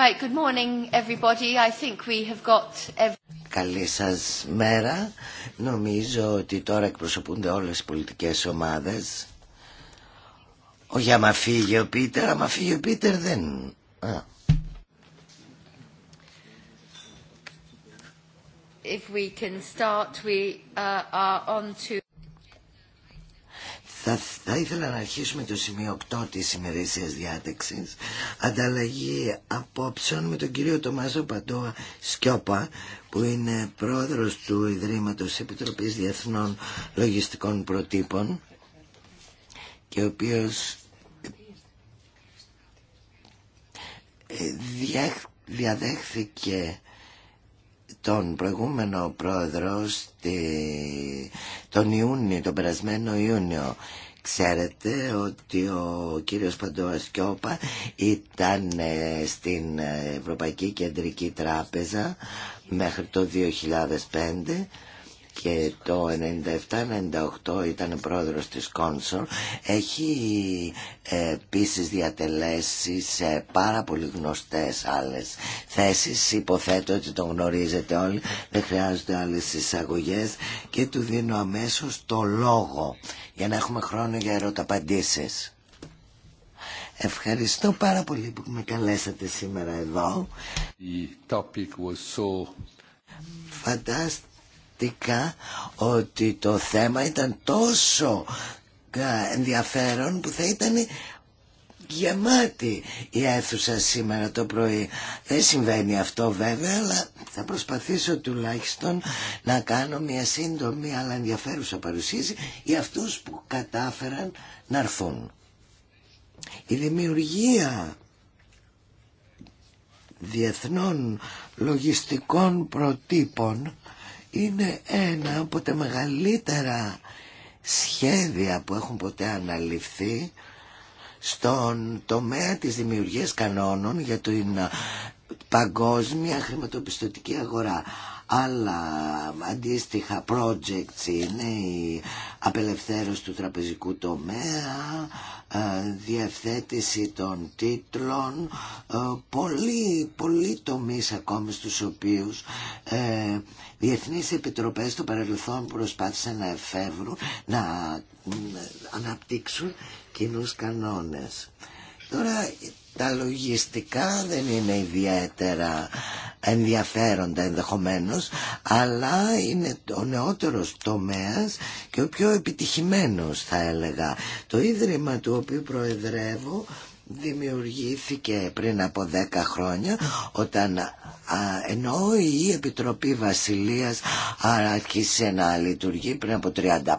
Right, good morning everybody. I think we have got every... Καλή σας μέρα. Νομίζω ότι τώρα εκπροσωπούνται όλες οι πολιτικές ομάδες. Ο για μαφίγει ο Πίτερ, άμα φύγει ο Πίτερ δεν... Α. If we can start, we uh, are on to θα ήθελα να αρχίσουμε το σημείο 8 της ημερήσιας διάταξης. Ανταλλαγή απόψεων με τον κύριο Τωμάζο Παντόα Σκιώπα, που είναι πρόεδρος του Ιδρύματος Επιτροπής Διεθνών Λογιστικών Προτύπων και ο οποίος ε, διαδέχθηκε τον προηγούμενο πρόεδρο στη... τον Ιούνιο, τον περασμένο Ιούνιο Ξέρετε ότι ο κύριος Παντοασκιώπα ήταν ε, στην Ευρωπαϊκή Κεντρική Τράπεζα μέχρι το 2005 και το 97-98 ήταν πρόεδρος της Κόνσορ έχει ε, επίσης διατελέσει σε πάρα πολύ γνωστές άλλες θέσεις υποθέτω ότι τον γνωρίζετε όλοι δεν χρειάζονται άλλες εισαγωγές και του δίνω αμέσως το λόγο για να έχουμε χρόνο για ερωταπαντήσεις Ευχαριστώ πάρα πολύ που με καλέσατε σήμερα εδώ. The ότι το θέμα ήταν τόσο ε, ενδιαφέρον που θα ήταν γεμάτη η αίθουσα σήμερα το πρωί. Δεν συμβαίνει αυτό βέβαια, αλλά θα προσπαθήσω τουλάχιστον να κάνω μια σύντομη αλλά ενδιαφέρουσα παρουσίαση για αυτούς που κατάφεραν να έρθουν. Η δημιουργία διεθνών λογιστικών προτύπων είναι ένα από τα μεγαλύτερα σχέδια που έχουν ποτέ αναλυφθεί στον τομέα της δημιουργίας κανόνων για την παγκόσμια χρηματοπιστωτική αγορά άλλα αντίστοιχα projects είναι η απελευθέρωση του τραπεζικού τομέα, ε, διευθέτηση των τίτλων, ε, πολλοί, πολλοί τομείς ακόμη στους οποίους ε, διεθνείς επιτροπές στο παρελθόν προσπάθησαν να εφεύρουν, να αναπτύξουν κοινούς κανόνες. Τώρα τα λογιστικά δεν είναι ιδιαίτερα ενδιαφέροντα ενδεχομένως αλλά είναι ο νεότερος τομέας και ο πιο επιτυχημένος θα έλεγα το Ίδρυμα του οποίου προεδρεύω δημιουργήθηκε πριν από 10 χρόνια όταν α, η Επιτροπή Βασιλείας άρχισε να λειτουργεί πριν από 35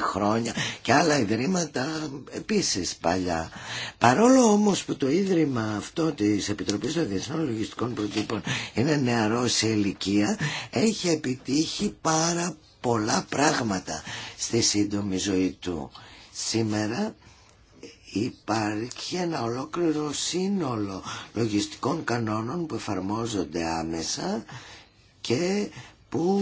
χρόνια και άλλα ιδρύματα επίσης παλιά. Παρόλο όμως που το ίδρυμα αυτό της Επιτροπής των Διεθνών Λογιστικών Προτύπων είναι νεαρό σε ηλικία έχει επιτύχει πάρα πολλά πράγματα στη σύντομη ζωή του. Σήμερα Υπάρχει ένα ολόκληρο σύνολο λογιστικών κανόνων που εφαρμόζονται άμεσα και που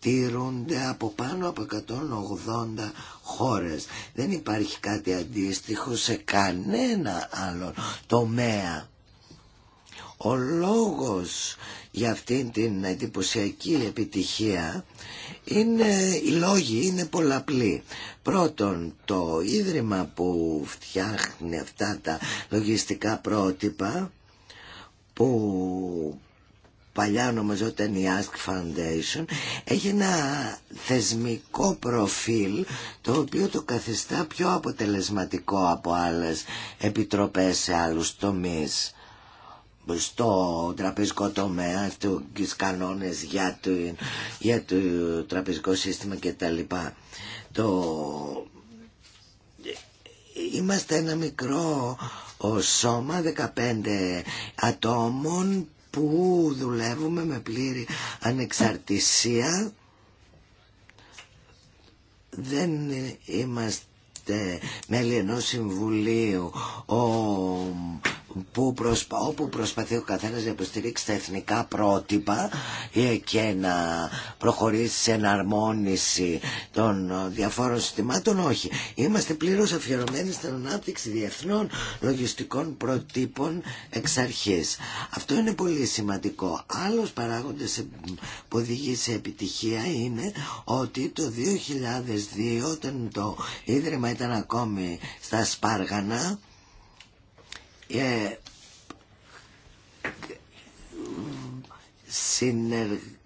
τηρούνται από πάνω από 180 χώρες. Δεν υπάρχει κάτι αντίστοιχο σε κανένα άλλο τομέα. Ο λόγος για αυτήν την εντυπωσιακή επιτυχία είναι, οι λόγοι είναι πολλαπλοί. Πρώτον, το ίδρυμα που φτιάχνει αυτά τα λογιστικά πρότυπα που παλιά ονομαζόταν η Ask Foundation έχει ένα θεσμικό προφίλ το οποίο το καθιστά πιο αποτελεσματικό από άλλες επιτροπές σε άλλους τομείς στο τραπεζικό τομέα, στους κανόνες για το, για το τραπεζικό σύστημα κτλ. Το... Είμαστε ένα μικρό σώμα 15 ατόμων που δουλεύουμε με πλήρη ανεξαρτησία. Δεν είμαστε μέλη ενός συμβουλίου. Ο που προσπα, όπου προσπαθεί ο καθένα να υποστηρίξει τα εθνικά πρότυπα ε, και να προχωρήσει σε εναρμόνιση των ε, διαφόρων συστημάτων, όχι. Είμαστε πλήρως αφιερωμένοι στην ανάπτυξη διεθνών λογιστικών προτύπων εξ Αυτό είναι πολύ σημαντικό. Άλλος παράγοντας που οδηγεί σε επιτυχία είναι ότι το 2002 όταν το Ίδρυμα ήταν ακόμη στα Σπάργανα ε,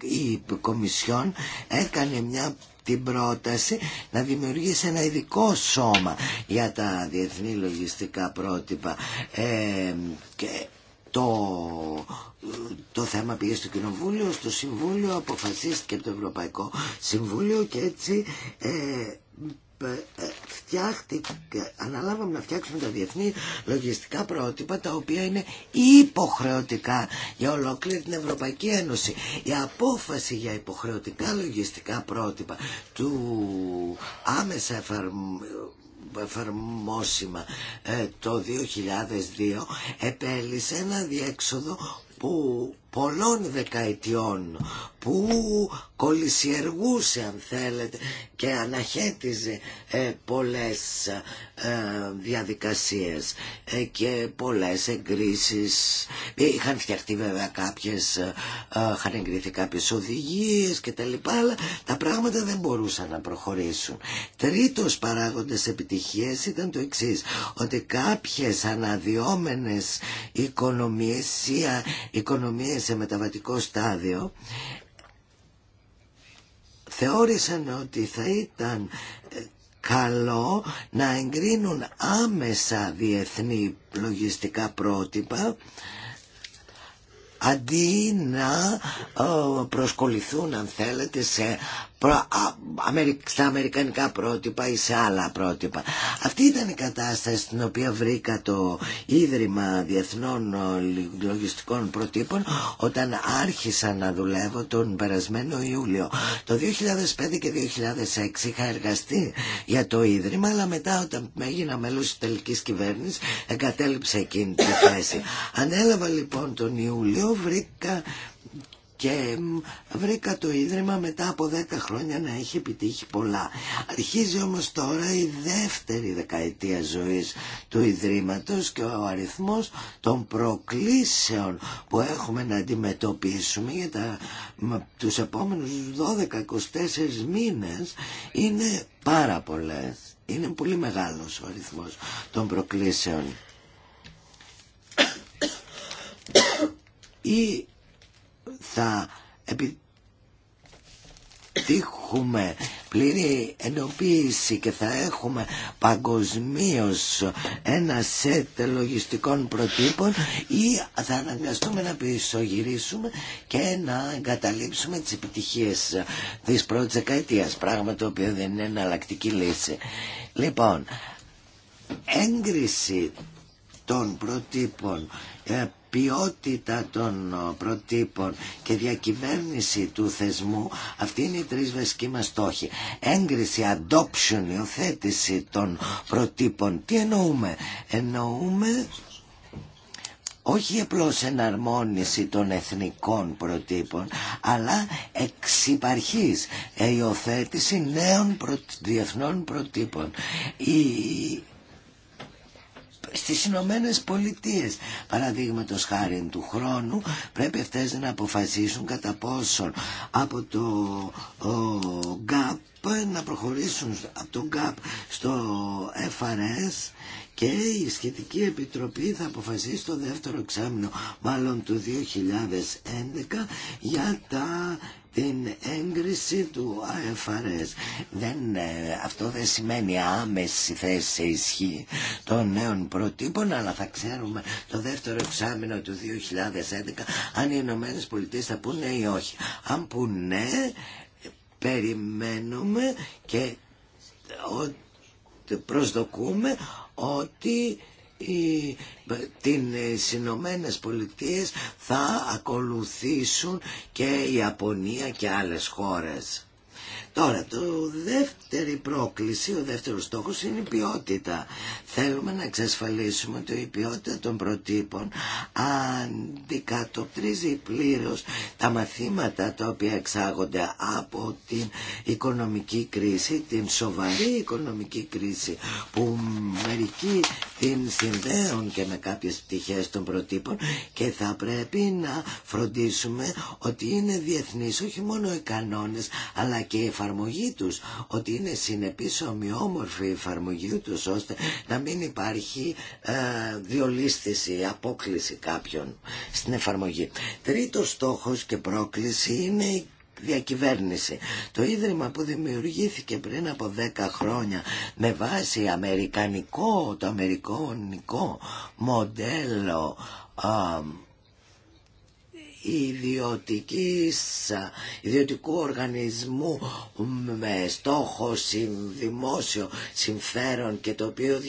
η Κομισιόν έκανε μια την πρόταση να δημιουργήσει ένα ειδικό σώμα για τα διεθνή λογιστικά πρότυπα ε, και το, το θέμα πήγε στο Κοινοβούλιο, στο Συμβούλιο αποφασίστηκε από το Ευρωπαϊκό Συμβούλιο και έτσι ε, ε, φτιάχτηκε, αναλάβαμε να φτιάξουμε τα διεθνή λογιστικά πρότυπα τα οποία είναι υποχρεωτικά για ολόκληρη την Ευρωπαϊκή Ένωση. Η απόφαση για υποχρεωτικά λογιστικά πρότυπα του άμεσα εφαρμόσιμα ε, το 2002 επέλυσε ένα διέξοδο που πολλών δεκαετιών που κολυσιεργούσε αν θέλετε και αναχέτιζε ε, πολλές ε, διαδικασίες ε, και πολλές εγκρίσεις είχαν φτιαχτεί βέβαια κάποιες ε, ε, είχαν εγκριθεί κάποιες οδηγίες και τα λοιπά αλλά τα πράγματα δεν μπορούσαν να προχωρήσουν τρίτος παράγοντας επιτυχίες ήταν το εξής ότι κάποιες αναδιόμενες οικονομίες οικονομίες σε μεταβατικό στάδιο θεώρησαν ότι θα ήταν ε, καλό να εγκρίνουν άμεσα διεθνή λογιστικά πρότυπα αντί να ε, προσκοληθούν αν θέλετε σε στα αμερικανικά πρότυπα ή σε άλλα πρότυπα. Αυτή ήταν η κατάσταση στην οποία βρήκα το Ίδρυμα Διεθνών ε, Λογιστικών Προτύπων όταν άρχισα να δουλεύω τον περασμένο Ιούλιο. Το 2005 και 2006 είχα εργαστεί για το Ίδρυμα αλλά μετά όταν έγινα μέλος της τελικής κυβέρνησης εγκατέλειψε εκείνη τη θέση. Ανέλαβα λοιπόν τον Ιούλιο, βρήκα και βρήκα το Ίδρυμα μετά από 10 χρόνια να έχει επιτύχει πολλά. Αρχίζει όμως τώρα η δεύτερη δεκαετία ζωής του Ιδρύματος και ο αριθμός των προκλήσεων που έχουμε να αντιμετωπίσουμε για τα, τους επόμενους 12-24 μήνες είναι πάρα πολλές. Είναι πολύ μεγάλος ο αριθμός των προκλήσεων. Η θα επιτύχουμε πλήρη εντοποίηση και θα έχουμε παγκοσμίω ένα σετ λογιστικών προτύπων ή θα αναγκαστούμε να πισωγυρίσουμε και να εγκαταλείψουμε τις επιτυχίες της πρώτης δεκαετίας πράγμα το οποίο δεν είναι εναλλακτική λύση λοιπόν έγκριση των προτύπων ε, ποιότητα των ε, προτύπων και διακυβέρνηση του θεσμού αυτή είναι η τρεις βασική μας στόχη. έγκριση, adoption, υιοθέτηση των προτύπων τι εννοούμε εννοούμε όχι απλώς εναρμόνιση των εθνικών προτύπων, αλλά εξυπαρχής ε, υιοθέτηση νέων διεθνών προτύπων. Η στις Ηνωμένε Πολιτείε. Παραδείγματο χάρη του χρόνου πρέπει αυτέ να αποφασίσουν κατά πόσον από το ο, GAP να προχωρήσουν από το GAP στο FRS και η σχετική επιτροπή θα αποφασίσει το δεύτερο εξάμεινο μάλλον του 2011 για τα την έγκριση του ΑΕΦΑΡΕΣ ε, αυτό δεν σημαίνει άμεση θέση σε ισχύ των νέων προτύπων, αλλά θα ξέρουμε το δεύτερο εξάμεινο του 2011 αν οι Ηνωμένε Πολιτείες θα πουνε ναι ή όχι. Αν πουνε ναι, περιμένουμε και προσδοκούμε ότι οι, την Ηνωμένε ε, Πολιτείε θα ακολουθήσουν και η Ιαπωνία και άλλες χώρες. Τώρα, το δεύτερη πρόκληση, ο δεύτερος στόχος είναι η ποιότητα. Θέλουμε να εξασφαλίσουμε ότι η ποιότητα των προτύπων αντικατοπτρίζει πλήρως τα μαθήματα τα οποία εξάγονται από την οικονομική κρίση, την σοβαρή οικονομική κρίση που μερικοί την συνδέουν και με κάποιες πτυχές των προτύπων και θα πρέπει να φροντίσουμε ότι είναι διεθνείς όχι μόνο οι κανόνες αλλά και οι εφαρμογή τους, ότι είναι συνεπής ομοιόμορφη η εφαρμογή τους, ώστε να μην υπάρχει ε, διολίσθηση, απόκληση κάποιων στην εφαρμογή. Τρίτος στόχος και πρόκληση είναι η διακυβέρνηση. Το ίδρυμα που δημιουργήθηκε πριν από 10 χρόνια με βάση αμερικανικό, το αμερικανικό μοντέλο ε, ιδιωτικής, ιδιωτικού οργανισμού με στόχο δημόσιο συμφέρον και το οποίο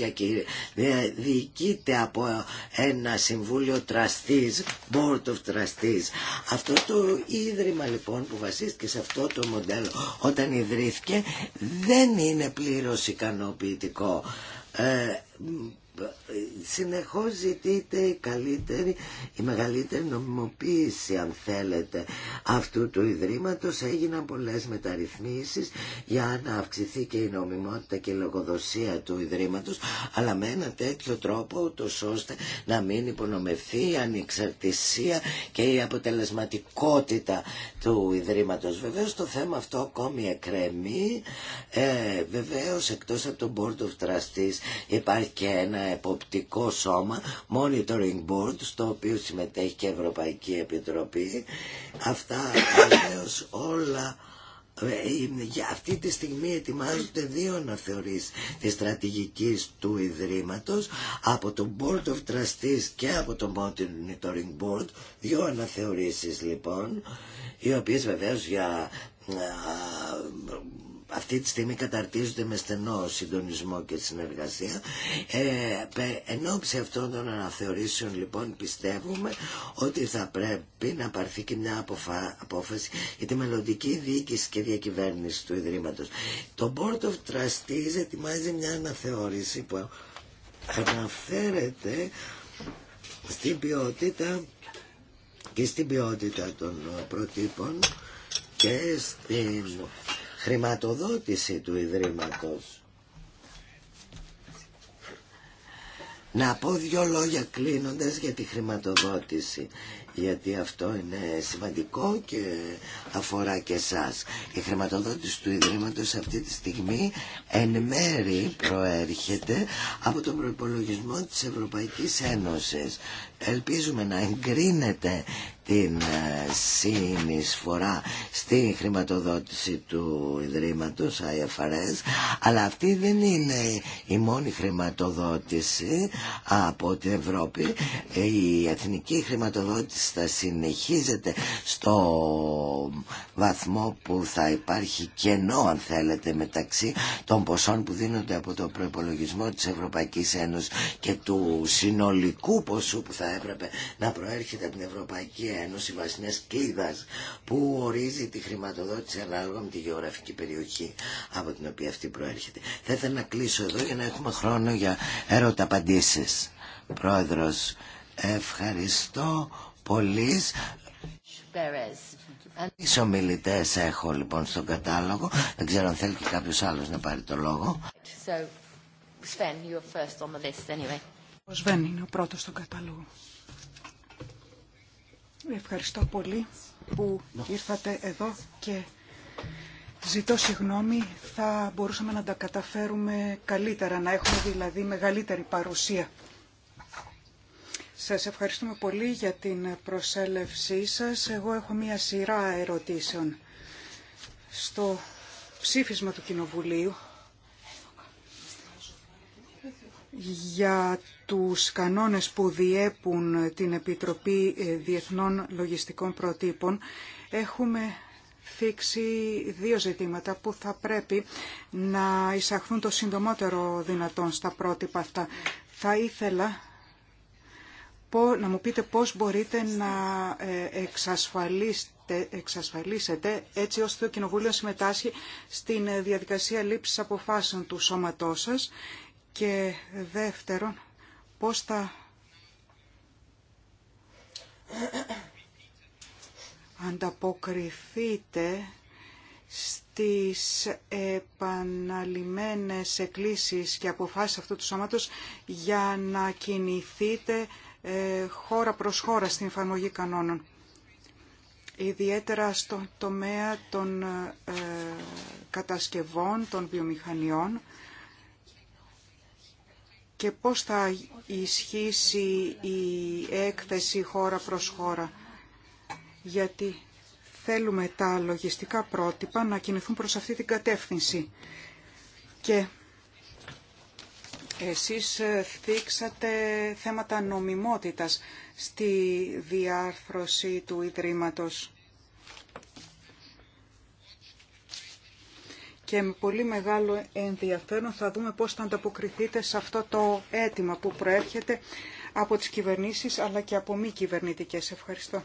διοικείται από ένα συμβούλιο τραστής, board of trustees. Αυτό το ίδρυμα λοιπόν που βασίστηκε σε αυτό το μοντέλο όταν ιδρύθηκε δεν είναι πλήρως ικανοποιητικό. Ε, συνεχώς ζητείται η καλύτερη, η μεγαλύτερη νομιμοποίηση αν θέλετε αυτού του Ιδρύματος έγιναν πολλές μεταρρυθμίσεις για να αυξηθεί και η νομιμότητα και η λογοδοσία του Ιδρύματος αλλά με ένα τέτοιο τρόπο ούτως ώστε να μην υπονομευθεί η ανεξαρτησία και η αποτελεσματικότητα του Ιδρύματος βεβαίως το θέμα αυτό ακόμη εκρεμεί ε, βεβαίως εκτός από τον Board of Trustees υπάρχει και ένα εποπτικό σώμα, Monitoring Board, στο οποίο συμμετέχει και η Ευρωπαϊκή Επιτροπή. Αυτά βεβαίως όλα... Ε, για αυτή τη στιγμή ετοιμάζονται δύο αναθεωρήσεις της στρατηγικής του Ιδρύματος από το Board of Trustees και από το Monitoring Board δύο αναθεωρήσεις λοιπόν οι οποίες βεβαίως για ε, αυτή τη στιγμή καταρτίζονται με στενό συντονισμό και συνεργασία. Ε, εν ώψη αυτών των αναθεωρήσεων λοιπόν πιστεύουμε ότι θα πρέπει να πάρθει και μια απόφαση για τη μελλοντική διοίκηση και διακυβέρνηση του Ιδρύματος. Το Board of Trustees ετοιμάζει μια αναθεώρηση που αναφέρεται στην ποιότητα και στην ποιότητα των προτύπων και στην χρηματοδότηση του Ιδρύματος. Να πω δύο λόγια κλείνοντας για τη χρηματοδότηση γιατί αυτό είναι σημαντικό και αφορά και σας Η χρηματοδότηση του Ιδρύματος αυτή τη στιγμή εν μέρη προέρχεται από τον προϋπολογισμό της Ευρωπαϊκής Ένωσης. Ελπίζουμε να εγκρίνεται την ε, συνεισφορά στη χρηματοδότηση του Ιδρύματος IFRS αλλά αυτή δεν είναι η μόνη χρηματοδότηση από την Ευρώπη η εθνική χρηματοδότηση στα θα συνεχίζεται στο βαθμό που θα υπάρχει κενό αν θέλετε μεταξύ των ποσών που δίνονται από το προπολογισμό της Ευρωπαϊκής Ένωσης και του συνολικού ποσού που θα έπρεπε να προέρχεται από την Ευρωπαϊκή Ένωση βάσει κλίδας που ορίζει τη χρηματοδότηση ανάλογα με τη γεωγραφική περιοχή από την οποία αυτή προέρχεται. Θα ήθελα να κλείσω εδώ για να έχουμε χρόνο για έρωτα απαντήσεις. Πρόεδρος, ευχαριστώ πολλής. Τις ομιλητές έχω λοιπόν στον κατάλογο. Δεν ξέρω αν θέλει και κάποιος άλλος να πάρει το λόγο. So, Sven, list anyway. Ο Σβέν είναι ο πρώτος στον κατάλογο. Ευχαριστώ πολύ που ήρθατε εδώ και ζητώ συγγνώμη. Θα μπορούσαμε να τα καταφέρουμε καλύτερα, να έχουμε δηλαδή μεγαλύτερη παρουσία. Σας ευχαριστούμε πολύ για την προσέλευσή σας. Εγώ έχω μία σειρά ερωτήσεων. Στο ψήφισμα του Κοινοβουλίου για τους κανόνες που διέπουν την Επιτροπή ε, Διεθνών Λογιστικών Προτύπων έχουμε θίξει δύο ζητήματα που θα πρέπει να εισαχθούν το συντομότερο δυνατόν στα πρότυπα αυτά. Θα ήθελα να μου πείτε πώς μπορείτε να ε, εξασφαλίσετε, εξασφαλίσετε έτσι ώστε το Κοινοβούλιο συμμετάσχει στην ε, διαδικασία λήψης αποφάσεων του σώματός σας και δεύτερον πώς θα ανταποκριθείτε στις επαναλημμένες εκκλήσεις και αποφάσεις αυτού του σώματος για να κινηθείτε ε, χώρα προς χώρα στην εφαρμογή κανόνων. Ιδιαίτερα στο τομέα των ε, κατασκευών, των βιομηχανιών και πώς θα ισχύσει η έκθεση χώρα προς χώρα. Γιατί θέλουμε τα λογιστικά πρότυπα να κινηθούν προς αυτή την κατεύθυνση. Και εσείς ε, θίξατε θέματα νομιμότητας στη διάρθρωση του Ιδρύματος. Και με πολύ μεγάλο ενδιαφέρον θα δούμε πώς θα ανταποκριθείτε σε αυτό το αίτημα που προέρχεται από τις κυβερνήσεις αλλά και από μη κυβερνητικές. Ευχαριστώ.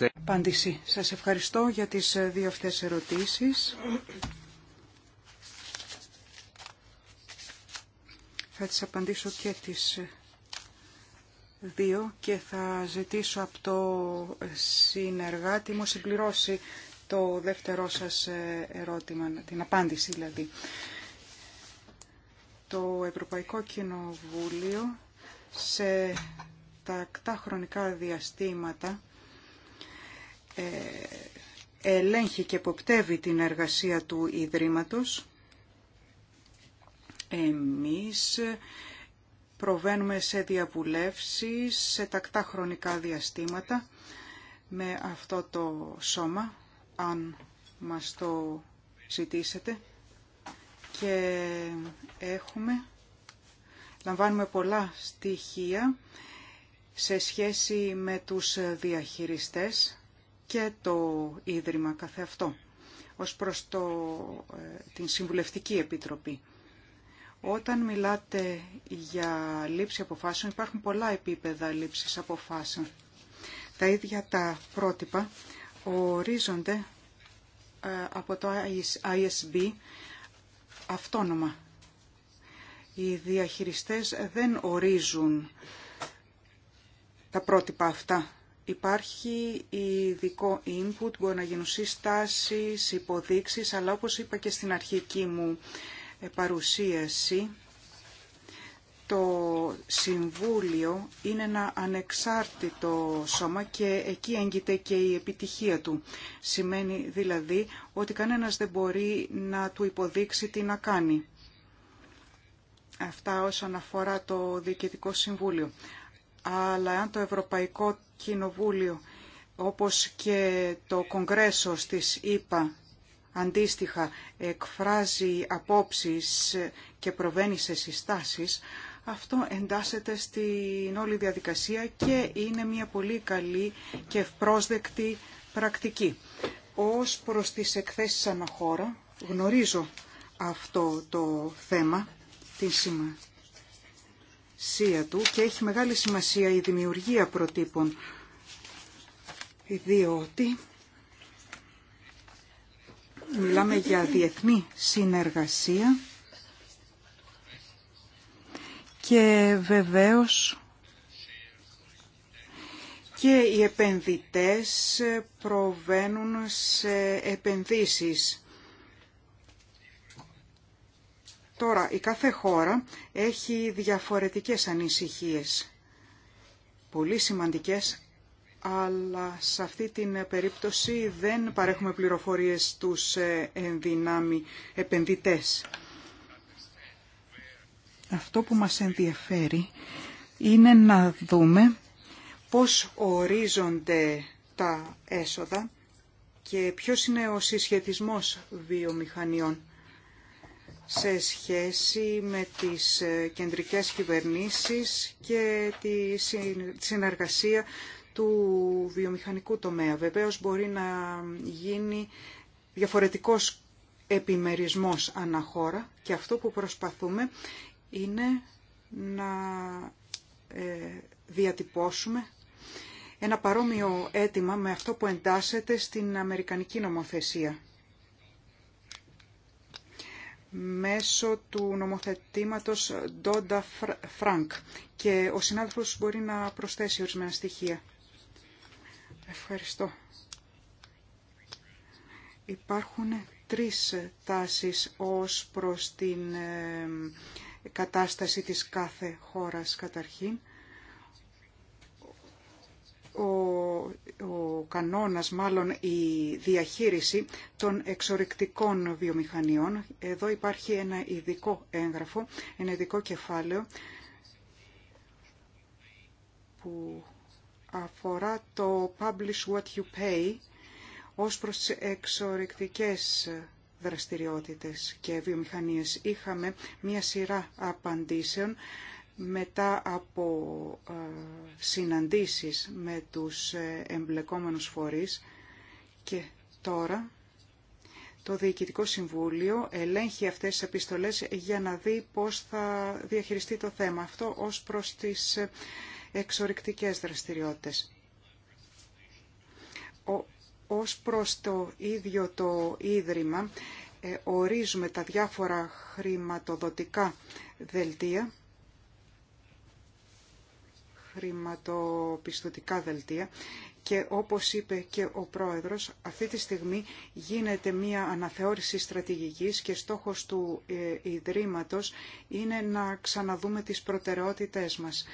Απάντηση. Σας ευχαριστώ για τις ε, δύο αυτές ερωτήσεις. Θα τις απαντήσω και τις ε, δύο και θα ζητήσω από το ε, συνεργάτη μου συμπληρώσει το δεύτερό σας ερώτημα, την απάντηση δηλαδή. Το Ευρωπαϊκό Κοινοβούλιο σε τακτά χρονικά διαστήματα ε, ελέγχει και ποπτεύει την εργασία του Ιδρύματος. Εμείς προβαίνουμε σε διαβουλεύσεις σε τακτά χρονικά διαστήματα με αυτό το σώμα, αν μας το ζητήσετε. Και έχουμε, λαμβάνουμε πολλά στοιχεία σε σχέση με τους διαχειριστές και το Ίδρυμα καθεαυτό ως προς το, ε, την Συμβουλευτική Επιτροπή. Όταν μιλάτε για λήψη αποφάσεων υπάρχουν πολλά επίπεδα λήψης αποφάσεων. Τα ίδια τα πρότυπα ορίζονται ε, από το ISB αυτόνομα. Οι διαχειριστές δεν ορίζουν τα πρότυπα αυτά Υπάρχει ειδικό input, μπορεί να γίνουν συστάσεις, υποδείξεις, αλλά όπως είπα και στην αρχική μου ε, παρουσίαση, το Συμβούλιο είναι ένα ανεξάρτητο σώμα και εκεί έγκυται και η επιτυχία του. Σημαίνει δηλαδή ότι κανένας δεν μπορεί να του υποδείξει τι να κάνει. Αυτά όσον αφορά το Διοικητικό Συμβούλιο αλλά αν το Ευρωπαϊκό Κοινοβούλιο όπως και το Κογκρέσο της ΗΠΑ αντίστοιχα εκφράζει απόψεις και προβαίνει σε συστάσεις, αυτό εντάσσεται στην όλη διαδικασία και είναι μια πολύ καλή και ευπρόσδεκτη πρακτική. Ως προς τις εκθέσεις αναχώρα γνωρίζω αυτό το θέμα, τη σημασία του και έχει μεγάλη σημασία η δημιουργία προτύπων, διότι μιλάμε για διεθνή συνεργασία και βεβαίως και οι επενδυτές προβαίνουν σε επενδύσεις Τώρα, η κάθε χώρα έχει διαφορετικές ανησυχίες, πολύ σημαντικές, αλλά σε αυτή την περίπτωση δεν παρέχουμε πληροφορίες τους ε, ενδυνάμει επενδυτές. Αυτό που μας ενδιαφέρει είναι να δούμε πώς ορίζονται τα έσοδα και ποιος είναι ο συσχετισμός βιομηχανιών σε σχέση με τις ε, κεντρικές κυβερνήσεις και τη συνεργασία του βιομηχανικού τομέα. Βεβαίως μπορεί να γίνει διαφορετικός επιμερισμός αναχώρα και αυτό που προσπαθούμε είναι να ε, διατυπώσουμε ένα παρόμοιο αίτημα με αυτό που εντάσσεται στην Αμερικανική νομοθεσία μέσω του νομοθετήματος Ντόντα Φρανκ και ο συνάδελφος μπορεί να προσθέσει ορισμένα στοιχεία. Ευχαριστώ. Υπάρχουν τρεις τάσεις ως προς την ε, κατάσταση της κάθε χώρας καταρχήν ο κανόνας, μάλλον η διαχείριση των εξορρυκτικών βιομηχανιών. Εδώ υπάρχει ένα ειδικό έγγραφο, ένα ειδικό κεφάλαιο που αφορά το «Publish what you pay» ως προς τις εξορρυκτικές δραστηριότητες και βιομηχανίες. Είχαμε μία σειρά απαντήσεων μετά από ε, συναντήσεις με τους ε, εμπλεκόμενους φορείς και τώρα το Διοικητικό Συμβούλιο ελέγχει αυτές τις επιστολές για να δει πώς θα διαχειριστεί το θέμα. Αυτό ως προς τις ε, εξορρυκτικές δραστηριότητες. Ο, ως προς το ίδιο το Ίδρυμα ορίζουμε τα διάφορα χρηματοδοτικά δελτία χρηματοπιστωτικά δελτία και όπως είπε και ο Πρόεδρος, αυτή τη στιγμή γίνεται μία αναθεώρηση στρατηγικής και στόχος του ε, Ιδρύματος είναι να ξαναδούμε τις προτεραιότητές μας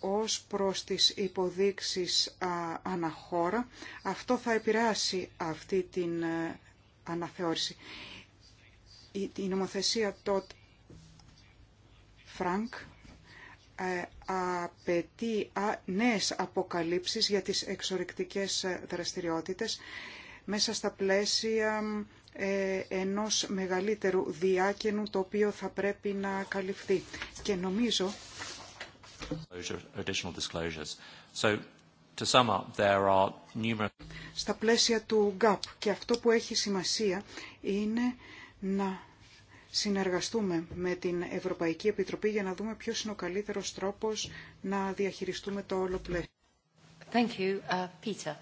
ως προς τις υποδείξεις αναχώρα. Αυτό θα επηρεάσει αυτή την ε, αναθεώρηση. Η νομοθεσία τότε φρανκ ε, απαιτεί νέες αποκαλύψεις για τις εξορρυκτικές ε, δραστηριότητες μέσα στα πλαίσια ε, ενός μεγαλύτερου διάκαινου το οποίο θα πρέπει να καλυφθεί. Και νομίζω... Στα πλαίσια του GAP και αυτό που έχει σημασία είναι να συνεργαστούμε με την Ευρωπαϊκή Επιτροπή για να δούμε ποιος είναι ο καλύτερος τρόπος να διαχειριστούμε το όλο πλαίσιο. Thank you, uh, Peter.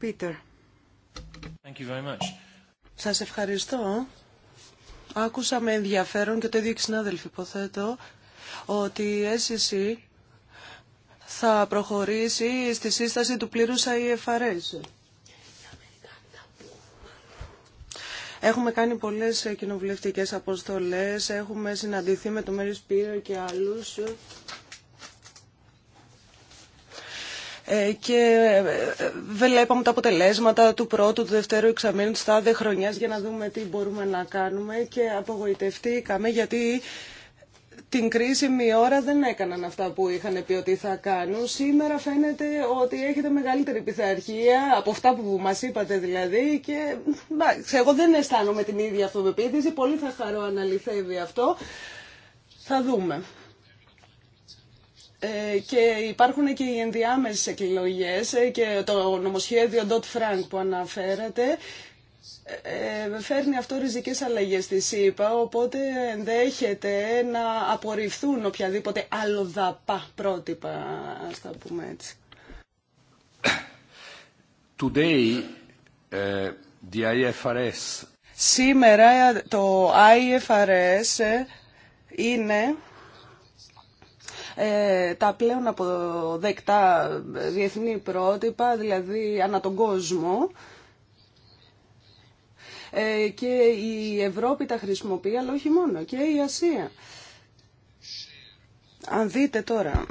Peter. Thank you very much. Σας ευχαριστώ. Άκουσα με ενδιαφέρον και το ίδιο και συνάδελφοι υποθέτω ότι η SEC θα προχωρήσει στη σύσταση του πλήρους IFRS. Έχουμε κάνει πολλές κοινοβουλευτικές αποστολές, έχουμε συναντηθεί με το Μέριο Σπύρο και άλλους ε, και ε, βλέπαμε τα αποτελέσματα του πρώτου, του δευτέρου εξαμήνου της τάδε χρονιάς για να δούμε τι μπορούμε να κάνουμε και απογοητευτήκαμε γιατί την κρίσιμη ώρα δεν έκαναν αυτά που είχαν πει ότι θα κάνουν. Σήμερα φαίνεται ότι έχετε μεγαλύτερη πειθαρχία από αυτά που μας είπατε δηλαδή και εγώ δεν αισθάνομαι την ίδια αυτοπεποίθηση, πολύ θα χαρώ αν αληθεύει αυτό. Θα δούμε. Ε, και υπάρχουν και οι ενδιάμεσες εκλογές ε, και το νομοσχέδιο Dodd Frank που αναφέρατε ε, φέρνει αυτό ριζικές αλλαγές στη ΣΥΠΑ, οπότε ενδέχεται να απορριφθούν οποιαδήποτε δαπά πρότυπα, ας τα πούμε έτσι. Today, ε, Σήμερα ε, το IFRS είναι τα πλέον αποδεκτά διεθνή πρότυπα, δηλαδή ανά τον κόσμο, ε, και η Ευρώπη τα χρησιμοποιεί, αλλά όχι μόνο, και η Ασία. Αν δείτε τώρα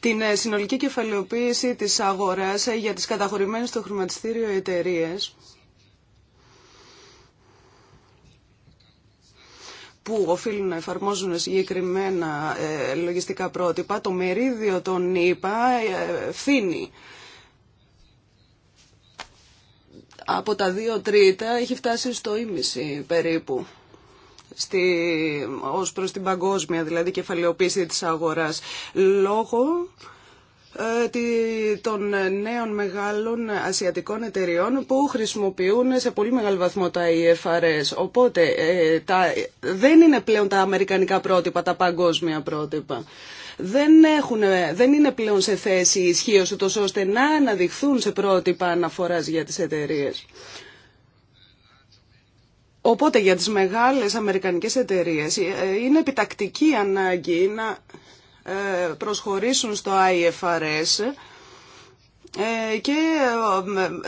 την ε, συνολική κεφαλαιοποίηση της αγοράς ε, για τις καταχωρημένες στο χρηματιστήριο εταιρείε. που οφείλουν να εφαρμόζουν συγκεκριμένα λογιστικά πρότυπα, το μερίδιο των ΙΠΑ φθήνει. από τα δύο τρίτα έχει φτάσει στο ίμιση περίπου στη, ως προς την παγκόσμια δηλαδή κεφαλαιοποίηση της αγοράς λόγω ε, των νέων μεγάλων ασιατικών εταιριών που χρησιμοποιούν σε πολύ μεγάλο βαθμό τα IFRS. Οπότε ε, τα, δεν είναι πλέον τα αμερικανικά πρότυπα, τα παγκόσμια πρότυπα δεν, δεν είναι πλέον σε θέση ισχύω ούτως ώστε να αναδειχθούν σε πρότυπα αναφοράς για τις εταιρείε. Οπότε για τις μεγάλες αμερικανικές εταιρείε ε, είναι επιτακτική ανάγκη να ε, προσχωρήσουν στο IFRS ε, και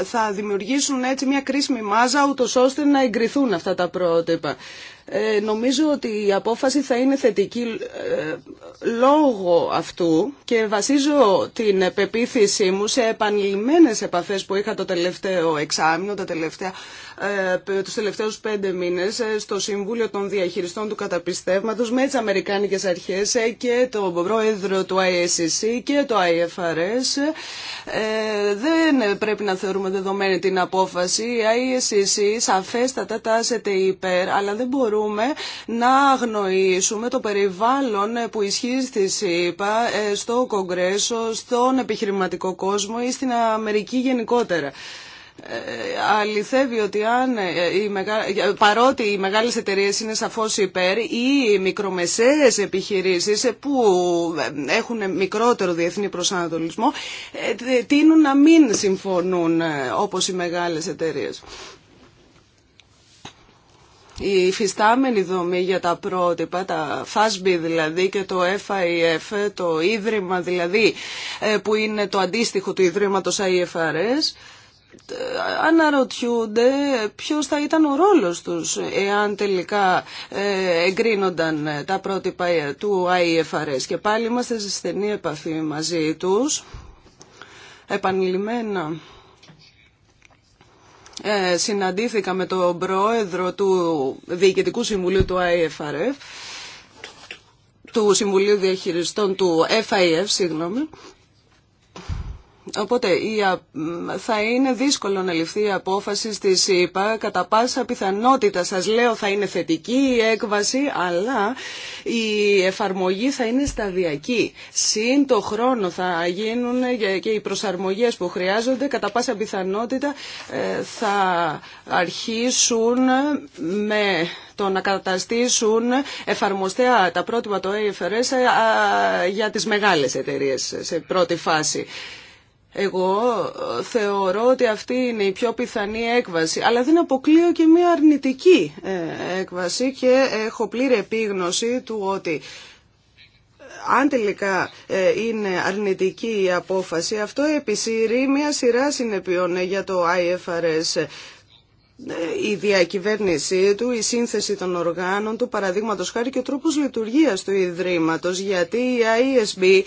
θα δημιουργήσουν έτσι μια κρίσιμη μάζα ούτως ώστε να εγκριθούν αυτά τα πρότυπα. Ε, νομίζω ότι η απόφαση θα είναι θετική ε, λόγω αυτού και βασίζω την πεποίθησή μου σε επανειλημμένες επαφές που είχα το τελευταίο εξάμεινο, τα τελευταία, ε, τους τελευταίους πέντε μήνες στο Συμβούλιο των Διαχειριστών του Καταπιστεύματος με τις Αμερικάνικες Αρχές και τον πρόεδρο του ISCC και το IFRS. δεν πρέπει να θεωρούμε δεδομένη την απόφαση. Η ISCC σαφέστατα τάσεται υπέρ, αλλά δεν μπορούμε να αγνοήσουμε το περιβάλλον που ισχύει στη ΣΥΠΑ, ε, στο Κογκρέσο, στον επιχειρηματικό κόσμο ή στην Αμερική γενικότερα. Ε, αληθεύει ότι αν οι ε, παρότι οι μεγάλες εταιρείες είναι σαφώς υπέρ ή οι μικρομεσαίες επιχειρήσεις που έχουν μικρότερο διεθνή προσανατολισμό τείνουν να μην συμφωνούν όπως οι μεγάλες εταιρείες. Η φυστάμενη δομή για τα πρότυπα, τα FASB δηλαδή και το FIF, e το Ίδρυμα δηλαδή, ε, που είναι το αντίστοιχο του Ιδρύματος IFRS, ε, αναρωτιούνται ποιος θα ήταν ο ρόλος τους εάν τελικά ε, εγκρίνονταν τα πρότυπα του IFRS και πάλι είμαστε σε στενή επαφή μαζί τους επανειλημμένα ε, συναντήθηκα με τον πρόεδρο του Διοικητικού Συμβουλίου του IFRF, του Συμβουλίου Διαχειριστών του FIF, συγγνώμη, Οπότε θα είναι δύσκολο να ληφθεί η απόφαση στη ΣΥΠΑ. Κατά πάσα πιθανότητα σας λέω θα είναι θετική η έκβαση, αλλά η εφαρμογή θα είναι σταδιακή. Συν το χρόνο θα γίνουν και οι προσαρμογές που χρειάζονται. Κατά πάσα πιθανότητα ε, θα αρχίσουν με το να καταστήσουν εφαρμοστέα τα πρότυπα το AFRS ε, για τις μεγάλες εταιρείες σε πρώτη φάση. Εγώ ε, θεωρώ ότι αυτή είναι η πιο πιθανή έκβαση, αλλά δεν αποκλείω και μια αρνητική ε, έκβαση και έχω πλήρη επίγνωση του ότι ε, αν τελικά είναι αρνητική η απόφαση, αυτό επισύρει μια σειρά συνεπειών για το IFRS η διακυβέρνησή του, η σύνθεση των οργάνων του, παραδείγματος χάρη και ο τρόπος λειτουργίας του Ιδρύματος, γιατί η ISB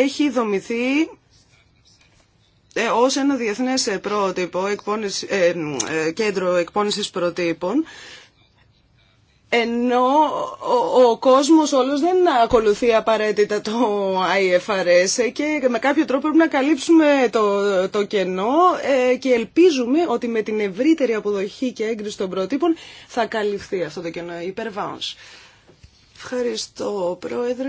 έχει δομηθεί ως ένα διεθνές ε, πρότυπο, εκπόνηση, ε, ε, κέντρο εκπόνησης προτύπων, ενώ ο, ο κόσμος όλος δεν ακολουθεί απαραίτητα το IFRS και με κάποιο τρόπο πρέπει να καλύψουμε το, το κενό και ελπίζουμε ότι με την ευρύτερη αποδοχή και έγκριση των προτύπων θα καλυφθεί αυτό το κενό. Υπερβάως. Ευχαριστώ, Πρόεδρε.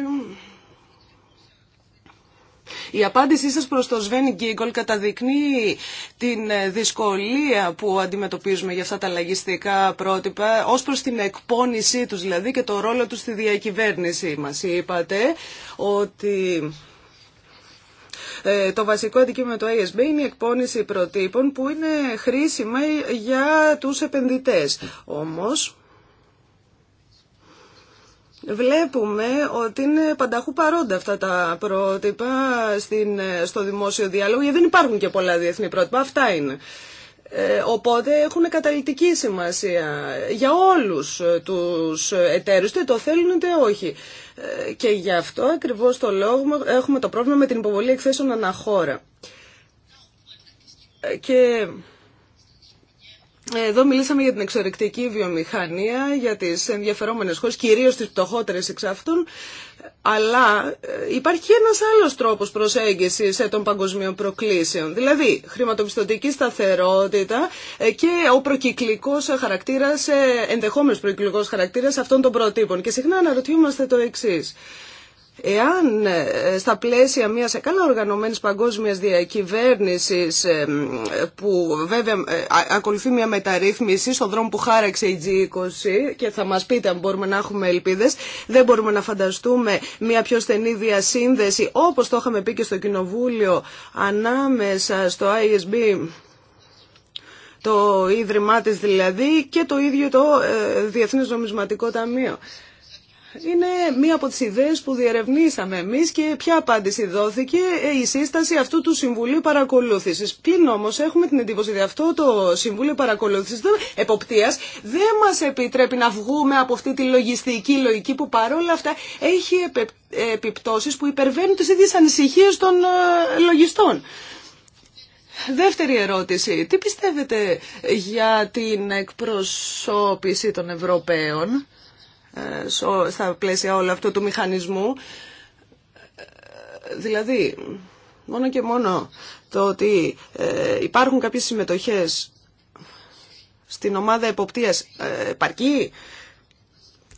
Η απάντησή σας προς το Σβέν Γκίγκολ καταδεικνύει την ε, δυσκολία που αντιμετωπίζουμε για αυτά τα λαγιστικά πρότυπα ως προς την εκπόνησή τους δηλαδή και το ρόλο τους στη διακυβέρνηση μας. Είπατε ότι ε, το βασικό αντικείμενο του ASB είναι η εκπόνηση προτύπων που είναι χρήσιμα για τους επενδυτές. Όμως, Βλέπουμε ότι είναι πανταχού παρόντα αυτά τα πρότυπα στην, στο δημόσιο διάλογο, γιατί δεν υπάρχουν και πολλά διεθνή πρότυπα. Αυτά είναι. Ε, οπότε έχουν καταλητική σημασία για όλους τους εταίρους, είτε το θέλουν είτε όχι. Ε, και γι' αυτό ακριβώς το λόγο έχουμε το πρόβλημα με την υποβολή εκθέσεων αναχώρα. Ε, και εδώ μιλήσαμε για την εξωρεκτική βιομηχανία, για τις ενδιαφερόμενες χώρες, κυρίως τις πτωχότερες εξ αυτών, αλλά ε, υπάρχει και ένας άλλος τρόπος προσέγγισης ε, των παγκοσμίων προκλήσεων, δηλαδή χρηματοπιστωτική σταθερότητα ε, και ο προκυκλικός χαρακτήρας, ενδεχόμενος προκυκλικός χαρακτήρας αυτών των προτύπων. Και συχνά αναρωτιούμαστε το εξής. Εάν ε, στα πλαίσια μιας ε, καλά οργανωμένης παγκόσμιας διακυβέρνησης ε, που βέβαια ακολουθεί μια μεταρρύθμιση στον δρόμο που χάραξε η G20 και θα μας πείτε αν μπορούμε να έχουμε ελπίδες, δεν μπορούμε να φανταστούμε μια πιο στενή διασύνδεση όπως το είχαμε πει και στο Κοινοβούλιο ανάμεσα στο ISB το Ίδρυμά της δηλαδή και το ίδιο το Διεθνές Νομισματικό Ταμείο είναι μία από τις ιδέες που διερευνήσαμε εμείς και ποια απάντηση δόθηκε ε, η σύσταση αυτού του Συμβουλίου Παρακολούθησης. Πλην όμως έχουμε την εντύπωση ότι αυτό το Συμβούλιο Παρακολούθησης εποπτείας δεν μας επιτρέπει να βγούμε από αυτή τη λογιστική λογική που παρόλα αυτά έχει επιπτώσεις που υπερβαίνουν τις ίδιες ανησυχίες των ε, λογιστών. Δεύτερη ερώτηση. Τι πιστεύετε για την εκπροσώπηση των Ευρωπαίων στα πλαίσια όλου αυτού του μηχανισμού. Δηλαδή, μόνο και μόνο το ότι ε, υπάρχουν κάποιες συμμετοχές στην ομάδα εποπτείας ε, επαρκεί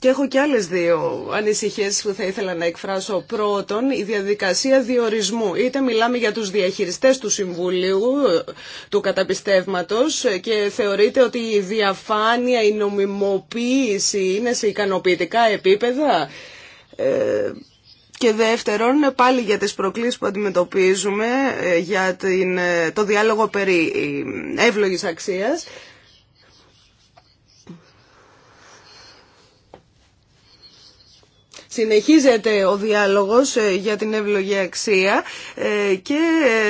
και έχω και άλλες δύο ανησυχίες που θα ήθελα να εκφράσω. Πρώτον, η διαδικασία διορισμού. Είτε μιλάμε για τους διαχειριστές του Συμβουλίου, του καταπιστεύματος και θεωρείτε ότι η διαφάνεια, η νομιμοποίηση είναι σε ικανοποιητικά επίπεδα. Ε, και δεύτερον, πάλι για τις προκλήσεις που αντιμετωπίζουμε, ε, για την, ε, το διάλογο περί εύλογης αξίας, συνεχίζεται ο διάλογος ε, για την ευλογία αξία ε, και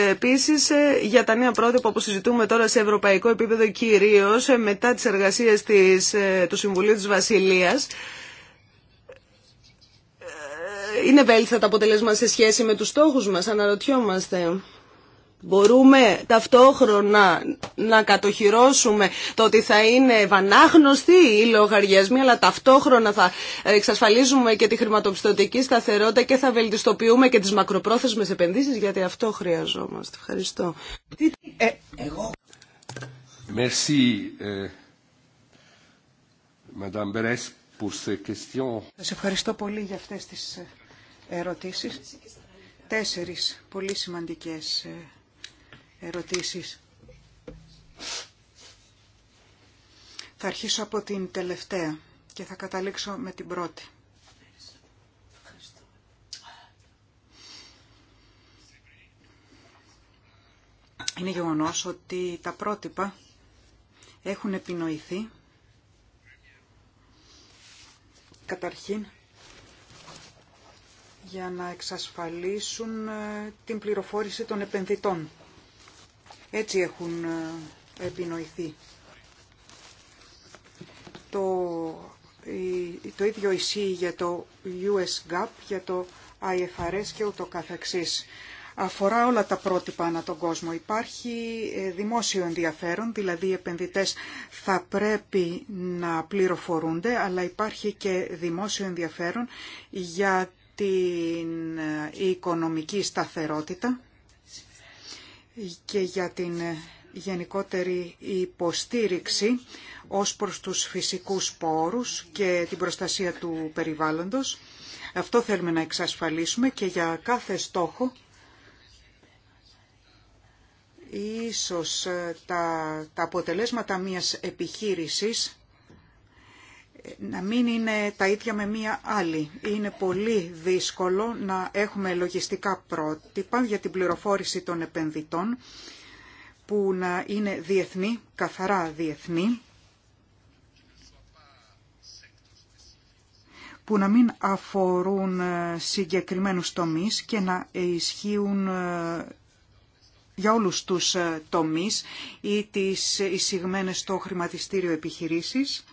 ε, επίσης για τα νέα πρότυπα που συζητούμε τώρα σε ευρωπαϊκό επίπεδο κυρίως μετά τις εργασίες της, του Συμβουλίου της Βασιλείας είναι βέλθα τα αποτελέσματα σε σχέση με τους στόχους μας, αναρωτιόμαστε. Μπορούμε ταυτόχρονα να κατοχυρώσουμε το ότι θα είναι βανάγνωστοι οι λογαριασμοί, αλλά ταυτόχρονα θα εξασφαλίζουμε και τη χρηματοπιστωτική σταθερότητα και θα βελτιστοποιούμε και τις μακροπρόθεσμες επενδύσεις, γιατί αυτό χρειαζόμαστε. Ευχαριστώ. Ε, Merci, euh, Madame Beres, pour Σας ευχαριστώ πολύ για αυτές τις ε, ερωτήσεις. Τέσσερις πολύ σημαντικές ε, ερωτήσεις. Θα αρχίσω από την τελευταία και θα καταλήξω με την πρώτη. Είναι γεγονός ότι τα πρότυπα έχουν επινοηθεί καταρχήν για να εξασφαλίσουν ε, την πληροφόρηση των επενδυτών. Έτσι έχουν ε, επινοηθεί. Το, το ίδιο ισχύει για το US GAP, για το IFRS και ούτω καθεξής. Αφορά όλα τα πρότυπα ανά τον κόσμο. Υπάρχει ε, δημόσιο ενδιαφέρον, δηλαδή οι επενδυτές θα πρέπει να πληροφορούνται, αλλά υπάρχει και δημόσιο ενδιαφέρον για την ε, οικονομική σταθερότητα και για την γενικότερη υποστήριξη ως προς τους φυσικούς πόρους και την προστασία του περιβάλλοντος. Αυτό θέλουμε να εξασφαλίσουμε και για κάθε στόχο ίσως ε, τα, τα αποτελέσματα μιας επιχείρησης να μην είναι τα ίδια με μία άλλη. Είναι πολύ δύσκολο να έχουμε λογιστικά πρότυπα για την πληροφόρηση των επενδυτών που να είναι διεθνή, καθαρά διεθνή, που να μην αφορούν ε, συγκεκριμένους τομείς και να ισχύουν ε, για όλους τους ε, τομείς ή τις εισηγμένες στο χρηματιστήριο επιχειρήσεις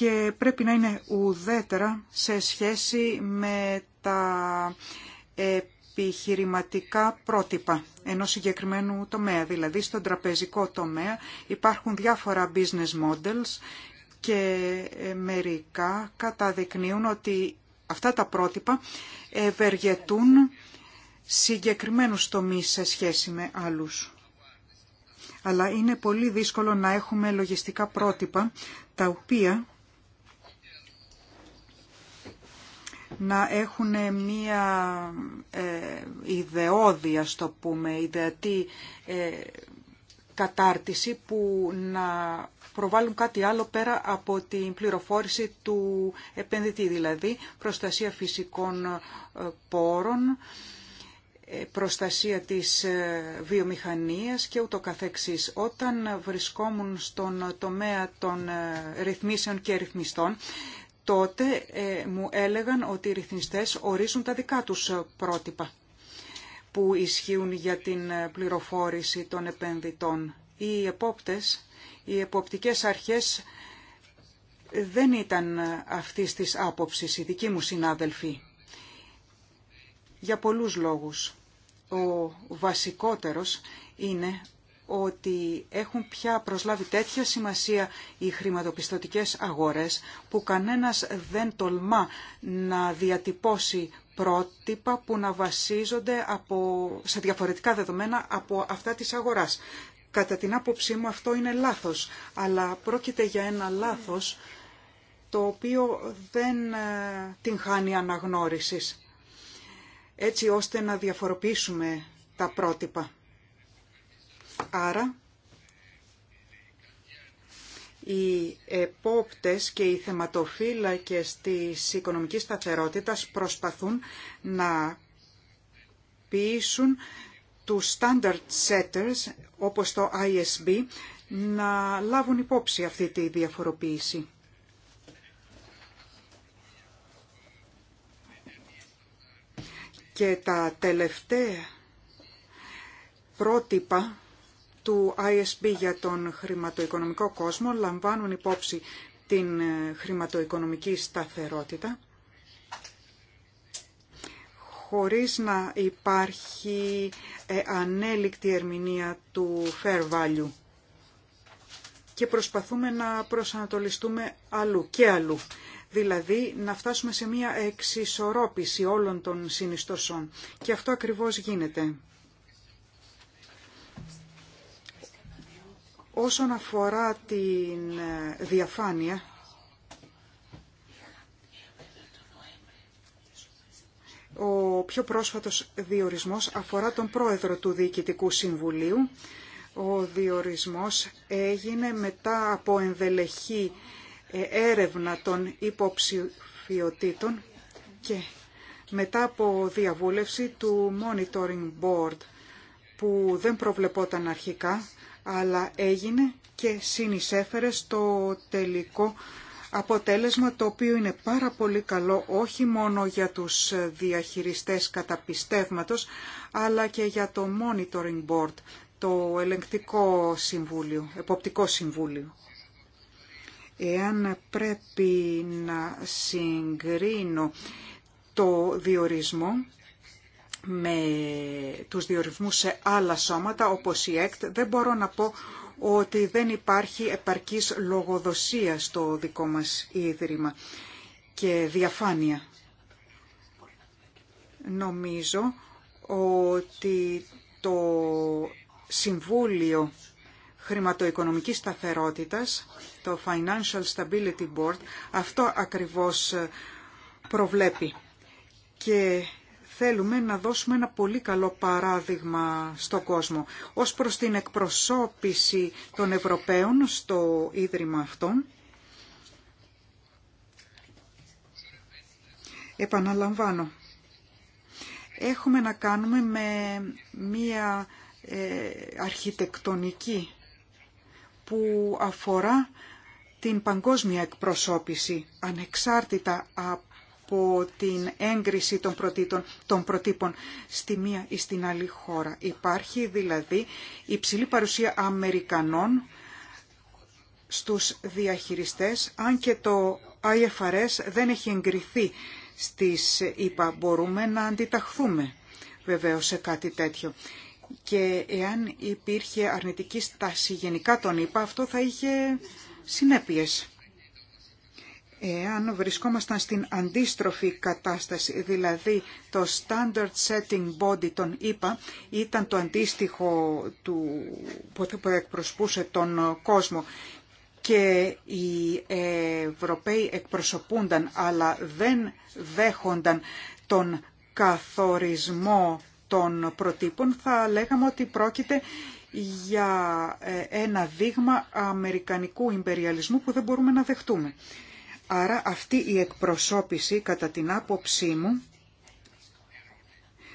και πρέπει να είναι ουδέτερα σε σχέση με τα επιχειρηματικά πρότυπα ενό συγκεκριμένου τομέα. Δηλαδή στον τραπεζικό τομέα υπάρχουν διάφορα business models και μερικά καταδεικνύουν ότι αυτά τα πρότυπα ευεργετούν συγκεκριμένους τομείς σε σχέση με άλλους. Αλλά είναι πολύ δύσκολο να έχουμε λογιστικά πρότυπα τα οποία να έχουν μία ε, ιδεώδη, ας το πούμε, ιδεατή ε, κατάρτιση που να προβάλλουν κάτι άλλο πέρα από την πληροφόρηση του επενδυτή, δηλαδή προστασία φυσικών ε, πόρων, ε, προστασία της βιομηχανίας και ούτω καθεξής. Όταν βρισκόμουν στον τομέα των ρυθμίσεων και ρυθμιστών, τότε ε, μου έλεγαν ότι οι ρυθμιστές ορίζουν τα δικά τους ε, πρότυπα που ισχύουν για την ε, πληροφόρηση των επενδυτών. Οι επόπτες, οι εποπτικές αρχές δεν ήταν αυτή της άποψης οι δικοί μου συνάδελφοι. Για πολλούς λόγους. Ο βασικότερος είναι ότι έχουν πια προσλάβει τέτοια σημασία οι χρηματοπιστωτικές αγορές που κανένας δεν τολμά να διατυπώσει πρότυπα που να βασίζονται από, σε διαφορετικά δεδομένα από αυτά της αγοράς. Κατά την άποψή μου αυτό είναι λάθος, αλλά πρόκειται για ένα λάθος το οποίο δεν ε, την χάνει αναγνώρισης, έτσι ώστε να διαφοροποιήσουμε τα πρότυπα. Άρα, οι επόπτες και οι θεματοφύλακες της οικονομικής σταθερότητας προσπαθούν να πείσουν τους standard setters, όπως το ISB, να λάβουν υπόψη αυτή τη διαφοροποίηση. Και τα τελευταία πρότυπα του ISB για τον χρηματοοικονομικό κόσμο λαμβάνουν υπόψη την ε, χρηματοοικονομική σταθερότητα χωρίς να υπάρχει ε, ανέλικτη ερμηνεία του fair value και προσπαθούμε να προσανατολιστούμε αλλού και αλλού. Δηλαδή να φτάσουμε σε μια εξισορρόπηση όλων των συνιστοσών. Και αυτό ακριβώς γίνεται. Όσον αφορά την ε, διαφάνεια, ο πιο πρόσφατος διορισμός αφορά τον πρόεδρο του Διοικητικού Συμβουλίου. Ο διορισμός έγινε μετά από ενδελεχή ε, έρευνα των υποψηφιωτήτων και μετά από διαβούλευση του Monitoring Board που δεν προβλεπόταν αρχικά αλλά έγινε και συνεισέφερε στο τελικό αποτέλεσμα το οποίο είναι πάρα πολύ καλό όχι μόνο για τους διαχειριστές καταπιστεύματος αλλά και για το Monitoring Board, το ελεγκτικό συμβούλιο, εποπτικό συμβούλιο. Εάν πρέπει να συγκρίνω το διορισμό, με τους διορισμούς σε άλλα σώματα όπως η ΕΚΤ δεν μπορώ να πω ότι δεν υπάρχει επαρκής λογοδοσία στο δικό μας Ίδρυμα και διαφάνεια. Νομίζω ότι το Συμβούλιο Χρηματοοικονομικής Σταθερότητας, το Financial Stability Board, αυτό ακριβώς προβλέπει. Και θέλουμε να δώσουμε ένα πολύ καλό παράδειγμα στον κόσμο ως προς την εκπροσώπηση των Ευρωπαίων στο Ίδρυμα αυτόν. Επαναλαμβάνω, έχουμε να κάνουμε με μία ε, αρχιτεκτονική που αφορά την παγκόσμια εκπροσώπηση ανεξάρτητα από από την έγκριση των, προτύπων, των στη μία ή στην άλλη χώρα. Υπάρχει δηλαδή υψηλή παρουσία Αμερικανών στους διαχειριστές, αν και το IFRS δεν έχει εγκριθεί στις Ιπα. Μπορούμε να αντιταχθούμε βεβαίως σε κάτι τέτοιο. Και εάν υπήρχε αρνητική στάση γενικά των Ιπα, αυτό θα είχε συνέπειες εάν βρισκόμασταν στην αντίστροφη κατάσταση, δηλαδή το Standard Setting Body των ΙΠΑ ήταν το αντίστοιχο του, που εκπροσπούσε τον κόσμο και οι Ευρωπαίοι εκπροσωπούνταν αλλά δεν δέχονταν τον καθορισμό των προτύπων, θα λέγαμε ότι πρόκειται για ε, ένα δείγμα αμερικανικού ιμπεριαλισμού που δεν μπορούμε να δεχτούμε. Άρα αυτή η εκπροσώπηση, κατά την άποψή μου,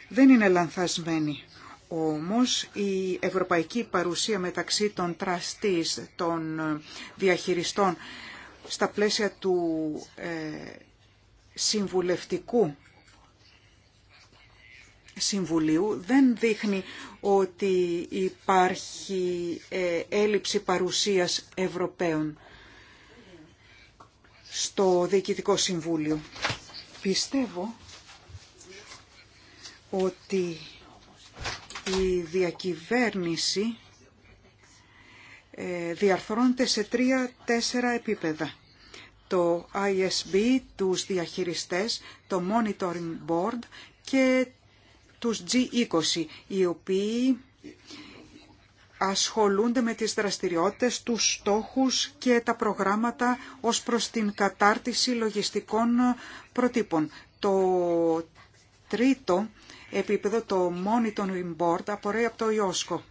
δεν είναι λανθασμένη. Όμως η ευρωπαϊκή παρουσία μεταξύ των τραστής, των ε, διαχειριστών, στα πλαίσια του ε, συμβουλευτικού συμβουλίου δεν δείχνει ότι υπάρχει ε, έλλειψη παρουσίας Ευρωπαίων στο Διοικητικό Συμβούλιο. Πιστεύω ότι η διακυβέρνηση ε, διαρθρώνεται σε τρία-τέσσερα επίπεδα. Το ISB, τους διαχειριστές, το Monitoring Board και τους G20, οι οποίοι ασχολούνται με τις δραστηριότητες, τους στόχους και τα προγράμματα ως προς την κατάρτιση λογιστικών προτύπων. Το τρίτο επίπεδο, το Monitoring Board, απορρέει από το ΙΟΣΚΟ.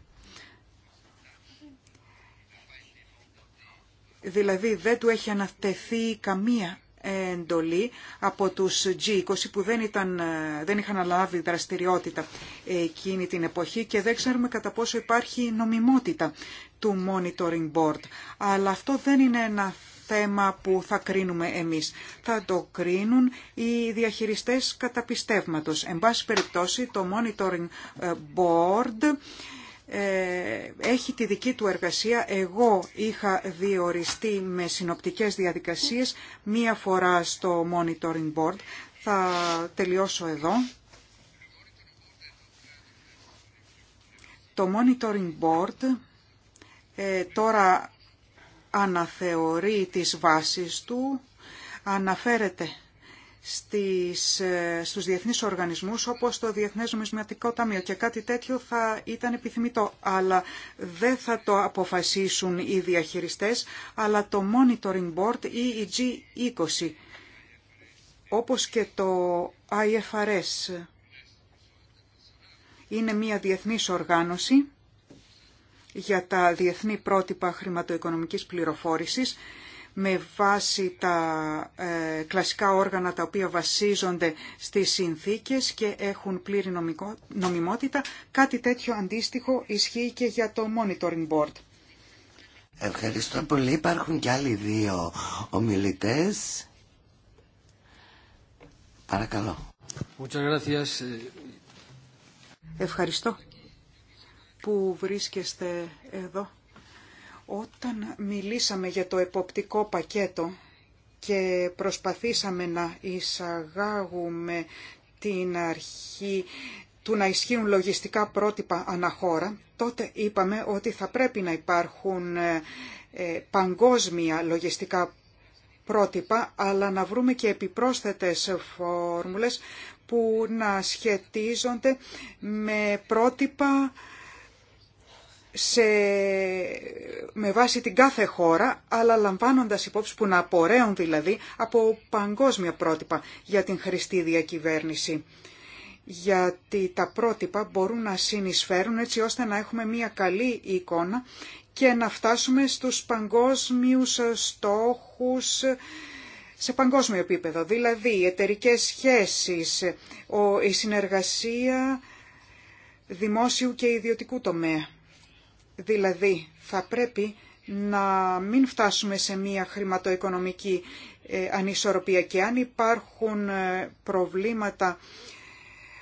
Δηλαδή δεν του έχει αναθεθεί καμία εντολή από τους G20 που δεν, ήταν, ε, δεν είχαν λάβει δραστηριότητα εκείνη την εποχή και δεν ξέρουμε κατά πόσο υπάρχει νομιμότητα του Monitoring Board. Αλλά αυτό δεν είναι ένα θέμα που θα κρίνουμε εμείς. Θα το κρίνουν οι διαχειριστές καταπιστεύματος. Εν πάση περιπτώσει το Monitoring ε, Board ε, έχει τη δική του εργασία. Εγώ είχα διοριστεί με συνοπτικές διαδικασίες μία φορά στο Monitoring Board. Θα τελειώσω εδώ. Το Monitoring Board ε, τώρα αναθεωρεί τις βάσεις του, αναφέρεται στις, ε, στους διεθνείς οργανισμούς όπως το Διεθνές Νομισματικό Ταμείο και κάτι τέτοιο θα ήταν επιθυμητό αλλά δεν θα το αποφασίσουν οι διαχειριστές αλλά το Monitoring Board ή η G20 όπως και το IFRS είναι μια διεθνής οργάνωση για τα διεθνή πρότυπα χρηματοοικονομικής πληροφόρησης με βάση τα ε, κλασικά όργανα τα οποία βασίζονται στις συνθήκες και έχουν πλήρη νομιμότητα. Κάτι τέτοιο αντίστοιχο ισχύει και για το Monitoring Board. Ευχαριστώ πολύ. Υπάρχουν και άλλοι δύο ομιλητές. Παρακαλώ. Ευχαριστώ που βρίσκεστε εδώ όταν μιλήσαμε για το εποπτικό πακέτο και προσπαθήσαμε να εισαγάγουμε την αρχή του να ισχύουν λογιστικά πρότυπα αναχώρα, τότε είπαμε ότι θα πρέπει να υπάρχουν ε, παγκόσμια λογιστικά πρότυπα, αλλά να βρούμε και επιπρόσθετες φόρμουλες που να σχετίζονται με πρότυπα σε, με βάση την κάθε χώρα, αλλά λαμβάνοντας υπόψη που να απορρέουν δηλαδή από παγκόσμια πρότυπα για την χρηστή διακυβέρνηση. Γιατί τα πρότυπα μπορούν να συνεισφέρουν έτσι ώστε να έχουμε μια καλή εικόνα και να φτάσουμε στους παγκόσμιους στόχους σε παγκόσμιο επίπεδο. Δηλαδή, οι εταιρικές σχέσεις, η συνεργασία δημόσιου και ιδιωτικού τομέα. Δηλαδή, θα πρέπει να μην φτάσουμε σε μια χρηματοοικονομική ε, ανισορροπία και αν υπάρχουν ε, προβλήματα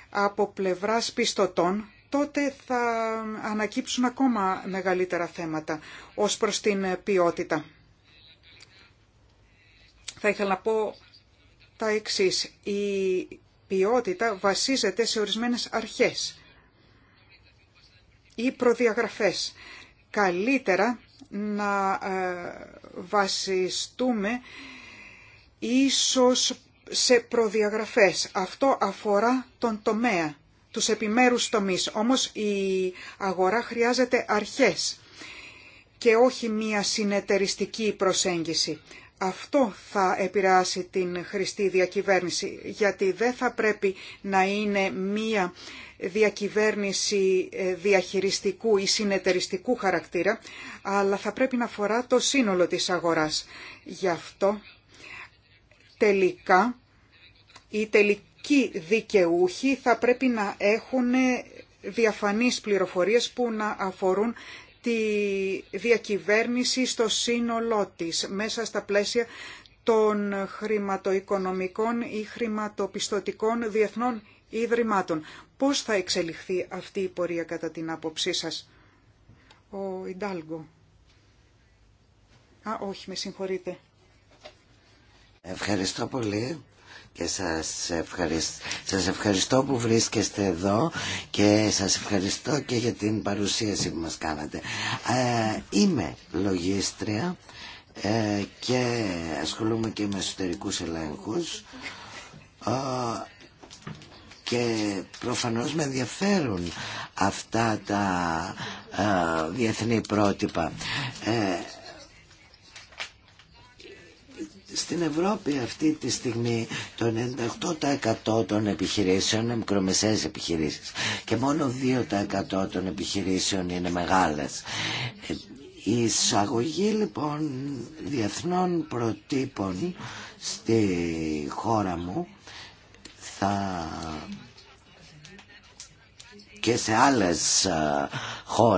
από πλευράς πιστωτών, τότε θα ανακύψουν ακόμα μεγαλύτερα θέματα ως προς την ε, ποιότητα. Θα ήθελα να πω τα εξής. Η ποιότητα βασίζεται σε ορισμένες αρχές ή προδιαγραφές. Καλύτερα να ε, βασιστούμε ίσως σε προδιαγραφές. Αυτό αφορά τον τομέα, τους επιμέρους τομείς. Όμως η αγορά χρειάζεται αρχές και όχι μία συνεταιριστική προσέγγιση. Αυτό θα επηρεάσει την χρηστή διακυβέρνηση, γιατί δεν θα πρέπει να είναι μία διακυβέρνηση ε, διαχειριστικού ή συνεταιριστικού χαρακτήρα, αλλά θα πρέπει να αφορά το σύνολο της αγοράς. Γι' αυτό τελικά οι τελικοί δικαιούχοι θα πρέπει να έχουν διαφανείς πληροφορίες που να αφορούν τη διακυβέρνηση στο σύνολό της, μέσα στα πλαίσια των χρηματοοικονομικών ή χρηματοπιστωτικών διεθνών ιδρυμάτων Πώς θα εξελιχθεί αυτή η πορεία κατά την άποψή σας. Ο Ιντάλγκο. Α, όχι, με συγχωρείτε. Ευχαριστώ πολύ και σας, σας ευχαριστώ που βρίσκεστε εδώ και σας ευχαριστώ και για την παρουσίαση που μας κάνατε. Ε, είμαι λογίστρια ε, και ασχολούμαι και με εσωτερικούς ελέγχους και προφανώς με ενδιαφέρουν αυτά τα ε, διεθνή πρότυπα. Ε, στην Ευρώπη αυτή τη στιγμή το 98% των επιχειρήσεων είναι μικρομεσαίες επιχειρήσεις και μόνο 2% των επιχειρήσεων είναι μεγάλες. Η ε, εισαγωγή λοιπόν διεθνών προτύπων στη χώρα μου θα και σε άλλες χώρε,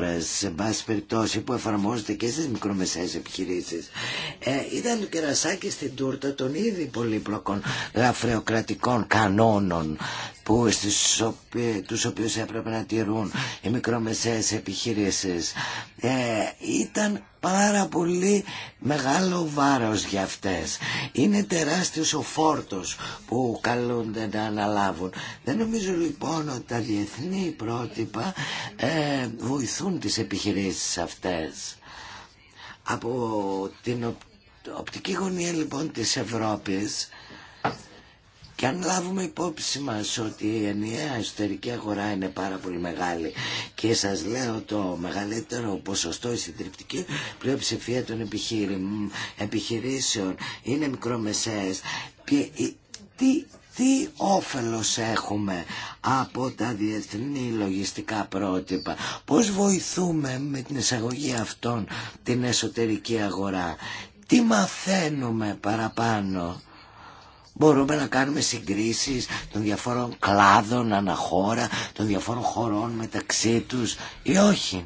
χώρες σε πάση περιπτώσει που εφαρμόζεται και στις μικρομεσαίες επιχειρήσεις ε, ήταν το κερασάκι στην τούρτα των ήδη πολύπλοκων λαφρεοκρατικών κανόνων που τους οποίους έπρεπε να τηρούν οι μικρομεσαίες επιχειρήσεις ε, ήταν πάρα πολύ μεγάλο βάρος για αυτές. Είναι τεράστιος ο φόρτος που καλούνται να αναλάβουν. Δεν νομίζω λοιπόν ότι τα διεθνή πρότυπα ε, βοηθούν τις επιχειρήσεις αυτές. Από την οπτική γωνία λοιπόν της Ευρώπης και αν λάβουμε υπόψη μας ότι η ενιαία εσωτερική αγορά είναι πάρα πολύ μεγάλη και σας λέω το μεγαλύτερο ποσοστό η συντριπτική πλειοψηφία των επιχειρήσεων είναι μικρομεσαίες και τι τι όφελος έχουμε από τα διεθνή λογιστικά πρότυπα. Πώς βοηθούμε με την εισαγωγή αυτών την εσωτερική αγορά. Τι μαθαίνουμε παραπάνω μπορούμε να κάνουμε συγκρίσεις των διαφόρων κλάδων αναχώρα, των διαφόρων χωρών μεταξύ τους ή όχι.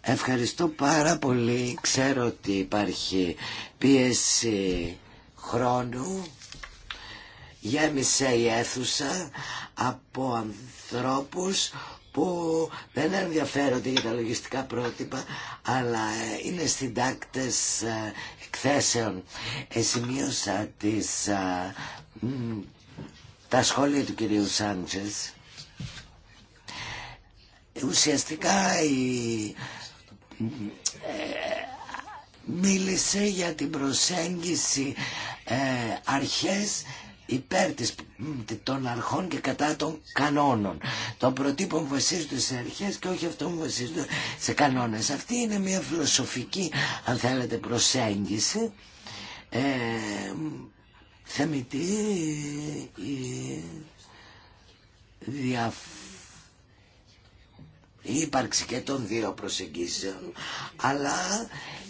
Ευχαριστώ πάρα πολύ. Ξέρω ότι υπάρχει πίεση χρόνου. Γέμισε η αίθουσα από ανθρώπους που δεν ενδιαφέρονται για τα λογιστικά πρότυπα αλλά είναι συντάκτες ε, θέσεων. Ε, σημείωσα τις, τα σχόλια του κυρίου Σαντζες, Ουσιαστικά η, ε, μίλησε για την προσέγγιση ε, αρχές υπέρ της, των αρχών και κατά των κανόνων. Των προτύπων βασίζονται σε αρχές και όχι αυτών βασίζονται σε κανόνες. Αυτή είναι μια φιλοσοφική, αν θέλετε, προσέγγιση ε, θεμητή η η ύπαρξη και των δύο προσεγγίσεων αλλά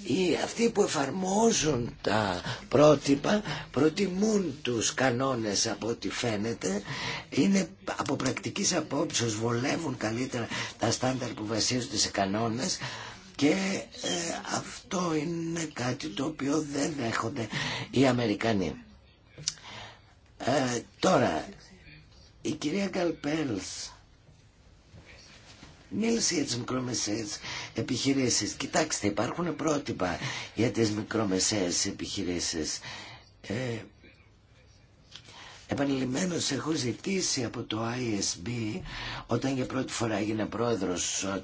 οι, αυτοί που εφαρμόζουν τα πρότυπα προτιμούν τους κανόνες από ό,τι φαίνεται είναι από πρακτικής απόψεως βολεύουν καλύτερα τα στάνταρ που βασίζονται σε κανόνες και ε, αυτό είναι κάτι το οποίο δεν δέχονται οι Αμερικανοί. Ε, τώρα, η κυρία Καλπέλς Μίλησε για τι μικρομεσαίε επιχειρήσει. Κοιτάξτε, υπάρχουν πρότυπα για τι μικρομεσαίες επιχειρήσεις. Ε, Επανειλημμένως έχω ζητήσει από το ISB όταν για πρώτη φορά έγινε πρόεδρος ε,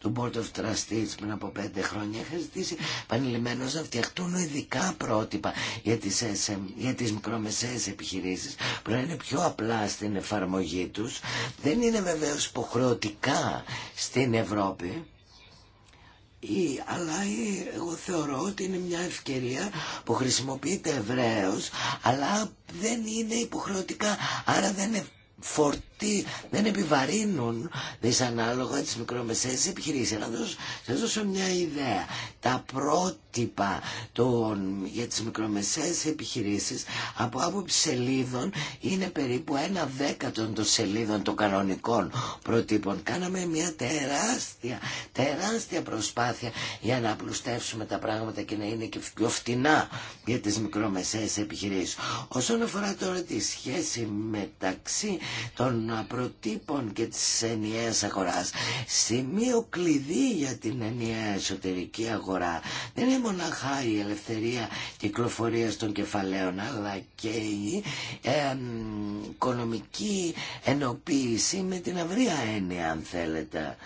του Board of Trustees πριν από πέντε χρόνια είχα ζητήσει επανειλημμένως να φτιαχτούν ειδικά πρότυπα για τις, SM, για τις μικρομεσαίες επιχειρήσεις που να είναι πιο απλά στην εφαρμογή τους. Δεν είναι βεβαίως υποχρεωτικά στην Ευρώπη ή, αλλά ε, εγώ θεωρώ ότι είναι μια ευκαιρία που χρησιμοποιείται ευρέω, αλλά δεν είναι υποχρεωτικά άρα δεν φορτί, δεν επιβαρύνουν δυσανάλογα τις μικρομεσαίες επιχειρήσεις. Να δώσω, σας δώσω μια ιδέα. Τα πρότυπα των, για τις μικρομεσαίες επιχειρήσεις από άποψη σελίδων είναι περίπου ένα δέκατο των σελίδων των κανονικών προτύπων. Κάναμε μια τεράστια, τεράστια προσπάθεια για να απλουστεύσουμε τα πράγματα και να είναι και πιο φτηνά για τις μικρομεσαίες επιχειρήσεις. Όσον αφορά τώρα τη σχέση μεταξύ των προτύπων και της ενιαίας αγοράς. Σημείο κλειδί για την ενιαία εσωτερική αγορά δεν είναι μοναχά η ελευθερία κυκλοφορίας των κεφαλαίων αλλά και η οικονομική ενοποίηση με την αυρία έννοια αν θέλετε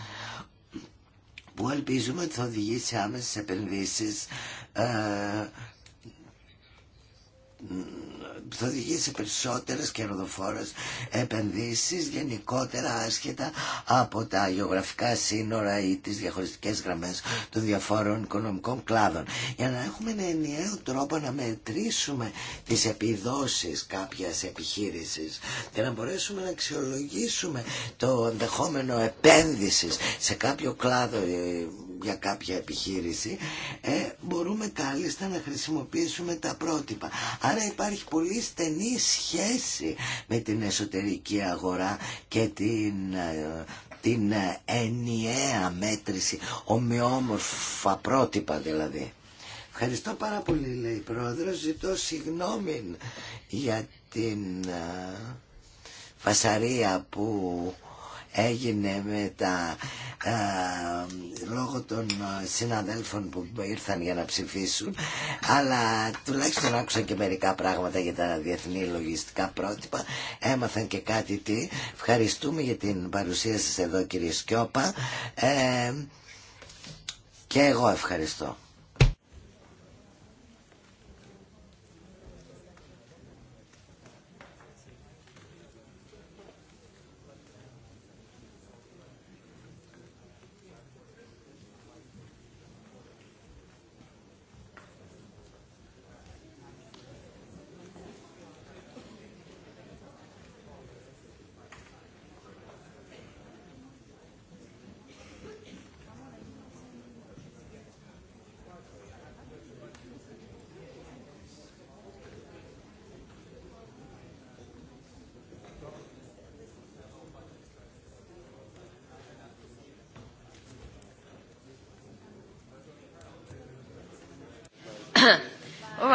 που ελπίζουμε ότι θα οδηγήσει άμεσε άμεσες επενδύσεις ε, θα οδηγήσει σε περισσότερες κερδοφόρες επενδύσεις γενικότερα άσχετα από τα γεωγραφικά σύνορα ή τις διαχωριστικές γραμμές των διαφόρων οικονομικών κλάδων. Για να έχουμε ένα ενιαίο τρόπο να μετρήσουμε τις επιδόσεις κάποιας επιχείρησης και να μπορέσουμε να αξιολογήσουμε το ενδεχόμενο επένδυσης σε κάποιο κλάδο ε, για κάποια επιχείρηση ε, μπορούμε κάλλιστα να χρησιμοποιήσουμε τα πρότυπα. Άρα υπάρχει πολύ στενή σχέση με την εσωτερική αγορά και την ε, την ε, ενιαία μέτρηση, ομοιόμορφα πρότυπα δηλαδή. Ευχαριστώ πάρα πολύ, λέει η Πρόεδρος. Ζητώ συγγνώμη για την ε, φασαρία που έγινε με τα ε, λόγω των ε, συναδέλφων που ήρθαν για να ψηφίσουν αλλά τουλάχιστον άκουσαν και μερικά πράγματα για τα διεθνή λογιστικά πρότυπα έμαθαν και κάτι τι ευχαριστούμε για την παρουσία σας εδώ κύριε Σκιώπα ε, και εγώ ευχαριστώ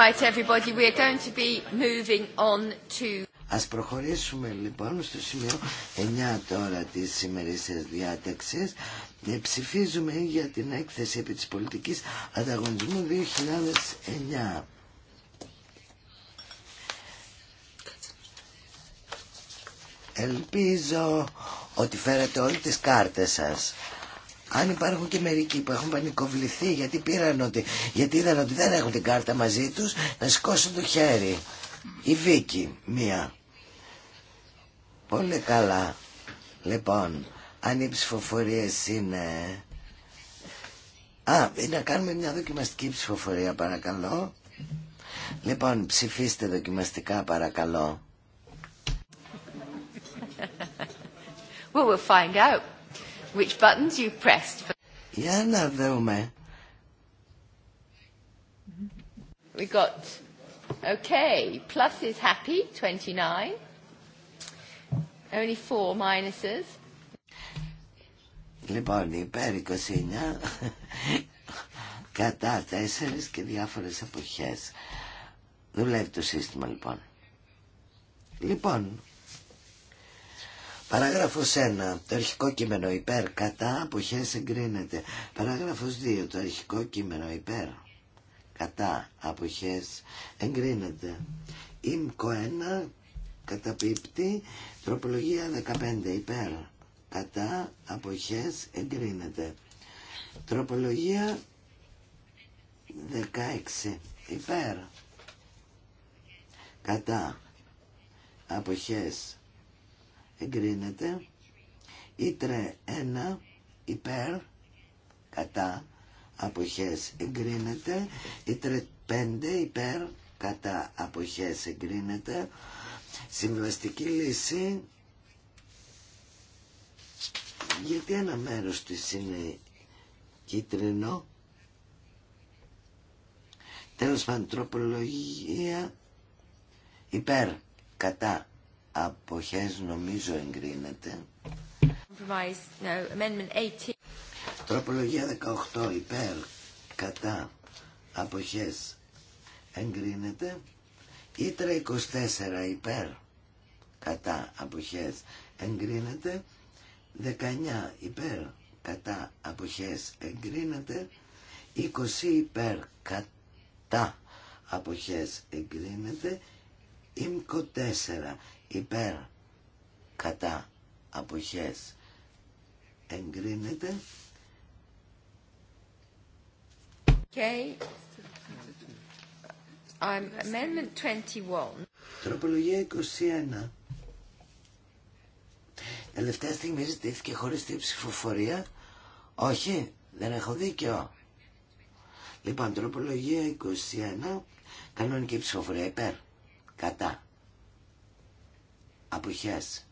Right, everybody, we are going to be moving on to... Ας προχωρήσουμε λοιπόν στο σημείο 9 τώρα της σημερινής διάταξης. Ε, ψηφίζουμε για την έκθεση επί της πολιτικής ανταγωνισμού 2009. Ελπίζω ότι φέρατε όλοι τις κάρτες σας αν υπάρχουν και μερικοί που έχουν πανικοβληθεί γιατί πήραν ότι, γιατί είδαν ότι δεν έχουν την κάρτα μαζί τους, να σηκώσουν το χέρι. Η Βίκη, μία. Πολύ καλά. Λοιπόν, αν οι ψηφοφορίε είναι... Α, ε, να κάνουμε μια δοκιμαστική ψηφοφορία παρακαλώ. Λοιπόν, ψηφίστε δοκιμαστικά παρακαλώ. We will find out which buttons you pressed. Yeah, Για να δούμε. We got okay. Plus is happy, 29. Only four minuses. Λοιπόν, υπέρ είναι κατά 4 και διάφορες εποχές. Δουλεύει το σύστημα λοιπόν. Λοιπόν, Παράγραφος 1. Το αρχικό κείμενο υπέρ κατά αποχές εγκρίνεται. Παράγραφος 2. Το αρχικό κείμενο υπέρ κατά αποχές εγκρίνεται. Ήμκο 1 καταπίπτει τροπολογία 15 υπέρ κατά αποχές εγκρίνεται. Τροπολογία 16 υπέρ κατά αποχές εγκρίνεται. Ήτρε 1 υπέρ κατά αποχές εγκρίνεται. Ήτρε 5 υπέρ κατά αποχές εγκρίνεται. Συμβαστική λύση γιατί ένα μέρος της είναι κίτρινο. Τέλος πάντων τροπολογία υπέρ κατά αποχές νομίζω εγκρίνεται. Τροπολογία 18 υπέρ κατά αποχές εγκρίνεται. Ήτρα 24 υπέρ κατά αποχές εγκρίνεται. 19 υπέρ κατά αποχές εγκρίνεται. 20 υπέρ κατά αποχές εγκρίνεται. Ήμκο 4 υπέρ κατά αποχές εγκρίνεται okay. I'm amendment 21. Τροπολογία 21. Τελευταία στιγμή ζητήθηκε τη ψηφοφορία. Όχι, δεν έχω δίκιο. Λοιπόν, τροπολογία 21, κανονική ψηφοφορία υπέρ, κατά, αποχές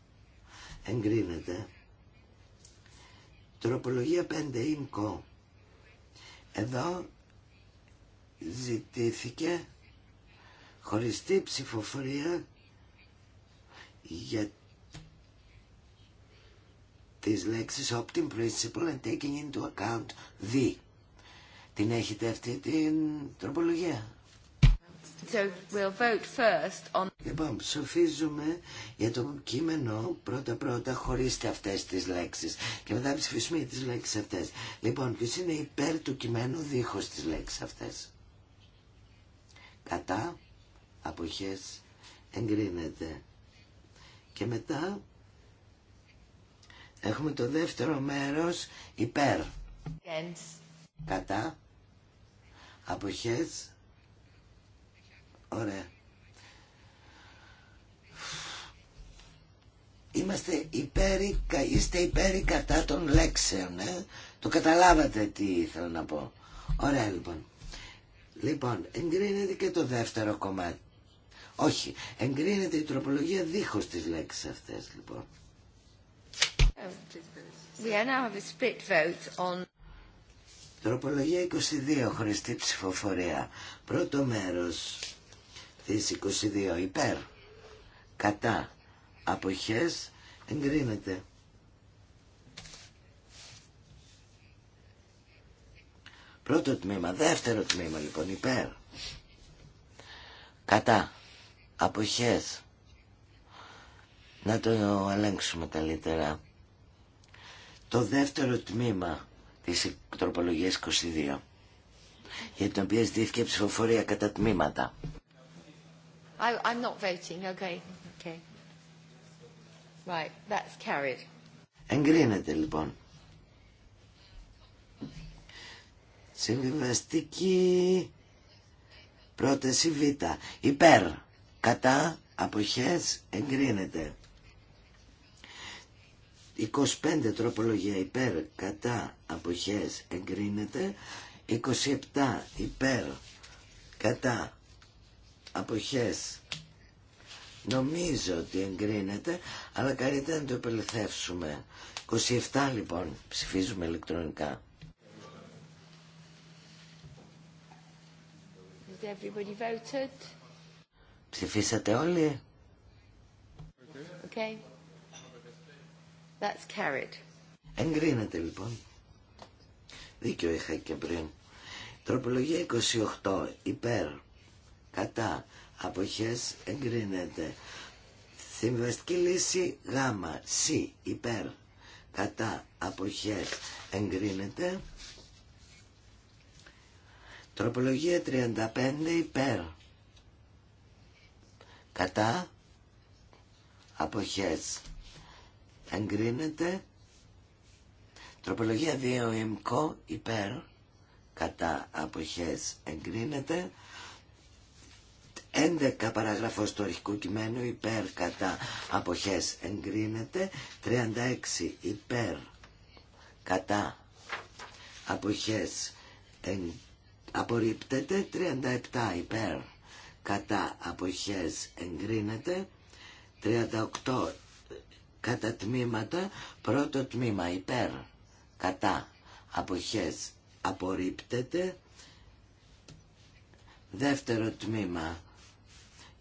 εγκρίνεται τροπολογία 5 ΙΜΚΟ εδώ ζητήθηκε χωριστή ψηφοφορία για τις λέξεις Opting Principle and Taking into Account the. Την έχετε αυτή την τροπολογία. Λοιπόν, ψηφίζουμε για το κείμενο πρώτα-πρώτα χωρίστε αυτές τις λέξεις και μετά ψηφίσουμε για τις λέξεις αυτές. Λοιπόν, ποιος είναι υπέρ του κειμένου δίχως τις λέξεις αυτές. Κατά, αποχές, εγκρίνεται. Και μετά έχουμε το δεύτερο μέρος υπέρ. Κατά, αποχές, Ωραία. Είμαστε υπέρ, είστε υπέρ κατά των λέξεων, ε? Το καταλάβατε τι ήθελα να πω. Ωραία λοιπόν. Λοιπόν, εγκρίνεται και το δεύτερο κομμάτι. Όχι, εγκρίνεται η τροπολογία δίχως τις λέξεις αυτές λοιπόν. We now a split vote on... Τροπολογία 22, χωριστή ψηφοφορία. Πρώτο μέρος της 22 υπέρ κατά αποχές εγκρίνεται. Πρώτο τμήμα, δεύτερο τμήμα λοιπόν υπέρ κατά αποχές να το ελέγξουμε καλύτερα. Το δεύτερο τμήμα της τροπολογίας 22 για την οποία ζητήθηκε ψηφοφορία κατά τμήματα. I, I'm not voting, okay. okay. Right, that's carried. Εγκρίνεται λοιπόν. Συμβιβαστική πρόταση Β. Υπέρ, κατά, αποχές, εγκρίνεται. 25 τροπολογία υπέρ, κατά, αποχές, εγκρίνεται. 27 υπέρ, κατά, αποχές νομίζω ότι εγκρίνεται αλλά καλύτερα να το επελευθεύσουμε 27 λοιπόν ψηφίζουμε ηλεκτρονικά Ψηφίσατε όλοι okay. That's carried. Εγκρίνεται λοιπόν Δίκιο είχα και πριν Τροπολογία 28 υπέρ κατά αποχές εγκρίνεται συμβαστική λύση Γ Σ υπέρ κατά αποχές εγκρίνεται τροπολογία 35 υπέρ κατά αποχές εγκρίνεται τροπολογία 2 εμκό, υπέρ κατά αποχές εγκρίνεται 11 παραγραφό του αρχικού κειμένου υπέρ κατά αποχές εγκρίνεται 36 υπέρ κατά αποχές εν, απορρίπτεται 37 υπέρ κατά αποχές εγκρίνεται 38 κατά τμήματα πρώτο τμήμα υπέρ κατά αποχές απορρίπτεται δεύτερο τμήμα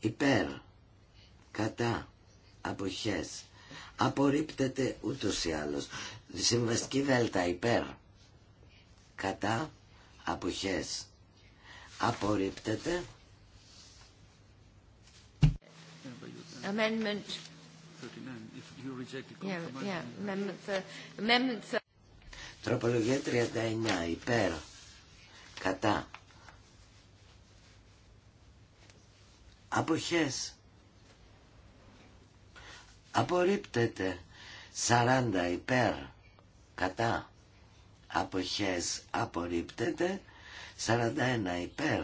υπέρ κατά αποχές απορρίπτεται ούτως ή άλλως συμβαστική δέλτα υπέρ κατά αποχές απορρίπτεται Amendment Τροπολογία 39 υπέρ κατά Αποχές. Απορρίπτεται. 40 υπέρ. Κατά. Αποχές. Απορρίπτεται. 41 υπέρ.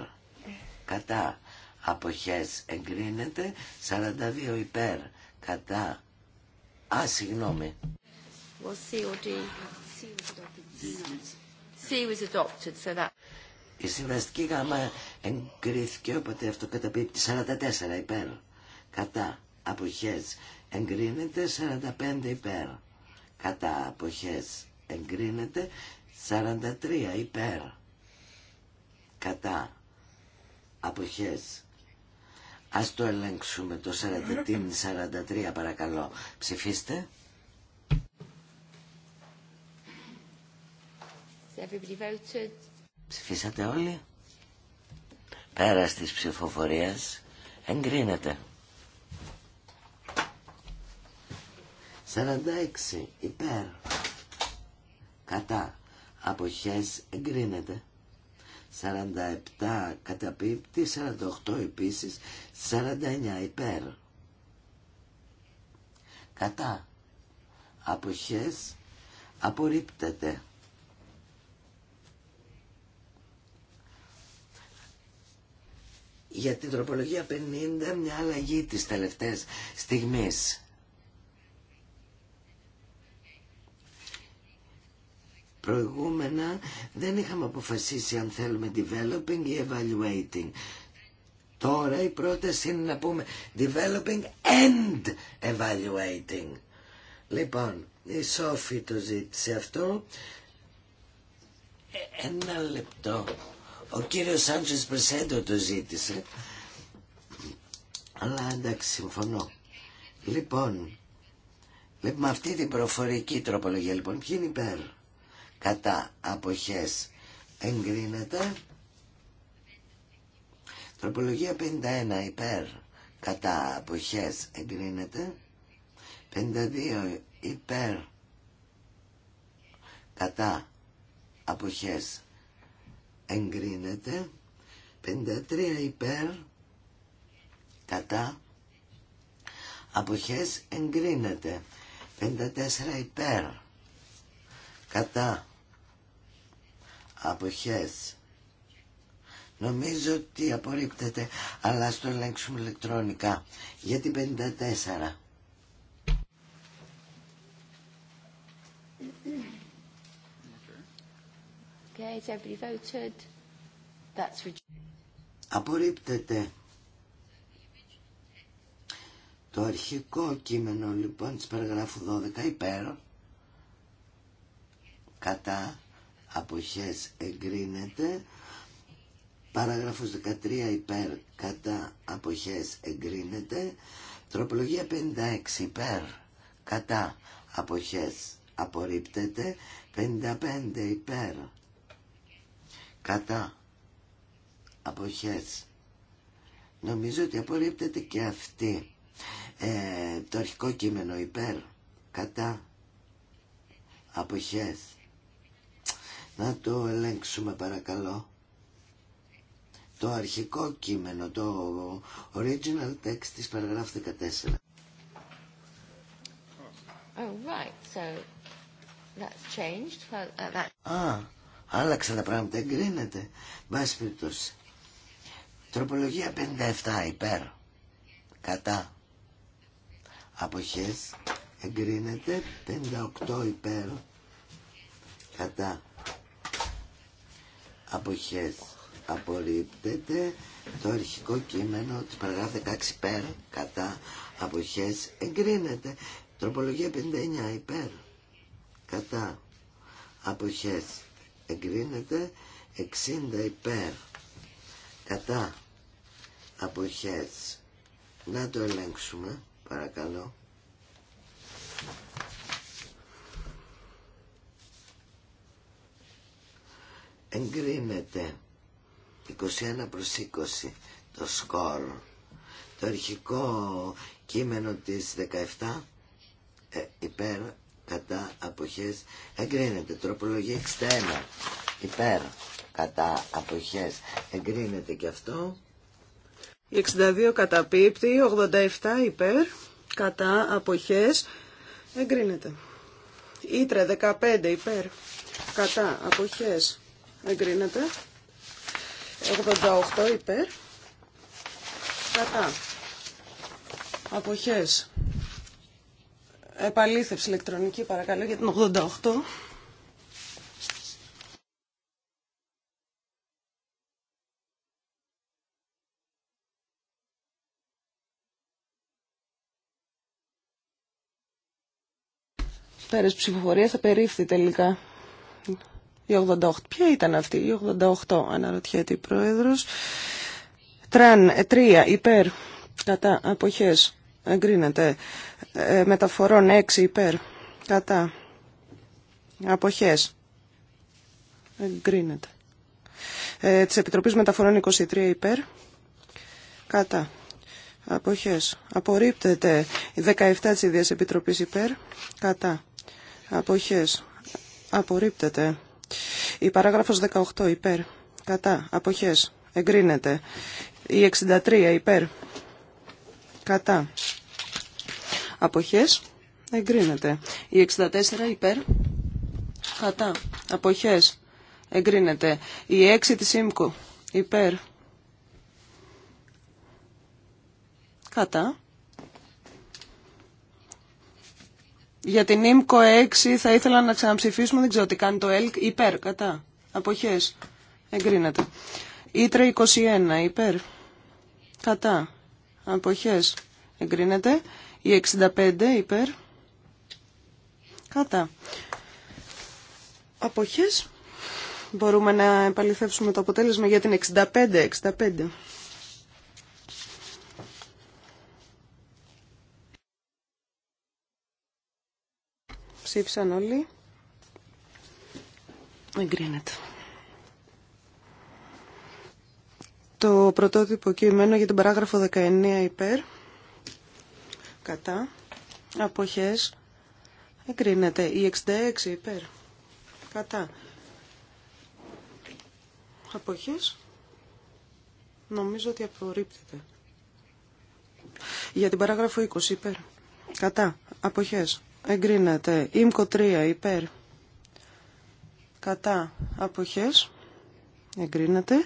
Κατά. Αποχές. Εγκρίνεται. 42 υπέρ. Κατά. Α, συγγνώμη. was adopted, η συμβαστική γάμα εγκρίθηκε όποτε αυτό καταπίπτει 44 υπέρ. Κατά αποχές εγκρίνεται 45 υπέρ. Κατά αποχές εγκρίνεται 43 υπέρ. Κατά αποχές. Ας το ελέγξουμε το 43 παρακαλώ. Ψηφίστε. Ψηφίσατε όλοι. Πέρα της ψηφοφορίας εγκρίνεται. 46 υπέρ. Κατά. Αποχές εγκρίνεται. 47 καταπίπτει, 48 επίσης, 49 υπέρ. Κατά. Αποχές απορρίπτεται. για την τροπολογία 50 μια αλλαγή της τελευταίας στιγμή. Προηγούμενα δεν είχαμε αποφασίσει αν θέλουμε developing ή evaluating. Τώρα η πρόταση είναι να πούμε developing and evaluating. Λοιπόν, η Σόφη το ζήτησε αυτό. Ε, ένα λεπτό. Ο κύριος Σάντσες Πρεσέντο το ζήτησε. Αλλά εντάξει, συμφωνώ. Λοιπόν, λοιπόν, με αυτή την προφορική τροπολογία. Λοιπόν, ποιοι είναι υπέρ. Κατά αποχές εγκρίνεται. Τροπολογία 51 υπέρ. Κατά αποχές εγκρίνεται. 52 υπέρ. Κατά αποχές εγκρίνεται 53 υπέρ κατά αποχές εγκρίνεται 54 υπέρ κατά αποχές νομίζω ότι απορρίπτεται αλλά στο ελέγξουμε ηλεκτρονικά γιατί 54 Απορρίπτεται. Το αρχικό κείμενο λοιπόν της παραγράφου 12 υπέρ κατά αποχές εγκρίνεται παράγραφος 13 υπέρ κατά αποχές εγκρίνεται τροπολογία 56 υπέρ κατά αποχές απορρίπτεται 55 υπέρ κατά αποχές νομίζω ότι απορρίπτεται και αυτή ε, το αρχικό κείμενο υπέρ κατά αποχές να το ελέγξουμε παρακαλώ το αρχικό κείμενο το original text της παραγράφου 14 Oh, right, so that's changed. Uh, that άλλαξαν τα πράγματα, εγκρίνεται. Βάση περιπτώσει. Τροπολογία 57 υπέρ. Κατά. Αποχές εγκρίνεται. 58 υπέρ. Κατά. Αποχές απορρίπτεται. Το αρχικό κείμενο της παραγράφης 16 υπέρ. Κατά. Αποχές εγκρίνεται. Τροπολογία 59 υπέρ. Κατά. Αποχές εγκρίνεται 60 υπέρ κατά αποχές να το ελέγξουμε παρακαλώ εγκρίνεται 21 προς 20 το σκορ το αρχικό κείμενο της 17 ε, υπέρ κατά αποχές εγκρίνεται τροπολογία 61 υπέρ κατά αποχές εγκρίνεται και αυτό 62 καταπίπτει 87 υπέρ κατά αποχές εγκρίνεται Ήτρε 15 υπέρ κατά αποχές εγκρίνεται 88 υπέρ κατά αποχές Επαλήθευση ηλεκτρονική παρακαλώ για την 88. Πέρες ψηφοφορία θα περίφθη τελικά. Η 88. Ποια ήταν αυτή η 88 αναρωτιέται η πρόεδρος. Τραν τρία υπέρ κατά αποχές εγκρίνεται. Ε, μεταφορών 6 υπέρ κατά αποχές εγκρίνεται. Ε, της Επιτροπής Μεταφορών 23 υπέρ κατά αποχές απορρίπτεται 17 της Ιδίας Επιτροπής υπέρ κατά αποχές απορρίπτεται η παράγραφος 18 υπέρ κατά αποχές εγκρίνεται η 63 υπέρ κατά αποχές εγκρίνεται. Η 64 υπέρ κατά αποχές εγκρίνεται. Η 6 της ΥΜΚΟ. υπέρ κατά. Για την ΥΜΚΟ 6 θα ήθελα να ξαναψηφίσουμε, δεν ξέρω τι κάνει το ΕΛΚ, υπέρ, κατά, αποχές, εγκρίνεται. Ήτρε 21, υπέρ, κατά, αποχές, εγκρίνεται. Η 65 υπέρ. Κατά. Αποχές. Μπορούμε να επαληθεύσουμε το αποτέλεσμα για την 65. 65. Ψήφισαν όλοι. Εγκρίνεται. Το πρωτότυπο κείμενο για την παράγραφο 19 υπέρ κατά αποχές εγκρίνεται η 66 υπέρ κατά αποχές νομίζω ότι απορρίπτεται για την παράγραφο 20 υπέρ κατά αποχές εγκρίνεται ΙΜΚΟ 3 υπέρ κατά αποχές εγκρίνεται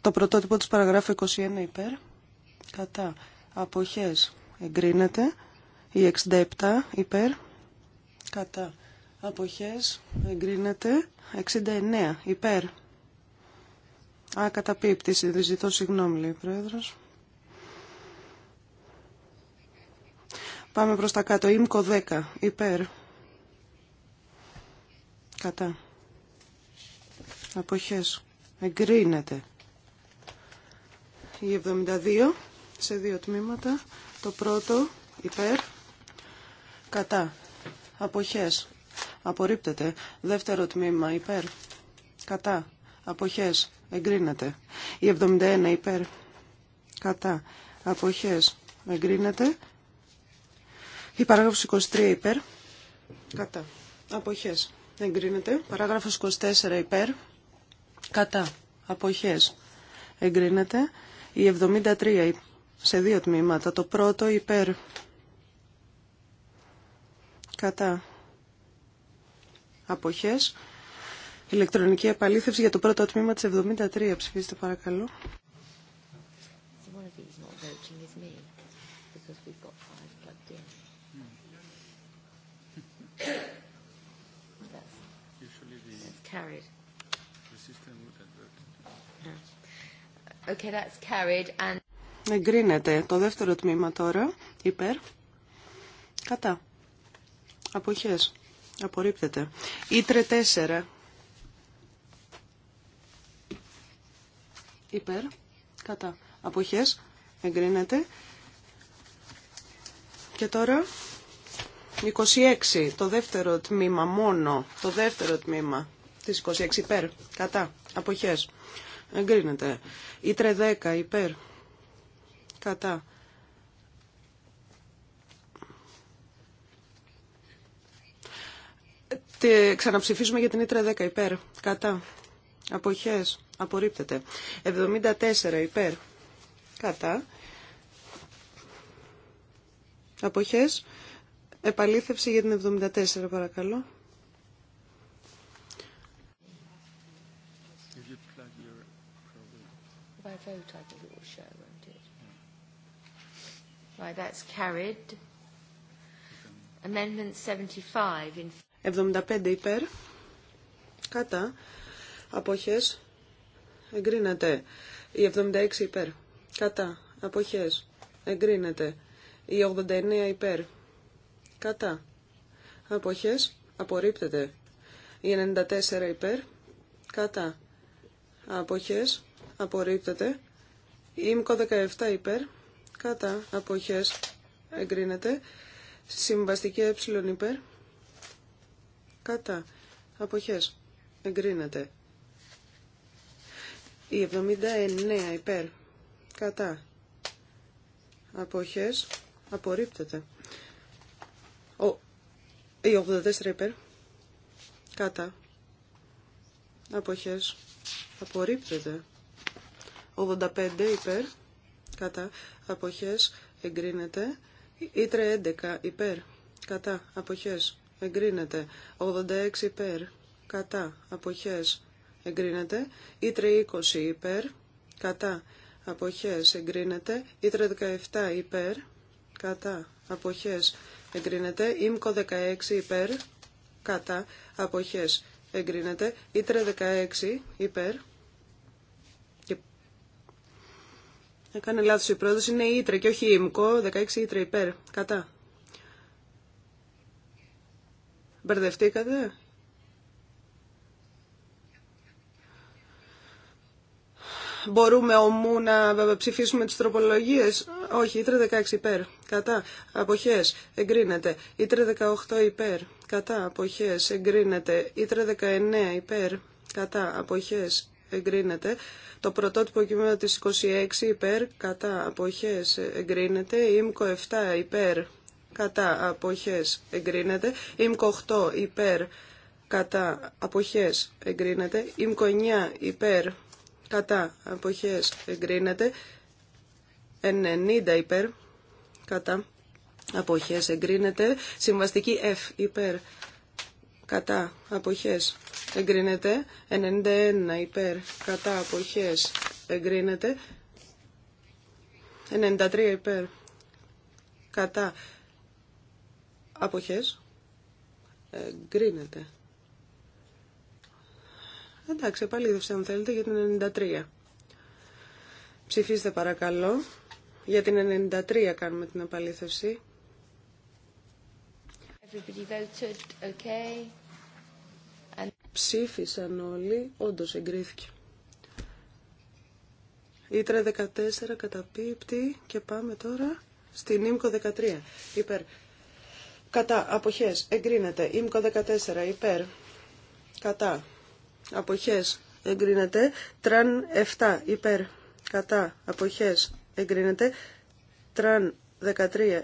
το πρωτότυπο της παραγράφου 21 υπέρ κατά αποχές εγκρίνεται. Η 67 υπέρ κατά αποχές εγκρίνεται. 69 υπέρ. Α, Δεν ζητώ συγγνώμη, λέει ο Πρόεδρος. Πάμε προς τα κάτω. Ήμκο 10. Υπέρ. Κατά. Αποχές. Εγκρίνεται. Η 72 σε δύο τμήματα. Το πρώτο υπέρ κατά αποχές απορρίπτεται. Δεύτερο τμήμα υπέρ κατά αποχές εγκρίνεται. Η 71 υπέρ κατά αποχές εγκρίνεται. Η παράγραφος 23 υπέρ κατά αποχές εγκρίνεται. Παράγραφος 24 υπέρ κατά αποχές εγκρίνεται. Η 73 σε δύο τμήματα. Το πρώτο υπέρ κατά αποχές. Ηλεκτρονική επαλήθευση για το πρώτο τμήμα της 73. Ψηφίστε παρακαλώ. Okay, Εγκρίνεται. Το δεύτερο τμήμα τώρα. Υπέρ. Κατά. Αποχές. Απορρίπτεται. Ήτρε 4. Υπέρ. Κατά. Αποχές. Εγκρίνεται. Και τώρα 26. Το δεύτερο τμήμα μόνο. Το δεύτερο τμήμα της 26. Υπέρ. Κατά. Αποχές. Εγκρίνεται. Ήτρε 10. Υπέρ κατά. Τε, ξαναψηφίζουμε για την Ήτρα 10 υπέρ, κατά. Αποχές, απορρίπτεται. 74 υπέρ, κατά. Αποχές, επαλήθευση για την 74 παρακαλώ. vote, that's carried. Amendment 75 in... 75 υπέρ. Κατά. Αποχές. Εγκρίνεται. Η 76 υπέρ. Κατά. Αποχές. Εγκρίνεται. Η 89 υπέρ. Κατά. Αποχές. Απορρίπτεται. Η 94 υπέρ. Κατά. Αποχές. Απορρίπτεται. Η 17 υπέρ κατά αποχές εγκρίνεται. Συμβαστική ε υπέρ κατά αποχές εγκρίνεται. Η 79 υπέρ κατά αποχές απορρίπτεται. Ο, η 84 υπέρ κατά αποχές απορρίπτεται. 85 υπέρ κατά αποχές εγκρίνεται. Ήτρε 11 υπέρ κατά αποχές εγκρίνεται. 86 υπέρ κατά αποχές εγκρίνεται. Ήτρε 20 υπέρ κατά αποχές εγκρίνεται. Ήτρε 17 υπέρ κατά αποχές εγκρίνεται. Ήμκο 16 υπέρ κατά αποχές εγκρίνεται. Ήτρε 16 υπέρ Έκανε λάθο η πρόεδρος, είναι ήτρε και όχι ΙΜΚΟ, 16 ήτρε υπέρ, κατά. Μπερδευτήκατε. Μπορούμε ομού να ψηφίσουμε τις τροπολογίες. Όχι, ήτρε 16 υπέρ, κατά. Αποχές, εγκρίνεται. Ήτρε 18 υπέρ, κατά. Αποχές, εγκρίνεται. Ήτρε 19 υπέρ, κατά. Αποχές, εγκρίνεται. Το πρωτότυπο κείμενο της 26 υπέρ κατά αποχές εγκρίνεται. Ήμκο 7 υπέρ κατά αποχές εγκρίνεται. Ήμκο 8 υπέρ κατά αποχές εγκρίνεται. Ήμκο 9 υπέρ κατά αποχές εγκρίνεται. 90 υπέρ κατά αποχές εγκρίνεται. Συμβαστική F υπέρ κατά αποχές εγκρίνεται 91 υπέρ κατά αποχές εγκρίνεται 93 υπέρ κατά αποχές εγκρίνεται εντάξει επαλήθευση αν θέλετε για την 93 ψηφίστε παρακαλώ για την 93 κάνουμε την επαλήθευση Ψήφισαν όλοι, όντω εγκρίθηκε. Ήτρα 14 καταπίπτει και πάμε τώρα στην ΙΜΚΟ 13. Υπέρ. Κατά. Αποχές. Εγκρίνεται. ΙΜΚΟ 14. Υπέρ. Κατά. Αποχές. Εγκρίνεται. Τραν 7. Υπέρ. Κατά. Αποχές. Εγκρίνεται. Τραν 13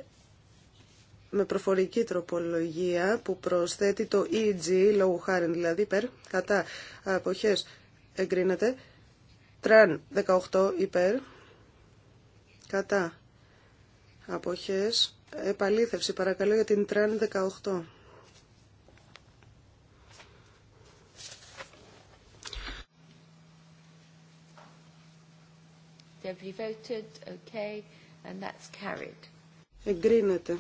με προφορική τροπολογία που προσθέτει το EG, λόγου χάρη δηλαδή, υπέρ, κατά, αποχές, εγκρίνεται. Τραν 18 υπέρ, κατά, αποχές, επαλήθευση παρακαλώ για την τραν 18. Εγκρίνεται.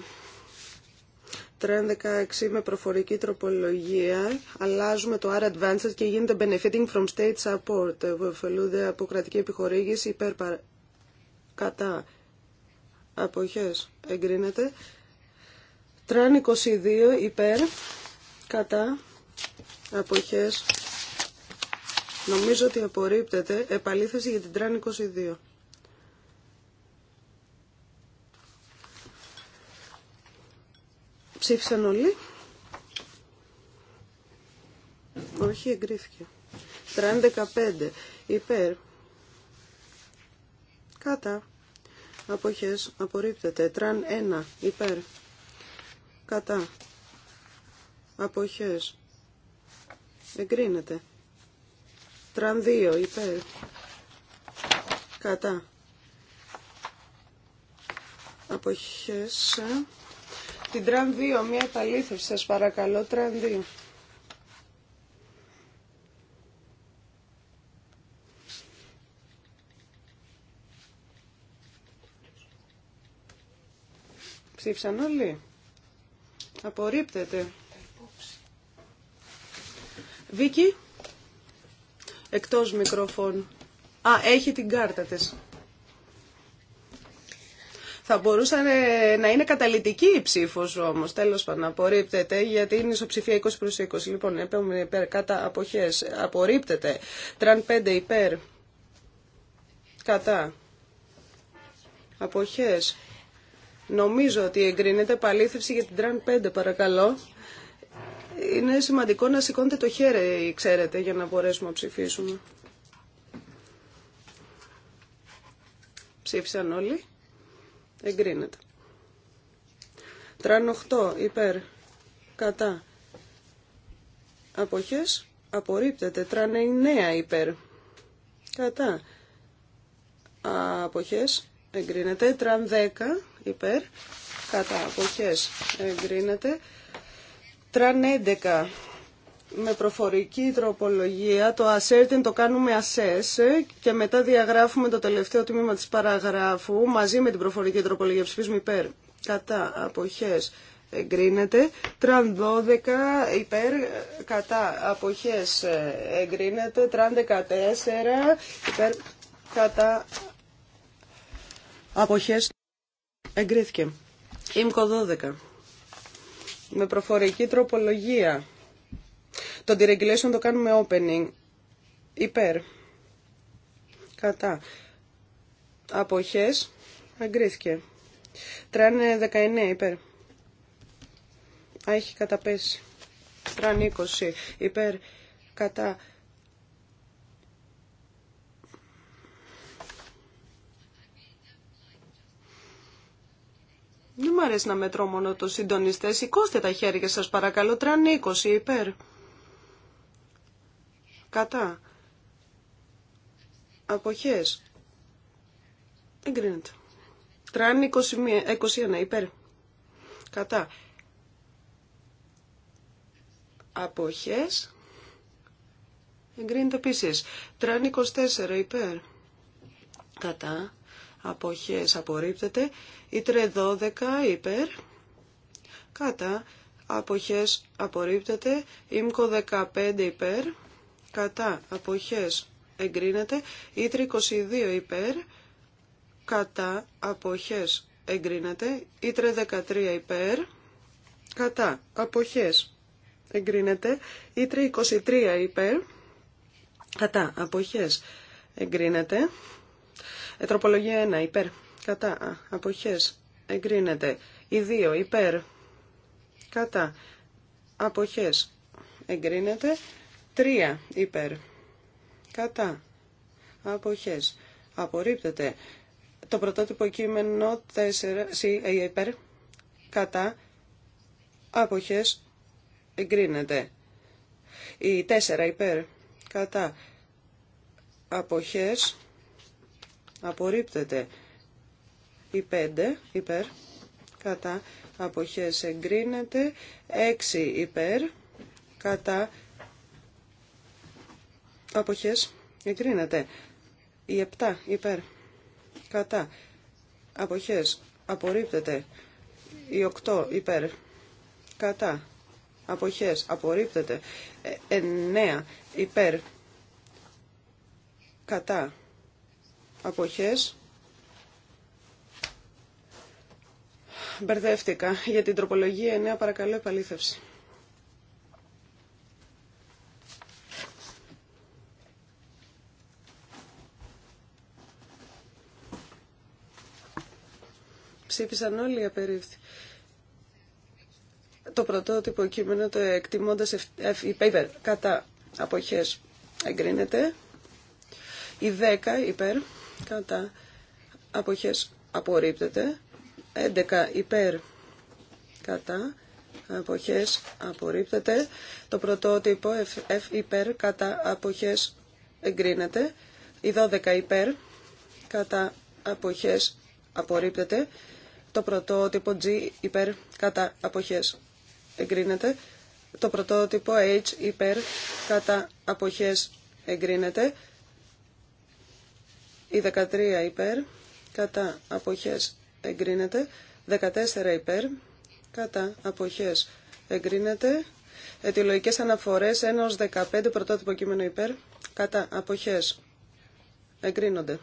Τρέν 16 με προφορική τροπολογία αλλάζουμε το R advances και γίνεται benefiting from state support που από κρατική επιχορήγηση υπέρ παρα... κατά αποχές εγκρίνεται. ΤΡΑΝ 22 υπέρ κατά αποχές νομίζω ότι απορρίπτεται επαλήθεση για την Τρέν 22. Ψήφισαν όλοι. Όχι, εγκρίθηκε. Τραν 15. Υπέρ. Κατά. Αποχές. Απορρίπτεται. Τραν 1. Υπέρ. Κατά. Αποχές. Εγκρίνεται. Τραν 2. Υπέρ. Κατά. Αποχές. Την τραν 2, μια επαλήθευση σας παρακαλώ, τραν 2. Ψήφισαν όλοι. Απορρίπτεται. Βίκυ. Εκτός μικρόφων. Α, έχει την κάρτα της. Θα μπορούσε να είναι καταλητική η ψήφο όμως. Τέλος πάντων, απορρίπτεται γιατί είναι ισοψηφία 20 προς 20. Λοιπόν, επειδή υπέρ κατά αποχές. Απορρίπτεται. Τραν 5 υπέρ κατά Αποχέ. Νομίζω ότι εγκρίνεται παλήθευση για την Τραν 5, παρακαλώ. Είναι σημαντικό να σηκώνετε το χέρι, ξέρετε, για να μπορέσουμε να ψηφίσουμε. Ψήφισαν όλοι εγκρίνεται. Τραν 8 υπέρ κατά αποχές απορρίπτεται. Τραν 9 υπέρ κατά αποχές εγκρίνεται. Τραν 10 υπέρ κατά αποχές εγκρίνεται. Τραν 11 με προφορική τροπολογία το ascertain το κάνουμε assess και μετά διαγράφουμε το τελευταίο τμήμα της παραγράφου μαζί με την προφορική τροπολογία ψηφίζουμε υπέρ κατά αποχές εγκρίνεται τραν 12 υπέρ κατά αποχές εγκρίνεται τραν 14 υπέρ κατά αποχές εγκρίθηκε ΙΜΚΟ 12 με προφορική τροπολογία το deregulation το κάνουμε opening. Υπέρ. Κατά. Αποχές. Αγκρίθηκε. Τραν 19 ε, υπέρ. Α, έχει καταπέσει. Τραν 20 υπέρ. Κατά. Δεν μου αρέσει να μετρώ μόνο το συντονιστές. Σηκώστε τα χέρια σας παρακαλώ. Τραν 20 υπέρ. Κατά. Αποχές. Εγκρίνεται. Τράν 21, 21 υπέρ. Κατά. Αποχές. Εγκρίνεται επίση. Τράν 24 υπέρ. Κατά. Αποχές απορρίπτεται. Ήτρε 12 υπέρ. Κατά. Αποχές απορρίπτεται. Ήμκο 15 υπέρ κατά αποχές εγκρίνεται, ήτρε 22 υπέρ, κατά αποχές εγκρίνεται, ήτρε 13 υπέρ, κατά αποχές εγκρίνεται, ήτρε 23 υπέρ, κατά αποχές εγκρίνεται, ε, Τροπολογία 1 υπέρ, κατά αποχές εγκρίνεται, η 2 υπέρ, κατά αποχές εγκρίνεται, 3 υπέρ. Κατά. Αποχές. Απορρίπτεται. Το πρωτότυπο κείμενο 4 ε, υπέρ. Κατά. Αποχές. Εγκρίνεται. Η 4 υπέρ. Κατά. Αποχές. Απορρίπτεται. Η 5 υπέρ. Κατά. Αποχές εγκρίνεται. 6 υπέρ. Κατά Αποχές. Εγκρίνεται. Η 7 υπέρ. Κατά. Αποχές. Απορρίπτεται. Η 8 υπέρ. Κατά. Αποχές. Απορρίπτεται. 9 ε, υπέρ. Κατά. Αποχές. Μπερδεύτηκα. Για την τροπολογία 9 παρακαλώ επαλήθευση. Ψήφισαν όλοι οι απερίφθη. Το πρωτότυπο κείμενο το εκτιμώντας paper κατά αποχές εγκρίνεται. Η 10 υπέρ κατά αποχές απορρίπτεται. 11 υπέρ κατά αποχές απορρίπτεται. Το πρωτότυπο F, υπέρ κατά αποχές εγκρίνεται. Η 12 υπέρ κατά αποχές απορρίπτεται. Το πρωτότυπο G υπέρ κατά αποχές εγκρίνεται. Το πρωτότυπο H υπέρ κατά αποχές εγκρίνεται. Η 13 υπέρ κατά αποχές εγκρίνεται. 14 υπέρ κατά αποχές εγκρίνεται. Αιτιολογικές αναφορές 1 15 πρωτότυπο κείμενο υπέρ κατά αποχές εγκρίνονται.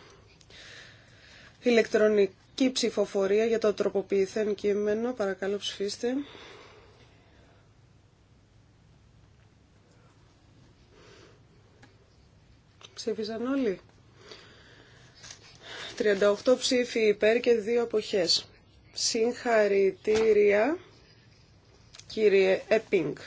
Ηλεκτρονικά η ψηφοφορία για το τροποποιηθέν κείμενο. Παρακαλώ ψηφίστε. Ψήφισαν όλοι. 38 ψήφοι υπέρ και 2 αποχές. Συγχαρητήρια κύριε Επίνγκ.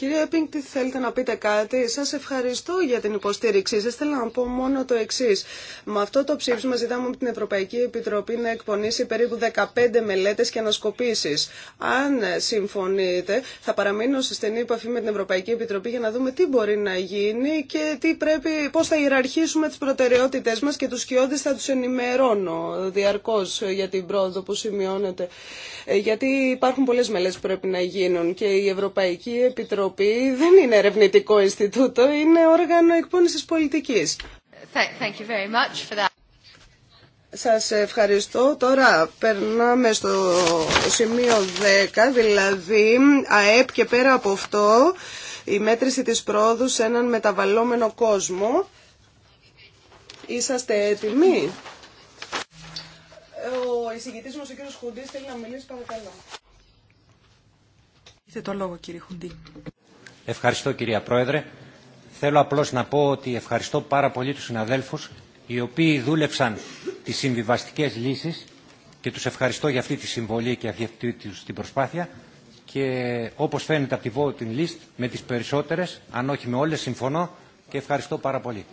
Κύριε Πίνκτη, θέλετε να πείτε κάτι. σα ευχαριστώ για την υποστήριξή σα. Θέλω να πω μόνο το εξή. Με αυτό το ψήφισμα ζητάμε από την Ευρωπαϊκή Επιτροπή να εκπονήσει περίπου 15 μελέτε και ανασκοπήσει. Αν συμφωνείτε, θα παραμείνω σε στενή επαφή με την Ευρωπαϊκή Επιτροπή για να δούμε τι μπορεί να γίνει και πώ θα ιεραρχήσουμε τι προτεραιότητέ μα και του σκιώδει θα του ενημερώνω διαρκώ για την πρόοδο που σημειώνεται. Ε, γιατί υπάρχουν πολλέ μελέτε που πρέπει να γίνουν και η Ευρωπαϊκή Επιτροπή δεν είναι ερευνητικό Ινστιτούτο, είναι όργανο εκπόνηση πολιτική. Σα ευχαριστώ. Τώρα περνάμε στο σημείο 10, δηλαδή ΑΕΠ και πέρα από αυτό η μέτρηση της πρόοδου σε έναν μεταβαλλόμενο κόσμο. Είσαστε έτοιμοι. Ο εισηγητής μας, ο κύριος Χουντής, θέλει να μιλήσει παρακαλώ. Είστε το λόγο κύριε Χουντή. Ευχαριστώ κυρία Πρόεδρε. Θέλω απλώς να πω ότι ευχαριστώ πάρα πολύ τους συναδέλφους οι οποίοι δούλεψαν τις συμβιβαστικές λύσεις και τους ευχαριστώ για αυτή τη συμβολή και για αυτή την προσπάθεια και όπως φαίνεται από τη voting list με τις περισσότερες, αν όχι με όλες, συμφωνώ και ευχαριστώ πάρα πολύ.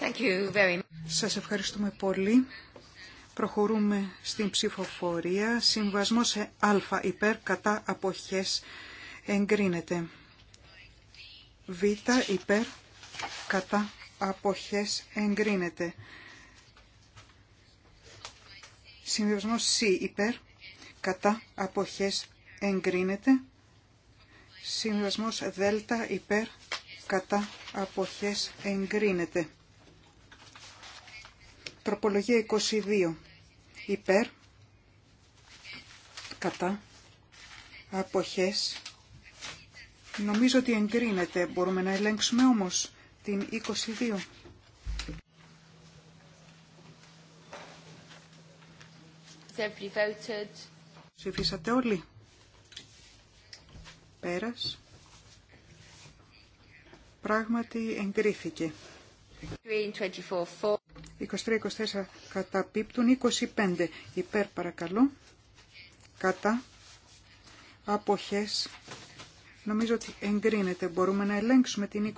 Thank Σας ευχαριστούμε πολύ. Προχωρούμε στην ψηφοφορία. Συμβασμό α υπέρ κατά αποχές εγκρίνεται. Β υπέρ κατά αποχές εγκρίνεται. Συμβασμό Σ υπέρ κατά αποχές εγκρίνεται. Συμβασμός Δ υπέρ κατά αποχές εγκρίνεται. Τροπολογία 22. Υπέρ. Κατά. Αποχές. Νομίζω ότι εγκρίνεται. Μπορούμε να ελέγξουμε όμως την 22. Ψηφίσατε όλοι. Πέρας. Πράγματι εγκρίθηκε. 23-24 καταπίπτουν. 25 υπέρ παρακαλώ. Κατά. Αποχές. Νομίζω ότι εγκρίνεται. Μπορούμε να ελέγξουμε την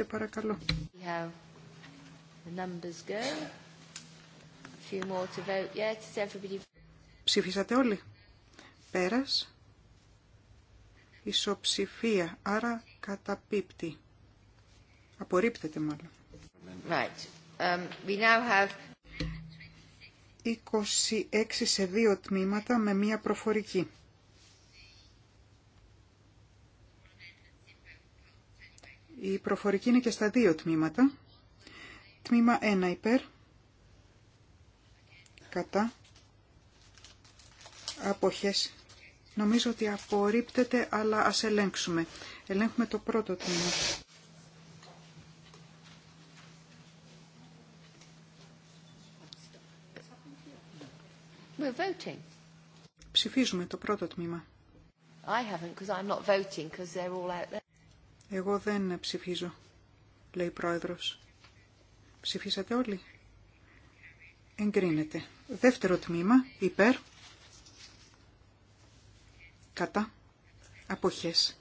25 παρακαλώ. Ψήφισατε όλοι. Πέρας. Ισοψηφία. Άρα καταπίπτει. Απορρίπτεται μάλλον. Right. 26 um, σε δύο τμήματα με μία προφορική. Η προφορική είναι και στα δύο τμήματα. Τμήμα 1 υπέρ, κατά, αποχές. Νομίζω ότι απορρίπτεται, αλλά ας ελέγξουμε. Ελέγχουμε το πρώτο τμήμα. Ψηφίζουμε το πρώτο τμήμα. I haven't because I'm not voting because they're all out there. Εγώ δεν ψηφίζω, λέει η πρόεδρος. Ψηφίσατε όλοι. Εγκρίνεται. Δεύτερο τμήμα, υπέρ. Κατά. Αποχές.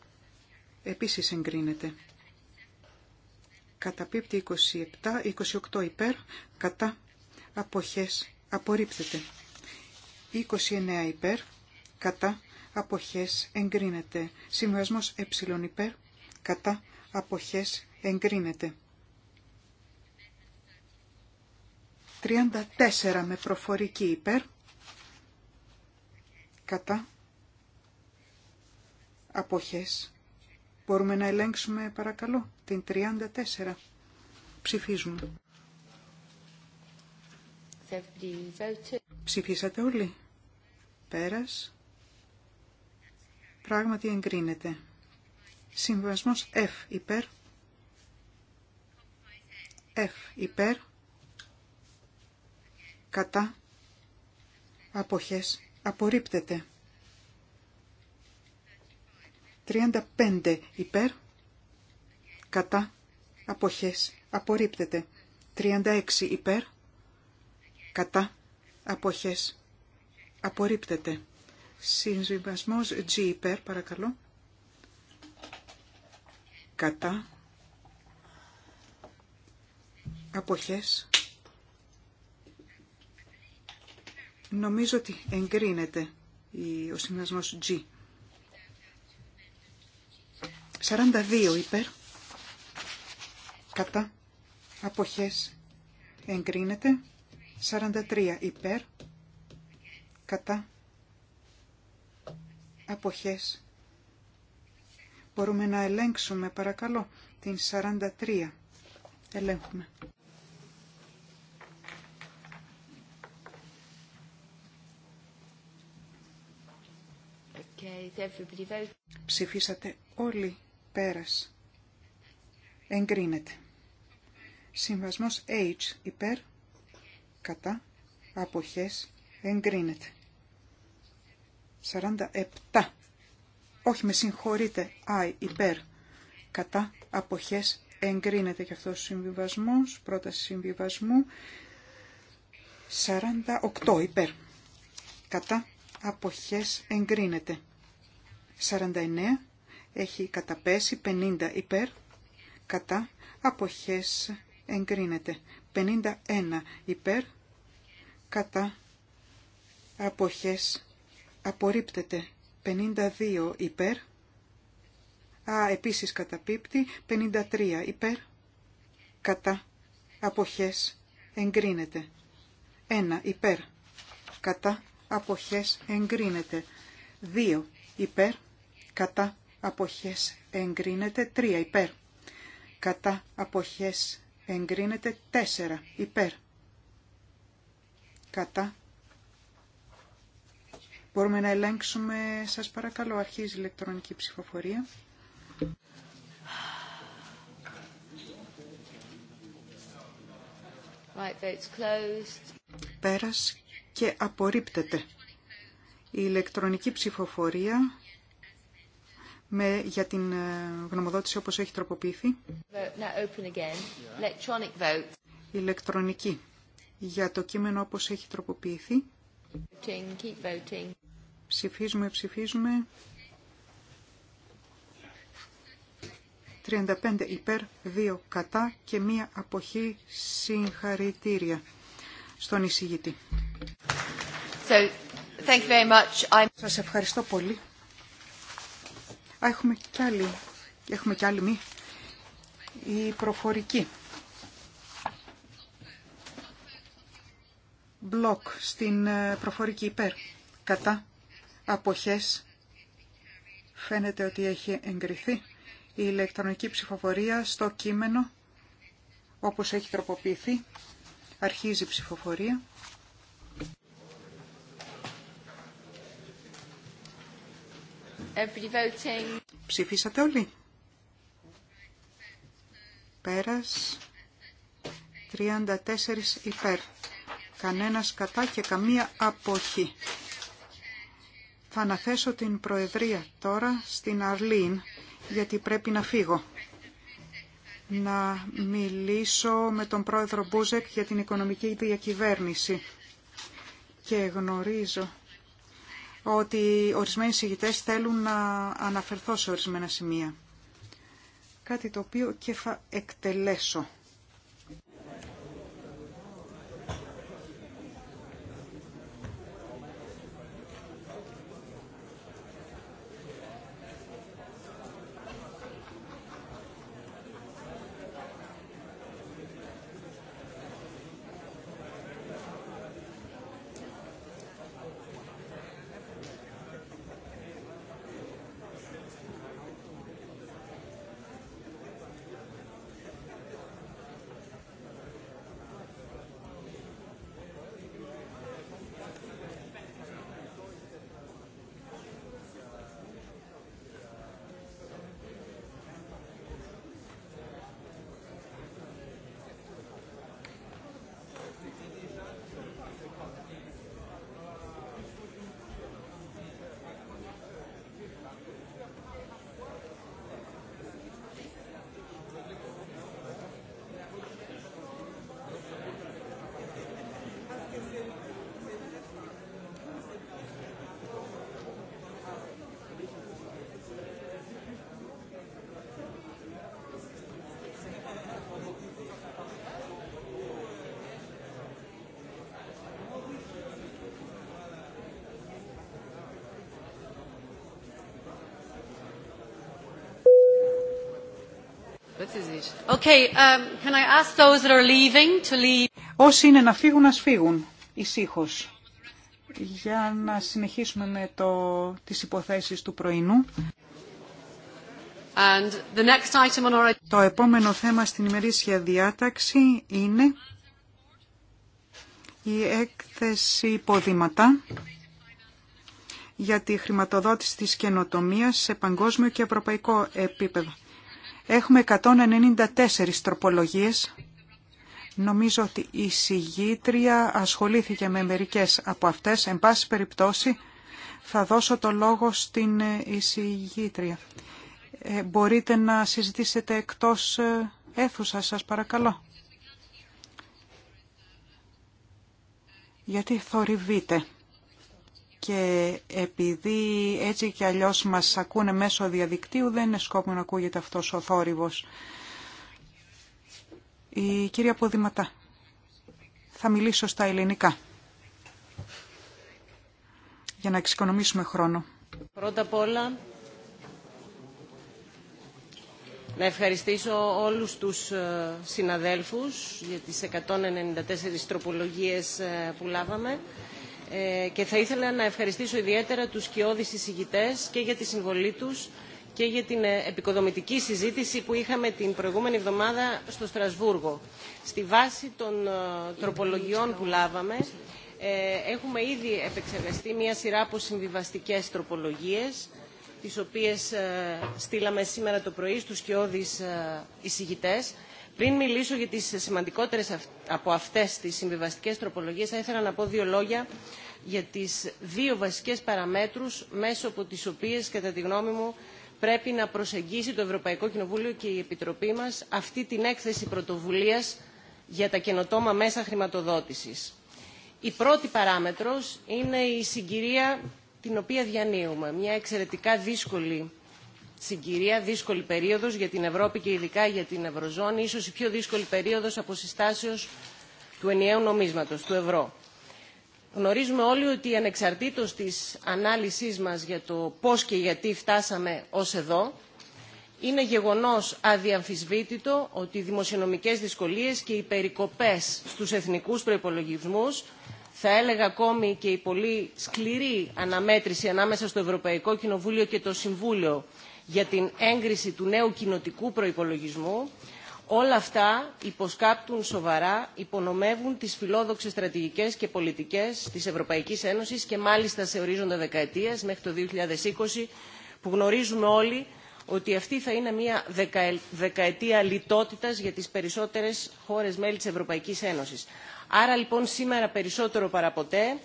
Επίσης εγκρίνεται. Καταπίπτει 27, 28 υπέρ. Κατά. Αποχές. Απορρίπτεται. 29 υπέρ, κατά, αποχές, εγκρίνεται. Συμβιβασμός ε υπέρ, κατά, αποχές, εγκρίνεται. 34 με προφορική υπέρ, κατά, αποχές. Μπορούμε να ελέγξουμε παρακαλώ την 34. Ψηφίζουμε. Ψηφίσατε όλοι. Πέρας. Πράγματι εγκρίνεται. Συμβασμός F υπέρ. F υπέρ. Κατά. Αποχές. Απορρίπτεται. 35 υπέρ. Κατά. Αποχές. Απορρίπτεται. 36 υπέρ. Κατά αποχές απορρίπτεται. Συμβιβασμός G υπέρ παρακαλώ. Κατά αποχές Νομίζω ότι εγκρίνεται ο συμβιβασμός G. 42 υπέρ, κατά, αποχές, εγκρίνεται. 43 υπέρ, κατά, αποχές. Μπορούμε να ελέγξουμε παρακαλώ την 43. Ελέγχουμε. Ψηφίσατε όλοι πέρας. Εγκρίνεται. Συμβασμός H υπέρ κατά αποχές εγκρίνεται. 47. Όχι, με συγχωρείτε, αι, υπέρ, κατά αποχές εγκρίνεται και αυτός ο συμβιβασμός, πρόταση συμβιβασμού. 48 υπέρ, κατά αποχές εγκρίνεται. 49 έχει καταπέσει, 50 υπέρ, κατά αποχές εγκρίνεται. 51 υπέρ κατά αποχές απορρίπτεται. 52 υπέρ. Α, επίσης καταπίπτει. 53 υπέρ κατά αποχές εγκρίνεται. 1 υπέρ κατά αποχές εγκρίνεται. 2 υπέρ κατά αποχές εγκρίνεται. 3 υπέρ κατά αποχές εγκρίνεται 4 υπέρ κατά Μπορούμε να ελέγξουμε, σας παρακαλώ, αρχίζει η ηλεκτρονική ψηφοφορία. Right, Πέρας και απορρίπτεται. Η ηλεκτρονική ψηφοφορία με, για την ε, γνωμοδότηση όπως έχει τροποποιηθεί. Ηλεκτρονική. Για το κείμενο όπως έχει τροποποιηθεί. Keep voting. Ψηφίζουμε, ψηφίζουμε. 35 υπέρ, 2 κατά και μία αποχή συγχαρητήρια στον εισηγητή. So, thank you very much. I'm... Σας ευχαριστώ πολύ. Α, έχουμε κι άλλη. Έχουμε κι άλλη μη. Η προφορική. Μπλοκ στην ε, προφορική υπέρ. Κατά. Αποχές. Φαίνεται ότι έχει εγκριθεί η ηλεκτρονική ψηφοφορία στο κείμενο όπως έχει τροποποιηθεί. Αρχίζει η ψηφοφορία. Ψηφίσατε όλοι. Πέρας. 34 υπέρ. Κανένας κατά και καμία αποχή. Θα αναθέσω την Προεδρία τώρα στην Αρλίν, γιατί πρέπει να φύγω. Να μιλήσω με τον Πρόεδρο Μπούζεκ για την οικονομική διακυβέρνηση. Και γνωρίζω ότι ορισμένοι συγητές θέλουν να αναφερθώ σε ορισμένα σημεία. Κάτι το οποίο και θα εκτελέσω. Όσοι είναι να φύγουν, να φύγουν ησύχως. Για να συνεχίσουμε με το, τις υποθέσεις του πρωινού. Το επόμενο θέμα στην ημερήσια διάταξη είναι η έκθεση υποδήματα για τη χρηματοδότηση της καινοτομίας σε παγκόσμιο και ευρωπαϊκό επίπεδο. Έχουμε 194 τροπολογίες. Νομίζω ότι η συγγήτρια ασχολήθηκε με μερικές από αυτές. Εν πάση περιπτώσει θα δώσω το λόγο στην εισηγήτρια. Ε, μπορείτε να συζητήσετε εκτός ε, αίθουσας, σας παρακαλώ. Γιατί θορυβείτε και επειδή έτσι και αλλιώς μας ακούνε μέσω διαδικτύου δεν είναι σκόπιμο να ακούγεται αυτός ο θόρυβος. Η κυρία Ποδηματά. Θα μιλήσω στα ελληνικά για να εξοικονομήσουμε χρόνο. Πρώτα απ' όλα να ευχαριστήσω όλους τους ε, συναδέλφους για τις 194 τροπολογίες ε, που λάβαμε ε, και θα ήθελα να ευχαριστήσω ιδιαίτερα τους σκιώδεις εισηγητές και για τη συμβολή τους και για την ε, επικοδομητική συζήτηση που είχαμε την προηγούμενη εβδομάδα στο Στρασβούργο. Στη βάση των ε, τροπολογιών που λάβαμε έχουμε ήδη επεξεργαστεί μια σειρά από συμβιβαστικές τροπολογίες τις οποίες στείλαμε σήμερα το πρωί στους σκιώδεις εισηγητές πριν μιλήσω για τις σημαντικότερες από αυτές τις συμβιβαστικές τροπολογίες, θα ήθελα να πω δύο λόγια για τις δύο βασικές παραμέτρους μέσω από τις οποίες, κατά τη γνώμη μου, πρέπει να προσεγγίσει το Ευρωπαϊκό Κοινοβούλιο και η Επιτροπή μας αυτή την έκθεση πρωτοβουλίας για τα καινοτόμα μέσα χρηματοδότησης. Η πρώτη παράμετρος είναι η συγκυρία την οποία διανύουμε. Μια εξαιρετικά δύσκολη συγκυρία, δύσκολη περίοδος για την Ευρώπη και ειδικά για την Ευρωζώνη, ίσως η πιο δύσκολη περίοδος από συστάσεως του ενιαίου νομίσματος, του ευρώ. Γνωρίζουμε όλοι ότι ανεξαρτήτως της ανάλυσής μας για το πώς και γιατί φτάσαμε ως εδώ, είναι γεγονός αδιαμφισβήτητο ότι οι δημοσιονομικές δυσκολίες και οι περικοπές στους εθνικούς προϋπολογισμούς θα έλεγα ακόμη και η πολύ σκληρή αναμέτρηση ανάμεσα στο Ευρωπαϊκό Κοινοβούλιο και το Συμβούλιο για την έγκριση του νέου κοινοτικού προϋπολογισμού, όλα αυτά υποσκάπτουν σοβαρά, υπονομεύουν τις φιλόδοξες στρατηγικές και πολιτικές της Ευρωπαϊκής Ένωσης και μάλιστα σε ορίζοντα δεκαετίας μέχρι το 2020 που γνωρίζουμε όλοι ότι αυτή θα είναι μια δεκαετία λιτότητας για τις περισσότερες χώρες μέλη της Ευρωπαϊκής Ένωσης. Άρα λοιπόν σήμερα περισσότερο παραποτέ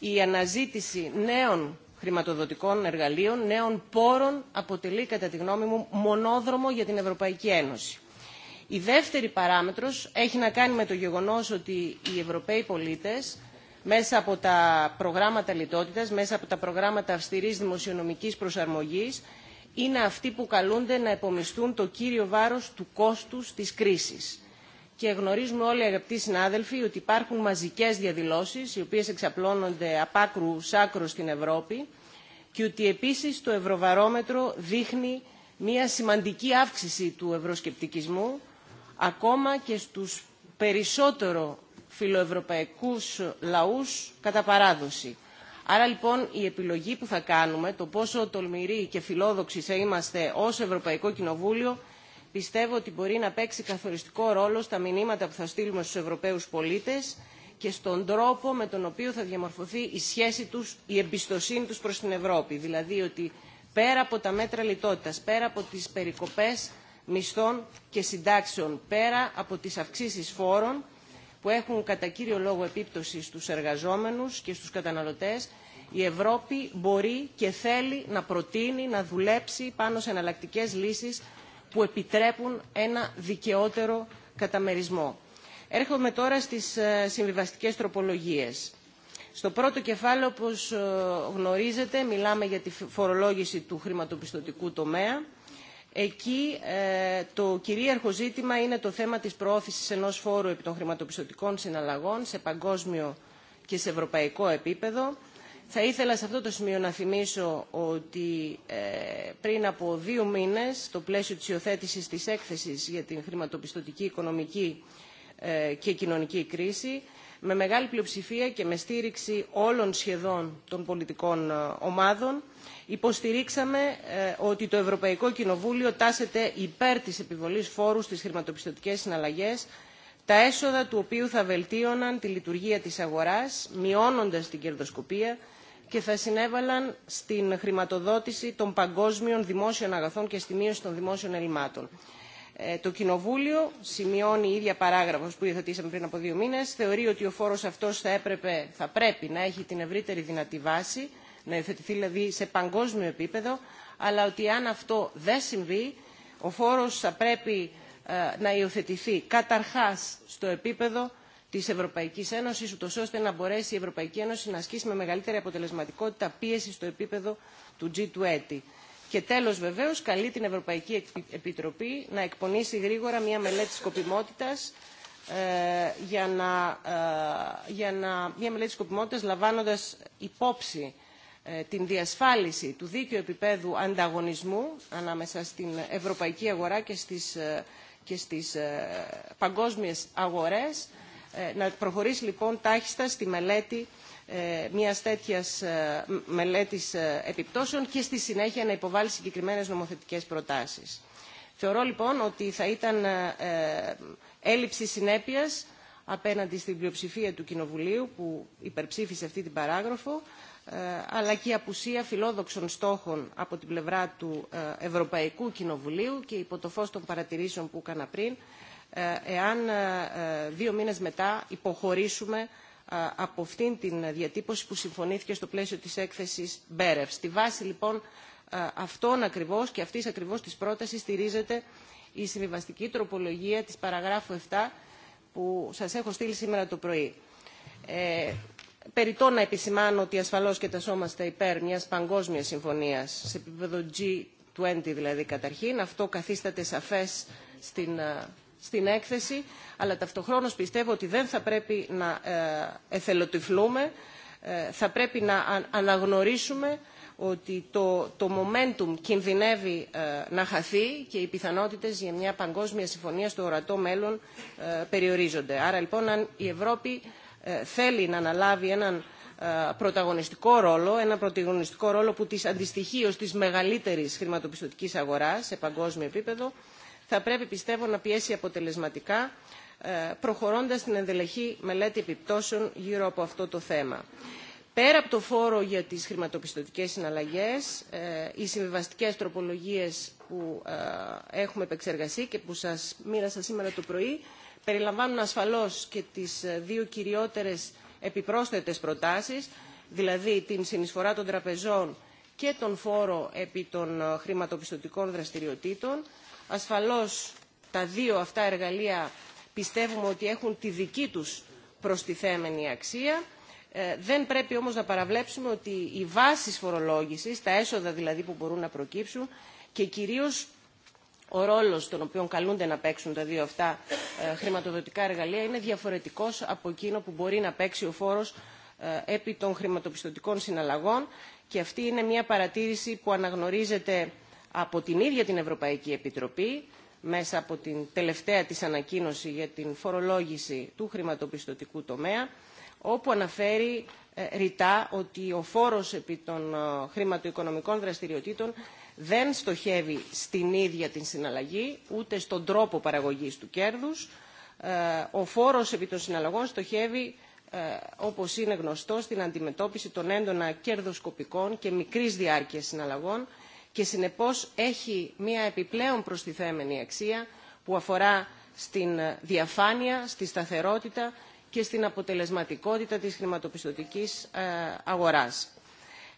η αναζήτηση νέων χρηματοδοτικών εργαλείων, νέων πόρων, αποτελεί κατά τη γνώμη μου μονόδρομο για την Ευρωπαϊκή Ένωση. Η δεύτερη παράμετρος έχει να κάνει με το γεγονός ότι οι Ευρωπαίοι πολίτες μέσα από τα προγράμματα λιτότητας, μέσα από τα προγράμματα αυστηρής δημοσιονομικής προσαρμογής είναι αυτοί που καλούνται να επομιστούν το κύριο βάρος του κόστους της κρίσης και γνωρίζουμε όλοι αγαπητοί συνάδελφοι ότι υπάρχουν μαζικές διαδηλώσεις οι οποίες εξαπλώνονται απάκρου άκρου στην Ευρώπη και ότι επίσης το Ευρωβαρόμετρο δείχνει μια σημαντική αύξηση του ευρωσκεπτικισμού ακόμα και στους περισσότερο φιλοευρωπαϊκούς λαούς κατά παράδοση. Άρα λοιπόν η επιλογή που θα κάνουμε, το πόσο τολμηροί και φιλόδοξοι θα είμαστε ως Ευρωπαϊκό Κοινοβούλιο, πιστεύω ότι μπορεί να παίξει καθοριστικό ρόλο στα μηνύματα που θα στείλουμε στους Ευρωπαίους πολίτες και στον τρόπο με τον οποίο θα διαμορφωθεί η σχέση τους, η εμπιστοσύνη τους προς την Ευρώπη. Δηλαδή ότι πέρα από τα μέτρα λιτότητας, πέρα από τις περικοπές μισθών και συντάξεων, πέρα από τις αυξήσεις φόρων που έχουν κατά κύριο λόγο επίπτωση στους εργαζόμενους και στους καταναλωτές, η Ευρώπη μπορεί και θέλει να προτείνει, να δουλέψει πάνω σε εναλλακτικέ λύσεις που επιτρέπουν ένα δικαιότερο καταμερισμό. Έρχομαι τώρα στις ε, συμβιβαστικές τροπολογίες. Στο πρώτο κεφάλαιο, όπως ε, γνωρίζετε, μιλάμε για τη φορολόγηση του χρηματοπιστωτικού τομέα. Εκεί ε, το κυρίαρχο ζήτημα είναι το θέμα της προώθησης ενός φόρου επί των χρηματοπιστωτικών συναλλαγών σε παγκόσμιο και σε ευρωπαϊκό επίπεδο θα ήθελα σε αυτό το σημείο να θυμίσω ότι ε, πριν από δύο μήνες, στο πλαίσιο της υιοθέτησης της έκθεσης για την χρηματοπιστωτική, οικονομική ε, και κοινωνική κρίση, με μεγάλη πλειοψηφία και με στήριξη όλων σχεδόν των πολιτικών ε, ομάδων, υποστηρίξαμε ότι το Ευρωπαϊκό Κοινοβούλιο τάσεται υπέρ της επιβολής φόρου στις χρηματοπιστωτικές συναλλαγές, τα έσοδα του οποίου θα βελτίωναν τη λειτουργία της αγοράς, μειώνοντας την κερδοσκοπία και θα συνέβαλαν στην χρηματοδότηση των παγκόσμιων δημόσιων αγαθών και στη μείωση των δημόσιων ελλημάτων. Ε, το Κοινοβούλιο, σημειώνει η ίδια παράγραφος που υιοθετήσαμε πριν από δύο μήνες, θεωρεί ότι ο φόρος αυτός θα, έπρεπε, θα πρέπει να έχει την ευρύτερη δυνατή βάση, να υιοθετηθεί δηλαδή σε παγκόσμιο επίπεδο, αλλά ότι αν αυτό δεν συμβεί, ο φόρος θα πρέπει ε, να υιοθετηθεί καταρχάς στο επίπεδο της Ευρωπαϊκής Ένωσης, ούτως ώστε να μπορέσει η Ευρωπαϊκή Ένωση να ασκήσει με μεγαλύτερη αποτελεσματικότητα πίεση στο επίπεδο του G20. Και τέλος βεβαίως καλεί την Ευρωπαϊκή Επιτροπή να εκπονήσει γρήγορα μια μελέτη σκοπιμότητας ε, για να, ε, για να, μια μελέτη σκοπιμότητας λαμβάνοντας υπόψη ε, την διασφάλιση του δίκαιου επίπεδου ανταγωνισμού ανάμεσα στην ευρωπαϊκή αγορά και στις, και στις παγκόσμιες αγορές ε, να προχωρήσει λοιπόν τάχιστα στη μελέτη ε, μια τέτοια ε, μελέτη επιπτώσεων και στη συνέχεια να υποβάλει συγκεκριμένε νομοθετικέ προτάσει. Θεωρώ λοιπόν ότι θα ήταν έλλειψη συνέπεια απέναντι στην πλειοψηφία του Κοινοβουλίου που υπερψήφισε αυτή την παράγραφο, αλλά και η απουσία φιλόδοξων στόχων από την πλευρά του Ευρωπαϊκού Κοινοβουλίου και υπό το φως των παρατηρήσεων που έκανα πριν, ε, εάν ε, ε, δύο μήνες μετά υποχωρήσουμε από αυτήν την διατύπωση που συμφωνήθηκε στο πλαίσιο της έκθεσης Μπέρευ. Στη βάση λοιπόν αυτών ακριβώς και αυτής ακριβώς της πρότασης στηρίζεται η συμβιβαστική τροπολογία της παραγράφου 7 που σας έχω στείλει σήμερα το πρωί. Ε, Περιτώ να επισημάνω ότι ασφαλώς και τασόμαστε υπέρ μιας παγκόσμιας συμφωνίας σε επίπεδο G20 δηλαδή καταρχήν. Αυτό καθίσταται σαφές στην στην έκθεση, αλλά ταυτοχρόνως πιστεύω ότι δεν θα πρέπει να ε, εθελοτυφλούμε, ε, θα πρέπει να αναγνωρίσουμε ότι το, το momentum κινδυνεύει ε, να χαθεί και οι πιθανότητες για μια παγκόσμια συμφωνία στο ορατό μέλλον περιορίζονται. Άρα λοιπόν αν η Ευρώπη θέλει να αναλάβει έναν πρωταγωνιστικό ρόλο, ένα πρωταγωνιστικό ρόλο που της αντιστοιχεί ως της μεγαλύτερης χρηματοπιστωτικής αγοράς σε παγκόσμιο επίπεδο, θα πρέπει πιστεύω να πιέσει αποτελεσματικά ε, προχωρώντας την ενδελεχή μελέτη επιπτώσεων γύρω από αυτό το θέμα. Πέρα από το φόρο για τις χρηματοπιστωτικές συναλλαγές, ε, οι συμβιβαστικές τροπολογίες που ε, έχουμε επεξεργαστεί και που σας μοίρασα σήμερα το πρωί, περιλαμβάνουν ασφαλώς και τις δύο κυριότερες επιπρόσθετες προτάσεις, δηλαδή την συνεισφορά των τραπεζών και τον φόρο επί των χρηματοπιστωτικών δραστηριοτήτων, Ασφαλώς τα δύο αυτά εργαλεία πιστεύουμε ότι έχουν τη δική τους προστιθέμενη αξία. Ε, δεν πρέπει όμως να παραβλέψουμε ότι οι βάσεις φορολόγησης, τα έσοδα δηλαδή που μπορούν να προκύψουν και κυρίως ο ρόλος τον οποίο καλούνται να παίξουν τα δύο αυτά ε, χρηματοδοτικά εργαλεία είναι διαφορετικός από εκείνο που μπορεί να παίξει ο φόρος ε, επί των χρηματοπιστωτικών συναλλαγών και αυτή είναι μια παρατήρηση που αναγνωρίζεται από την ίδια την Ευρωπαϊκή Επιτροπή μέσα από την τελευταία της ανακοίνωση για την φορολόγηση του χρηματοπιστωτικού τομέα όπου αναφέρει ε, ρητά ότι ο φόρος επί των ε, χρηματοοικονομικών δραστηριοτήτων δεν στοχεύει στην ίδια την συναλλαγή, ούτε στον τρόπο παραγωγής του κέρδους. Ε, ο φόρος επί των συναλλαγών στοχεύει, όπως είναι γνωστό, στην αντιμετώπιση των έντονα κερδοσκοπικών και μικρής διάρκειας συναλλαγών, και συνεπώς έχει μια επιπλέον προστιθέμενη αξία που αφορά στην διαφάνεια, στη σταθερότητα και στην αποτελεσματικότητα της χρηματοπιστωτικής ε, αγοράς.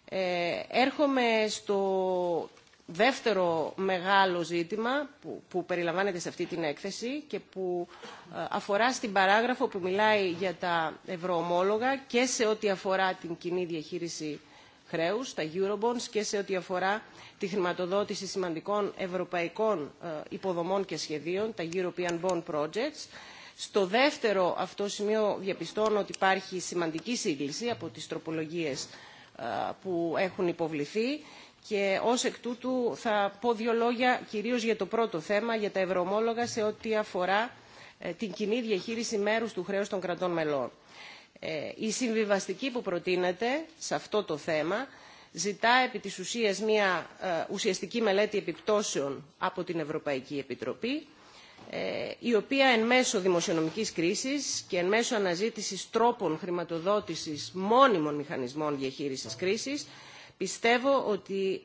Ε, έρχομαι στο δεύτερο μεγάλο ζήτημα που, που περιλαμβάνεται σε αυτή την έκθεση και που ε, αφορά στην παράγραφο που μιλάει για τα ευρωομόλογα και σε ό,τι αφορά την κοινή διαχείριση χρέους, τα Eurobonds και σε ό,τι αφορά τη χρηματοδότηση σημαντικών ευρωπαϊκών ε, υποδομών και σχεδίων, τα European Bond Projects. Στο δεύτερο αυτό σημείο διαπιστώνω ότι υπάρχει σημαντική σύγκληση από τις τροπολογίες ε, που έχουν υποβληθεί και ως εκ τούτου θα πω δύο λόγια κυρίως για το πρώτο θέμα, για τα ευρωομόλογα σε ό,τι αφορά ε, την κοινή διαχείριση μέρους του χρέους των κρατών μελών. Ε, η συμβιβαστική που προτείνεται σε αυτό το θέμα ζητά επί της ουσίας μια ε, ουσιαστική μελέτη επιπτώσεων από την Ευρωπαϊκή Επιτροπή ε, η οποία εν μέσω δημοσιονομικής κρίσης και εν μέσω αναζήτησης τρόπων χρηματοδότησης μόνιμων μηχανισμών διαχείρισης κρίσης πιστεύω ότι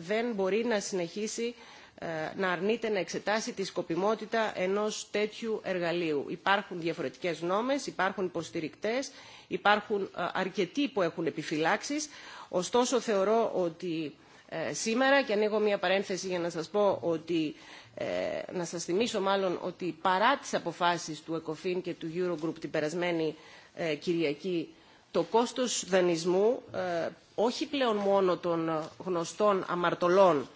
δεν μπορεί να συνεχίσει ε, να αρνείται να εξετάσει τη σκοπιμότητα ενός τέτοιου εργαλείου. Υπάρχουν διαφορετικές νόμες, υπάρχουν υποστηρικτές, υπάρχουν ε, αρκετοί που έχουν επιφυλάξεις. Ωστόσο θεωρώ ότι ε, σήμερα, και ανοίγω μια παρένθεση για να σας πω ότι να σας θυμίσω μάλλον ότι παρά τις αποφάσεις του ΕΚΟΦΗΝ και του Eurogroup την περασμένη Κυριακή το κόστος δανεισμού όχι πλέον μόνο των γνωστών αμαρτωλών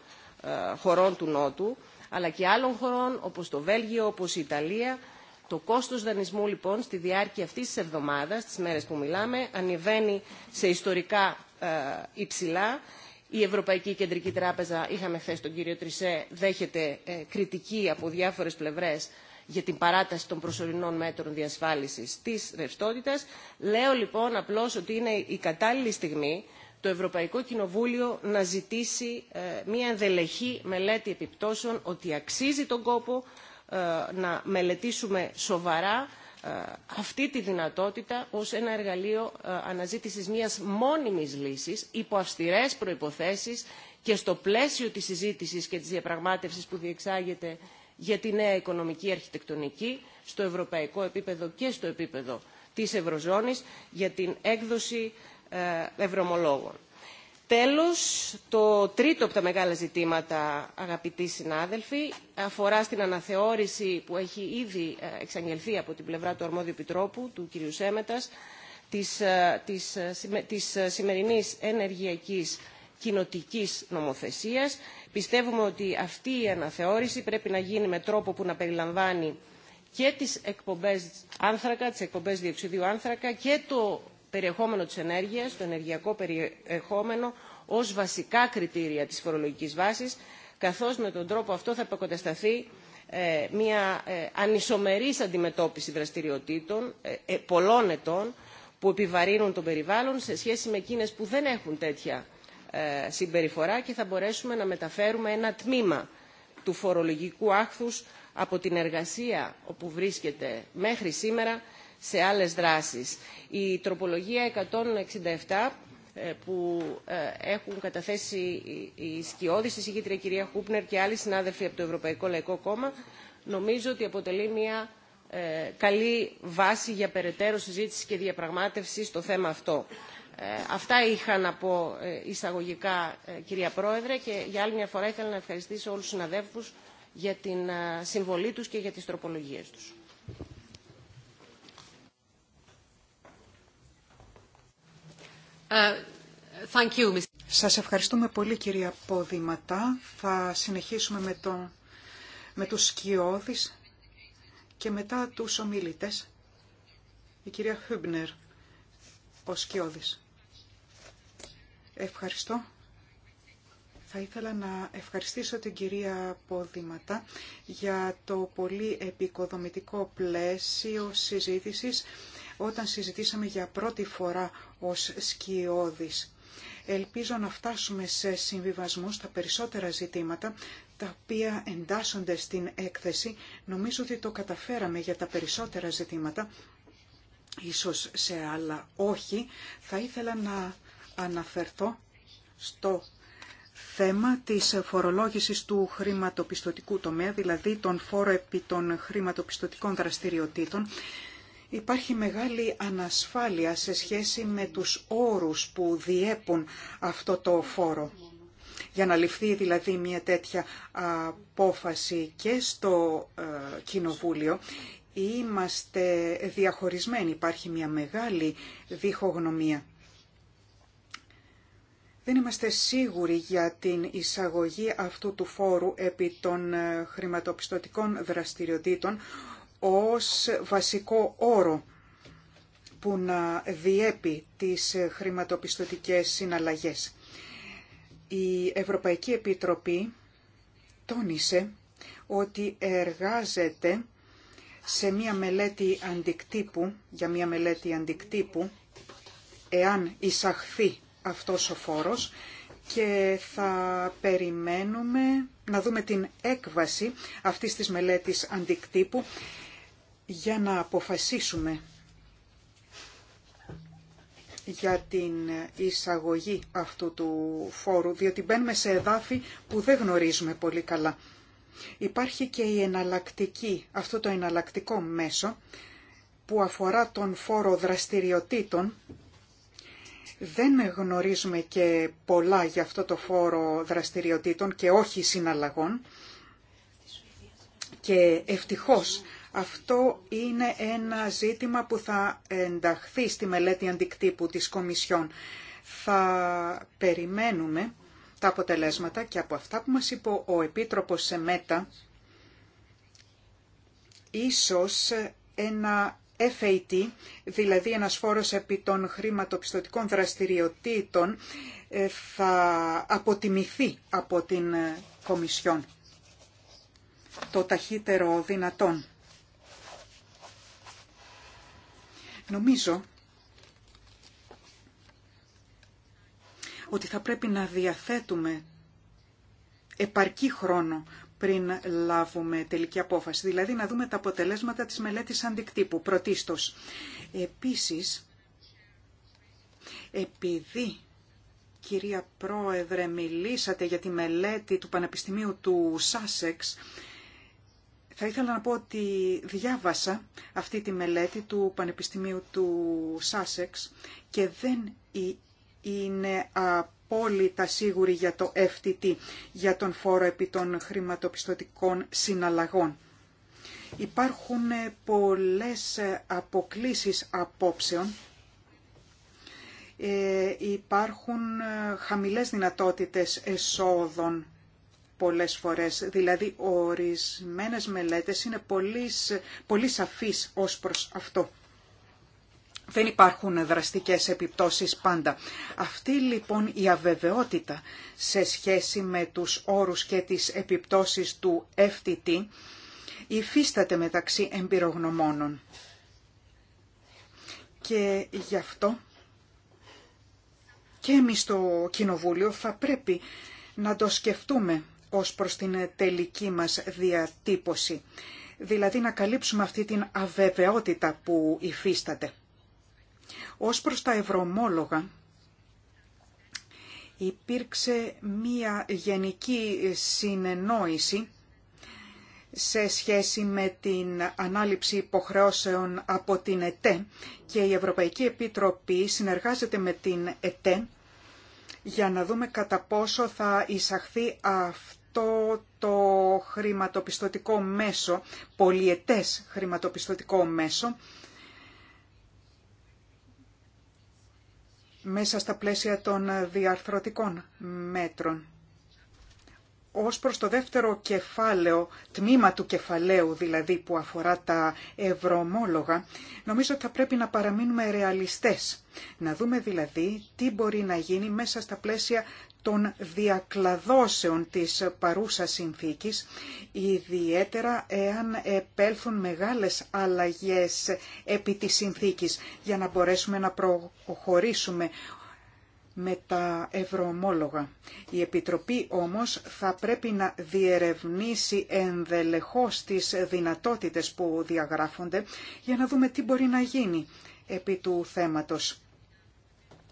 ε, χωρών του Νότου, αλλά και άλλων χωρών όπως το Βέλγιο, όπως η Ιταλία. Το κόστος δανεισμού λοιπόν στη διάρκεια αυτής της εβδομάδας, τις μέρες που μιλάμε, ανεβαίνει σε ιστορικά ε, υψηλά. Η Ευρωπαϊκή Κεντρική Τράπεζα, είχαμε χθε τον κύριο Τρισέ, δέχεται ε, κριτική από διάφορες πλευρές για την παράταση των προσωρινών μέτρων διασφάλισης της ρευστότητας. Λέω λοιπόν απλώς ότι είναι η κατάλληλη στιγμή το Ευρωπαϊκό Κοινοβούλιο να ζητήσει ε, μια ενδελεχή μελέτη επιπτώσεων ότι αξίζει τον κόπο ε, να μελετήσουμε σοβαρά ε, αυτή τη δυνατότητα ως ένα εργαλείο αναζήτησης μιας μόνιμης λύσης υπό αυστηρές προϋποθέσεις και στο πλαίσιο της συζήτησης και της διαπραγμάτευσης που διεξάγεται για τη νέα οικονομική αρχιτεκτονική στο ευρωπαϊκό επίπεδο και στο επίπεδο της Ευρωζώνης για την έκδοση ε, ευρωομολόγων. Τέλος, το τρίτο από τα μεγάλα ζητήματα, αγαπητοί συνάδελφοι, αφορά στην αναθεώρηση που έχει ήδη ε, εξαγγελθεί από την πλευρά του Αρμόδιου Επιτρόπου, του κ. Σέμετα της, ε, της, της σημερινής ενεργειακής κοινοτικής νομοθεσίας. Πιστεύουμε ότι αυτή η αναθεώρηση πρέπει να γίνει με τρόπο που να περιλαμβάνει και τις εκπομπές άνθρακα, τις εκπομπές άνθρακα και το περιεχόμενο της ενέργειας, το ενεργειακό περιεχόμενο, ως βασικά κριτήρια της φορολογικής βάσης, καθώς με τον τρόπο αυτό θα ε, μια ε, ανισομερής αντιμετώπιση δραστηριοτήτων ε, ε, πολλών ετών που επιβαρύνουν τον περιβάλλον σε σχέση με εκείνες που δεν έχουν τέτοια συμπεριφορά και θα μπορέσουμε να μεταφέρουμε ένα τμήμα του φορολογικού άχθους από την εργασία όπου βρίσκεται μέχρι σήμερα σε άλλες δράσεις. Η τροπολογία 167 ε, που ε, έχουν καταθέσει οι σκιώδεις, η συγκήτρια κυρία Χούπνερ και άλλοι συνάδελφοι από το Ευρωπαϊκό Λαϊκό Κόμμα, νομίζω ότι αποτελεί μια ε, καλή βάση για περαιτέρω συζήτηση και διαπραγμάτευση στο θέμα αυτό. Αυτά είχα να πω εισαγωγικά, κυρία Πρόεδρε, και για άλλη μια φορά ήθελα να ευχαριστήσω όλους τους συναδέλφους για την συμβολή τους και για τις τροπολογίες τους. Uh, thank Σας ευχαριστούμε πολύ κυρία Πόδηματά. Θα συνεχίσουμε με, τον, με τους σκιώδεις και μετά τους ομιλητές. Η κυρία Χούμπνερ, ο σκιώδης. Ευχαριστώ. Θα ήθελα να ευχαριστήσω την κυρία Πόδηματά για το πολύ επικοδομητικό πλαίσιο συζήτησης όταν συζητήσαμε για πρώτη φορά ως σκιώδης. Ελπίζω να φτάσουμε σε συμβιβασμό στα περισσότερα ζητήματα τα οποία εντάσσονται στην έκθεση. Νομίζω ότι το καταφέραμε για τα περισσότερα ζητήματα, ίσως σε άλλα όχι. Θα ήθελα να αναφερθώ στο θέμα της φορολόγησης του χρηματοπιστωτικού τομέα, δηλαδή τον φόρο επί των χρηματοπιστωτικών δραστηριοτήτων, Υπάρχει μεγάλη ανασφάλεια σε σχέση με τους όρους που διέπουν αυτό το φόρο. Για να ληφθεί δηλαδή μια τέτοια απόφαση και στο ε, Κοινοβούλιο, είμαστε διαχωρισμένοι. Υπάρχει μια μεγάλη διχογνωμία. Δεν είμαστε σίγουροι για την εισαγωγή αυτού του φόρου επί των ε, χρηματοπιστωτικών δραστηριοτήτων ως βασικό όρο που να διέπει τις χρηματοπιστωτικές συναλλαγές. Η Ευρωπαϊκή Επιτροπή τόνισε ότι εργάζεται σε μια μελέτη αντικτύπου, για μια μελέτη αντικτύπου, εάν εισαχθεί αυτός ο φόρος και θα περιμένουμε να δούμε την έκβαση αυτής της μελέτης αντικτύπου για να αποφασίσουμε για την εισαγωγή αυτού του φόρου, διότι μπαίνουμε σε εδάφη που δεν γνωρίζουμε πολύ καλά. Υπάρχει και η εναλλακτική, αυτό το εναλλακτικό μέσο που αφορά τον φόρο δραστηριοτήτων. Δεν γνωρίζουμε και πολλά για αυτό το φόρο δραστηριοτήτων και όχι συναλλαγών και ευτυχώς αυτό είναι ένα ζήτημα που θα ενταχθεί στη μελέτη αντικτύπου της Κομισιόν. Θα περιμένουμε τα αποτελέσματα και από αυτά που μας είπε ο Επίτροπος σε ΜΕΤΑ ίσως ένα FAT, δηλαδή ένας φόρος επί των χρηματοπιστωτικών δραστηριοτήτων, ε, θα αποτιμηθεί από την ε, Κομισιόν το ταχύτερο δυνατόν. Νομίζω ότι θα πρέπει να διαθέτουμε επαρκή χρόνο πριν λάβουμε τελική απόφαση, δηλαδή να δούμε τα αποτελέσματα της μελέτης αντικτύπου, πρωτίστως. Επίσης, επειδή, κυρία Πρόεδρε, μιλήσατε για τη μελέτη του Πανεπιστημίου του Σάσεξ, θα ήθελα να πω ότι διάβασα αυτή τη μελέτη του Πανεπιστημίου του Σάσεξ και δεν είναι απόλυτα σίγουρη για το FTT, για τον φόρο επί των χρηματοπιστωτικών συναλλαγών. Υπάρχουν ε, πολλές ε, αποκλίσεις απόψεων. Ε, υπάρχουν ε, χαμηλές δυνατότητες εσόδων πολλές φορές. Δηλαδή, ορισμένες μελέτες είναι πολύ, πολύ σαφείς ως προς αυτό. Δεν υπάρχουν δραστικές επιπτώσεις πάντα. Αυτή λοιπόν η αβεβαιότητα σε σχέση με τους όρους και τις επιπτώσεις του FTT υφίσταται μεταξύ εμπειρογνωμόνων. Και γι' αυτό και εμείς στο Κοινοβούλιο θα πρέπει να το σκεφτούμε ως προς την τελική μας διατύπωση. Δηλαδή να καλύψουμε αυτή την αβεβαιότητα που υφίσταται. Ως προς τα ευρωμόλογα, υπήρξε μία γενική συνεννόηση σε σχέση με την ανάληψη υποχρεώσεων από την ΕΤΕ και η Ευρωπαϊκή Επιτροπή συνεργάζεται με την ΕΤΕ για να δούμε κατά πόσο θα εισαχθεί αυτή το χρηματοπιστωτικό μέσο, πολιετές χρηματοπιστωτικό μέσο, μέσα στα πλαίσια των διαρθρωτικών μέτρων. Ως προς το δεύτερο κεφάλαιο, τμήμα του κεφαλαίου δηλαδή που αφορά τα ευρωομόλογα, νομίζω ότι θα πρέπει να παραμείνουμε ρεαλιστές. Να δούμε δηλαδή τι μπορεί να γίνει μέσα στα πλαίσια των διακλαδώσεων της παρούσας συνθήκης, ιδιαίτερα εάν επέλθουν μεγάλες αλλαγές επί της συνθήκης, για να μπορέσουμε να προχωρήσουμε με τα ευρωομόλογα. Η Επιτροπή όμως θα πρέπει να διερευνήσει ενδελεχώς τις δυνατότητες που διαγράφονται για να δούμε τι μπορεί να γίνει επί του θέματος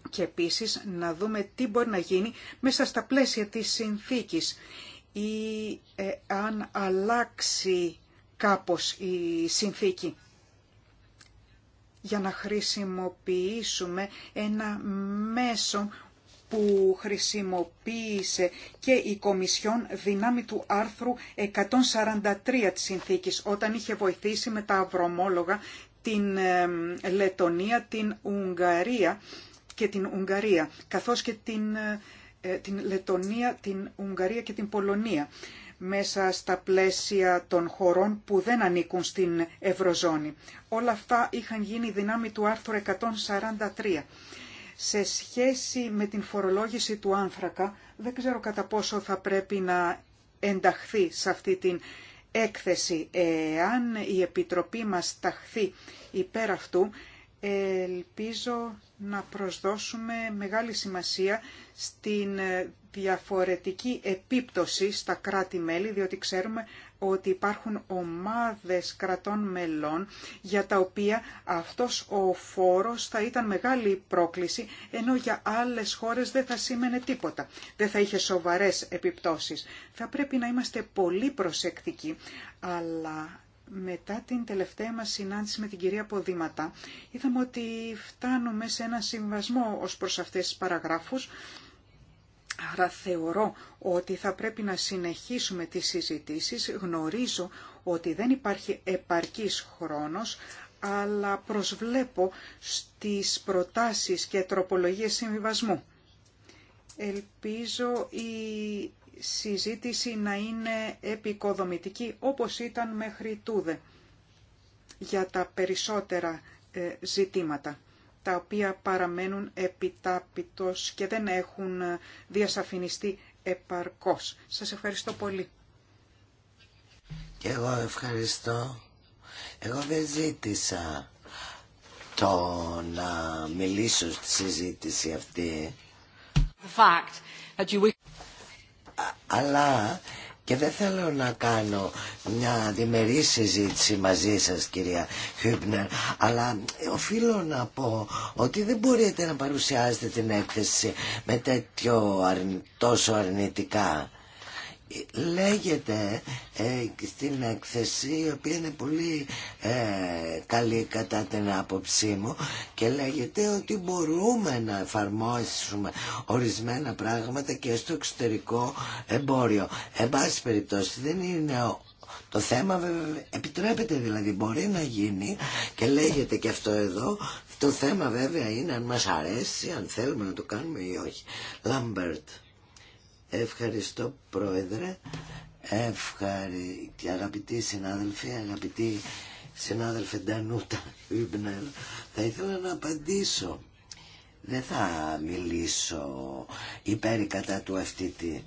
και επίσης να δούμε τι μπορεί να γίνει μέσα στα πλαίσια της συνθήκης ή ε, αν αλλάξει κάπως η συνθήκη για να χρησιμοποιήσουμε ένα μέσο που χρησιμοποίησε και η Κομισιόν δυνάμει του άρθρου 143 της συνθήκης όταν είχε βοηθήσει με τα αυρομόλογα την Λετονία, την Ουγγαρία και την Ουγγαρία, καθώς και την, ε, την Λετωνία, την Ουγγαρία και την Πολωνία μέσα στα πλαίσια των χωρών που δεν ανήκουν στην Ευρωζώνη. Όλα αυτά είχαν γίνει δυνάμει του άρθρου 143. Σε σχέση με την φορολόγηση του άνθρακα, δεν ξέρω κατά πόσο θα πρέπει να ενταχθεί σε αυτή την έκθεση. Εάν η Επιτροπή μας ταχθεί υπέρ αυτού, Ελπίζω να προσδώσουμε μεγάλη σημασία στην ε, διαφορετική επίπτωση στα κράτη-μέλη, διότι ξέρουμε ότι υπάρχουν ομάδες κρατών μελών για τα οποία αυτός ο φόρος θα ήταν μεγάλη πρόκληση, ενώ για άλλες χώρες δεν θα σήμαινε τίποτα, δεν θα είχε σοβαρές επιπτώσεις. Θα πρέπει να είμαστε πολύ προσεκτικοί, αλλά μετά την τελευταία μας συνάντηση με την κυρία Ποδήματα, είδαμε ότι φτάνουμε σε ένα συμβασμό ως προς αυτές τις παραγράφους, άρα θεωρώ ότι θα πρέπει να συνεχίσουμε τις συζητήσεις. Γνωρίζω ότι δεν υπάρχει επαρκής χρόνος, αλλά προσβλέπω στις προτάσεις και τροπολογίες συμβιβασμού. Ελπίζω η συζήτηση να είναι επικοδομητική όπως ήταν μέχρι τούδε για τα περισσότερα ε, ζητήματα τα οποία παραμένουν επιτάπητος και δεν έχουν ε, διασαφινιστεί επαρκώς. Σας ευχαριστώ πολύ. Και εγώ ευχαριστώ. Εγώ δεν ζήτησα το να μιλήσω στη συζήτηση αυτή αλλά και δεν θέλω να κάνω μια διμερή συζήτηση μαζί σας κυρία Χιούμπνερ αλλά οφείλω να πω ότι δεν μπορείτε να παρουσιάσετε την έκθεση με τέτοιο τόσο αρνητικά Λέγεται ε, στην έκθεση, η οποία είναι πολύ ε, καλή κατά την άποψή μου και λέγεται ότι μπορούμε να εφαρμόσουμε ορισμένα πράγματα και στο εξωτερικό εμπόριο. Εν πάση περιπτώσει δεν είναι το θέμα βέβαια επιτρέπεται δηλαδή μπορεί να γίνει και λέγεται και αυτό εδώ το θέμα βέβαια είναι αν μας αρέσει, αν θέλουμε να το κάνουμε ή όχι. Λάμπερτ. Ευχαριστώ πρόεδρε, ευχαρι... και αγαπητοί συνάδελφοι, αγαπητοί συνάδελφοι Ντανούτα Βιμπνελ. Θα ήθελα να απαντήσω. Δεν θα μιλήσω υπέρ κατά του τη...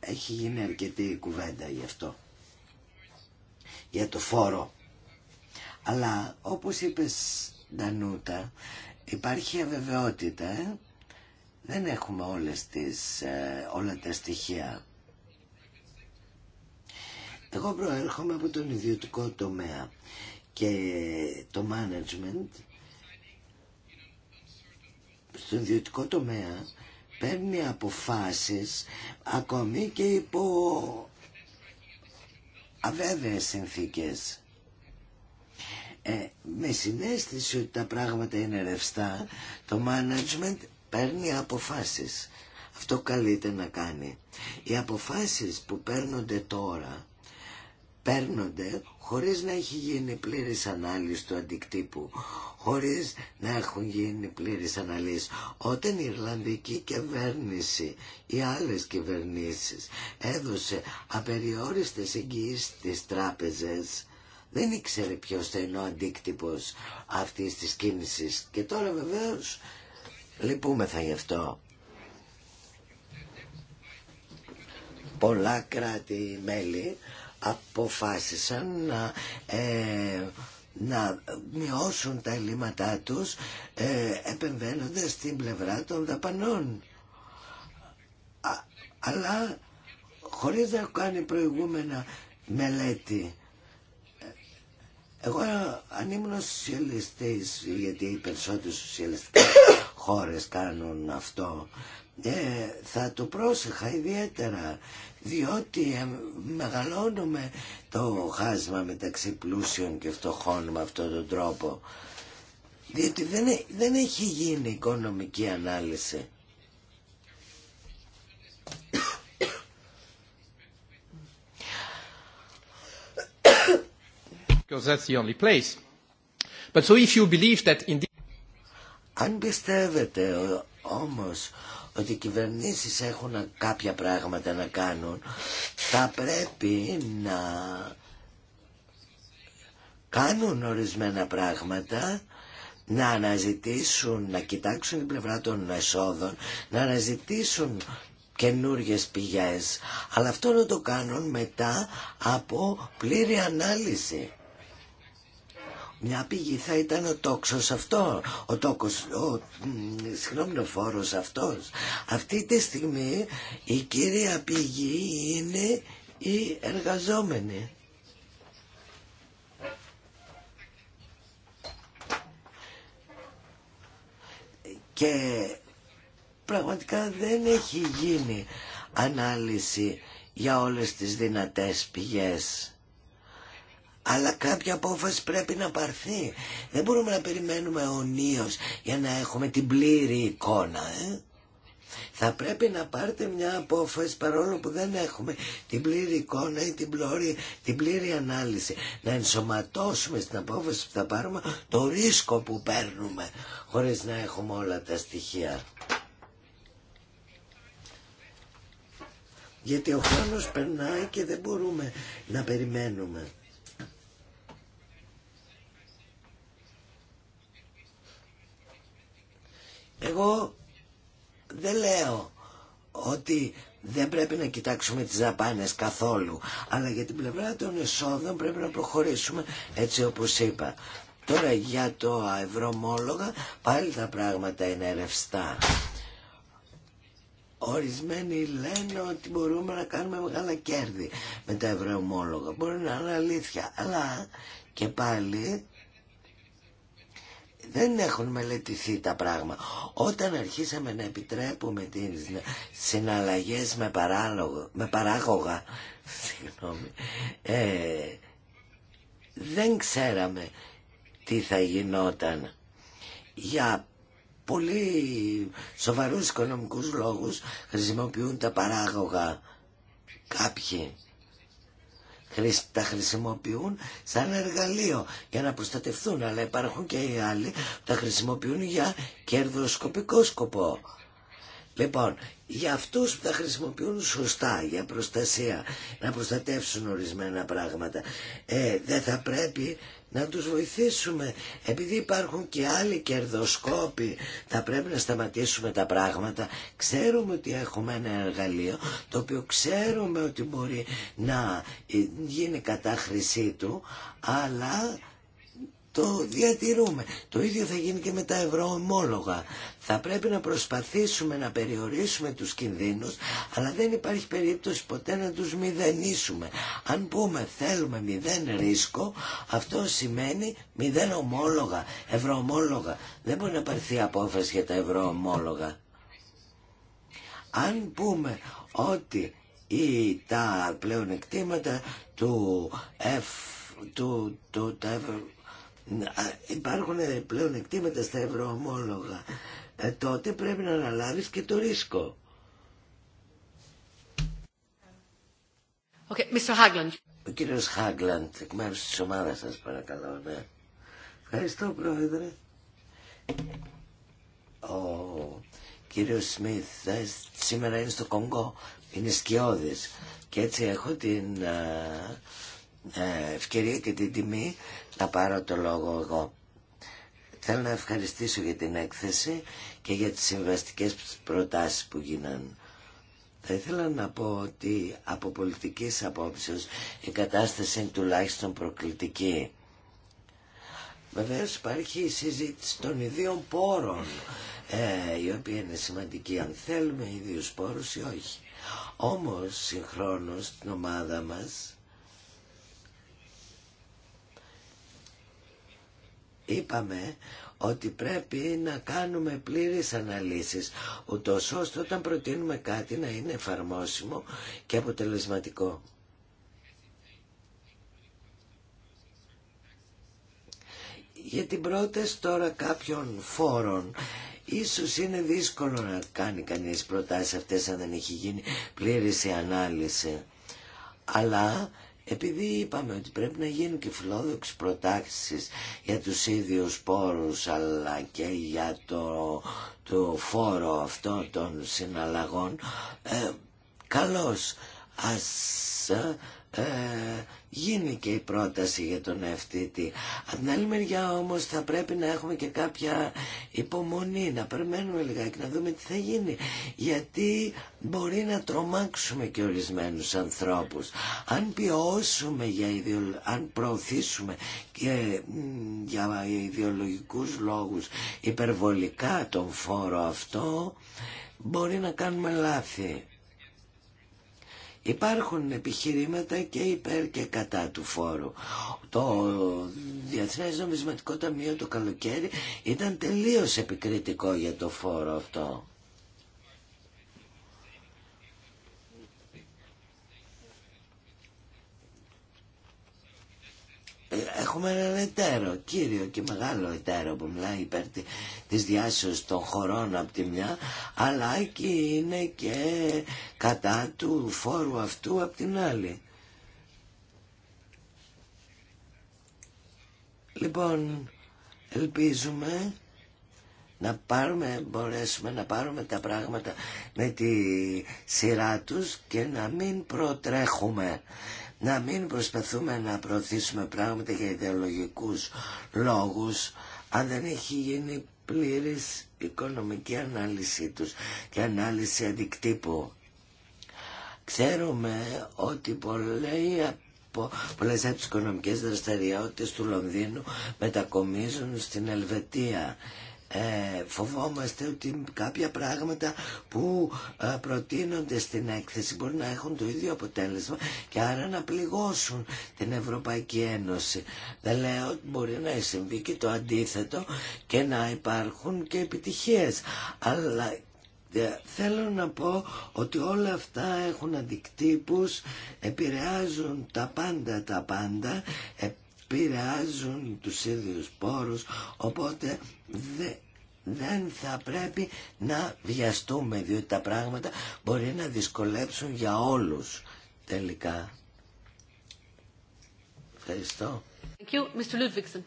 Έχει γίνει αρκετή κουβέντα γι' αυτό. Για το φόρο. Αλλά όπως είπες Ντανούτα, υπάρχει αβεβαιότητα ε, δεν έχουμε όλες τις, ε, όλα τα στοιχεία. Εγώ προέρχομαι από τον ιδιωτικό τομέα και το management στον ιδιωτικό τομέα παίρνει αποφάσεις ακόμη και υπό αβέβαιες συνθήκες. Ε, με συνέστηση ότι τα πράγματα είναι ρευστά, το management παίρνει αποφάσεις. Αυτό καλείται να κάνει. Οι αποφάσεις που παίρνονται τώρα παίρνονται χωρίς να έχει γίνει πλήρης ανάλυση του αντικτύπου, χωρίς να έχουν γίνει πλήρης ανάλυση. Όταν η Ιρλανδική κυβέρνηση ή άλλες κυβερνήσεις έδωσε απεριόριστες εγγυήσεις στις τράπεζες, δεν ήξερε ποιος θα είναι ο αντίκτυπος αυτής της κίνησης. Και τώρα βεβαίως Λυπούμεθα γι' αυτό. Πολλά κράτη-μέλη αποφάσισαν να, ε, να μειώσουν τα ελλείμματά τους ε, επεμβαίνοντας στην πλευρά των δαπανών. αλλά χωρίς να κάνει προηγούμενα μελέτη. Ε, εγώ αν ήμουν σοσιαλιστής, γιατί οι περισσότεροι σοσιαλιστές χώρες κάνουν αυτό. Ε, θα το πρόσεχα ιδιαίτερα, διότι ε, μεγαλώνουμε το χάσμα μεταξύ πλούσιων και φτωχών με αυτόν τον τρόπο. Διότι δεν, δεν έχει γίνει οικονομική ανάλυση. only place. But so if you believe that αν πιστεύετε όμως ότι οι κυβερνήσεις έχουν κάποια πράγματα να κάνουν, θα πρέπει να κάνουν ορισμένα πράγματα, να αναζητήσουν, να κοιτάξουν την πλευρά των εσόδων, να αναζητήσουν καινούριε πηγές. Αλλά αυτό να το κάνουν μετά από πλήρη ανάλυση. Μια πηγή θα ήταν ο τόξος αυτό, ο τόκος, ο φόρος αυτός. Αυτή τη στιγμή η κύρια πηγή είναι η εργαζόμενη. Και πραγματικά δεν έχει γίνει ανάλυση για όλες τις δυνατές πηγές αλλά κάποια απόφαση πρέπει να πάρθει. Δεν μπορούμε να περιμένουμε ονείως για να έχουμε την πλήρη εικόνα. Ε? Θα πρέπει να πάρετε μια απόφαση παρόλο που δεν έχουμε την πλήρη εικόνα ή την πλήρη, την πλήρη ανάλυση. Να ενσωματώσουμε στην απόφαση που θα πάρουμε το ρίσκο που παίρνουμε χωρίς να έχουμε όλα τα στοιχεία. Γιατί ο χρόνος περνάει και δεν μπορούμε να περιμένουμε. Εγώ δεν λέω ότι δεν πρέπει να κοιτάξουμε τις δαπάνε καθόλου, αλλά για την πλευρά των εσόδων πρέπει να προχωρήσουμε έτσι όπως είπα. Τώρα για το ευρωμόλογα πάλι τα πράγματα είναι ρευστά. Ορισμένοι λένε ότι μπορούμε να κάνουμε μεγάλα κέρδη με τα ευρωομόλογα. Μπορεί να είναι αλήθεια, αλλά και πάλι δεν έχουν μελετηθεί τα πράγματα. Όταν αρχίσαμε να επιτρέπουμε τις συναλλαγές με, παράλογο, με παράγωγα, συγγνώμη, ε, δεν ξέραμε τι θα γινόταν. Για πολύ σοβαρούς οικονομικούς λόγους χρησιμοποιούν τα παράγωγα κάποιοι τα χρησιμοποιούν σαν εργαλείο για να προστατευτούν, αλλά υπάρχουν και οι άλλοι που τα χρησιμοποιούν για κερδοσκοπικό σκοπό. Λοιπόν, για αυτούς που τα χρησιμοποιούν σωστά, για προστασία, να προστατεύσουν ορισμένα πράγματα, ε, δεν θα πρέπει να τους βοηθήσουμε. Επειδή υπάρχουν και άλλοι κερδοσκόποι, θα πρέπει να σταματήσουμε τα πράγματα. Ξέρουμε ότι έχουμε ένα εργαλείο, το οποίο ξέρουμε ότι μπορεί να γίνει κατάχρησή του, αλλά το διατηρούμε. Το ίδιο θα γίνει και με τα ευρωομόλογα. Θα πρέπει να προσπαθήσουμε να περιορίσουμε τους κινδύνους, αλλά δεν υπάρχει περίπτωση ποτέ να τους μηδενίσουμε. Αν πούμε θέλουμε μηδέν ρίσκο, αυτό σημαίνει μηδέν ομόλογα, ευρωομόλογα. Δεν μπορεί να πάρθει απόφαση για τα ευρωομόλογα. Αν πούμε ότι ή τα πλεονεκτήματα του F, του, του, υπάρχουν πλέον εκτίματα στα ευρωομόλογα, ε, τότε πρέπει να αναλάβεις και το ρίσκο. Okay, Mr. Ο κύριος Χάγκλαντ, εκ μέρους της ομάδας σας παρακαλώ. Ναι. Ευχαριστώ πρόεδρε. Ο κύριος Σμιθ ε, σήμερα είναι στο Κονγκό, είναι σκιώδης και έτσι έχω την ε, ευκαιρία και την τιμή θα πάρω το λόγο εγώ. Θέλω να ευχαριστήσω για την έκθεση και για τις συμβαστικές προτάσεις που γίναν. Θα ήθελα να πω ότι από πολιτικής απόψεως η κατάσταση είναι τουλάχιστον προκλητική. Βεβαίω υπάρχει η συζήτηση των ιδίων πόρων, ε, η οποία είναι σημαντική αν θέλουμε ιδίους πόρους ή όχι. Όμως συγχρόνως την ομάδα μας είπαμε ότι πρέπει να κάνουμε πλήρεις αναλύσεις ούτως ώστε όταν προτείνουμε κάτι να είναι εφαρμόσιμο και αποτελεσματικό. Για την πρόταση τώρα κάποιων φόρων Ίσως είναι δύσκολο να κάνει κανείς προτάσεις αυτές αν δεν έχει γίνει πλήρης η ανάλυση. Αλλά επειδή είπαμε ότι πρέπει να γίνουν και φιλόδοξες προτάξεις για τους ίδιους πόρους αλλά και για το, το φόρο αυτό των συναλλαγών, ε, καλώς ας... Ε, γίνει και η πρόταση για τον ευθύτη. Από την άλλη μεριά όμως θα πρέπει να έχουμε και κάποια υπομονή, να περιμένουμε λιγάκι, να δούμε τι θα γίνει. Γιατί μπορεί να τρομάξουμε και ορισμένους ανθρώπους. Αν πιώσουμε, για αν προωθήσουμε και για ιδεολογικούς λόγους υπερβολικά τον φόρο αυτό, μπορεί να κάνουμε λάθη. Υπάρχουν επιχειρήματα και υπέρ και κατά του φόρου. Το Διεθνές Νομισματικό Ταμείο το καλοκαίρι ήταν τελείως επικριτικό για το φόρο αυτό. έχουμε έναν εταίρο, κύριο και μεγάλο εταίρο που μιλάει υπέρ της διάσωσης των χωρών από τη μια, αλλά και είναι και κατά του φόρου αυτού από την άλλη. Λοιπόν, ελπίζουμε να πάρουμε, μπορέσουμε να πάρουμε τα πράγματα με τη σειρά τους και να μην προτρέχουμε να μην προσπαθούμε να προωθήσουμε πράγματα για ιδεολογικούς λόγους αν δεν έχει γίνει πλήρης οικονομική ανάλυση τους και ανάλυση αντικτύπου. Ξέρουμε ότι πολλές από τις οικονομικές δραστηριότητες του Λονδίνου μετακομίζουν στην Ελβετία ε, φοβόμαστε ότι κάποια πράγματα που ε, προτείνονται στην έκθεση μπορεί να έχουν το ίδιο αποτέλεσμα και άρα να πληγώσουν την Ευρωπαϊκή Ένωση. Δεν λέω ότι μπορεί να συμβεί και το αντίθετο και να υπάρχουν και επιτυχίες. Αλλά ε, Θέλω να πω ότι όλα αυτά έχουν αντικτύπους, επηρεάζουν τα πάντα τα πάντα, ε, πειράζουν τους ίδιους πόρους, οπότε δεν θα πρέπει να βιαστούμε διότι τα πράγματα μπορεί να δυσκολέψουν για όλους τελικά. Ευχαριστώ. Thank you, Mr. Ludwigson.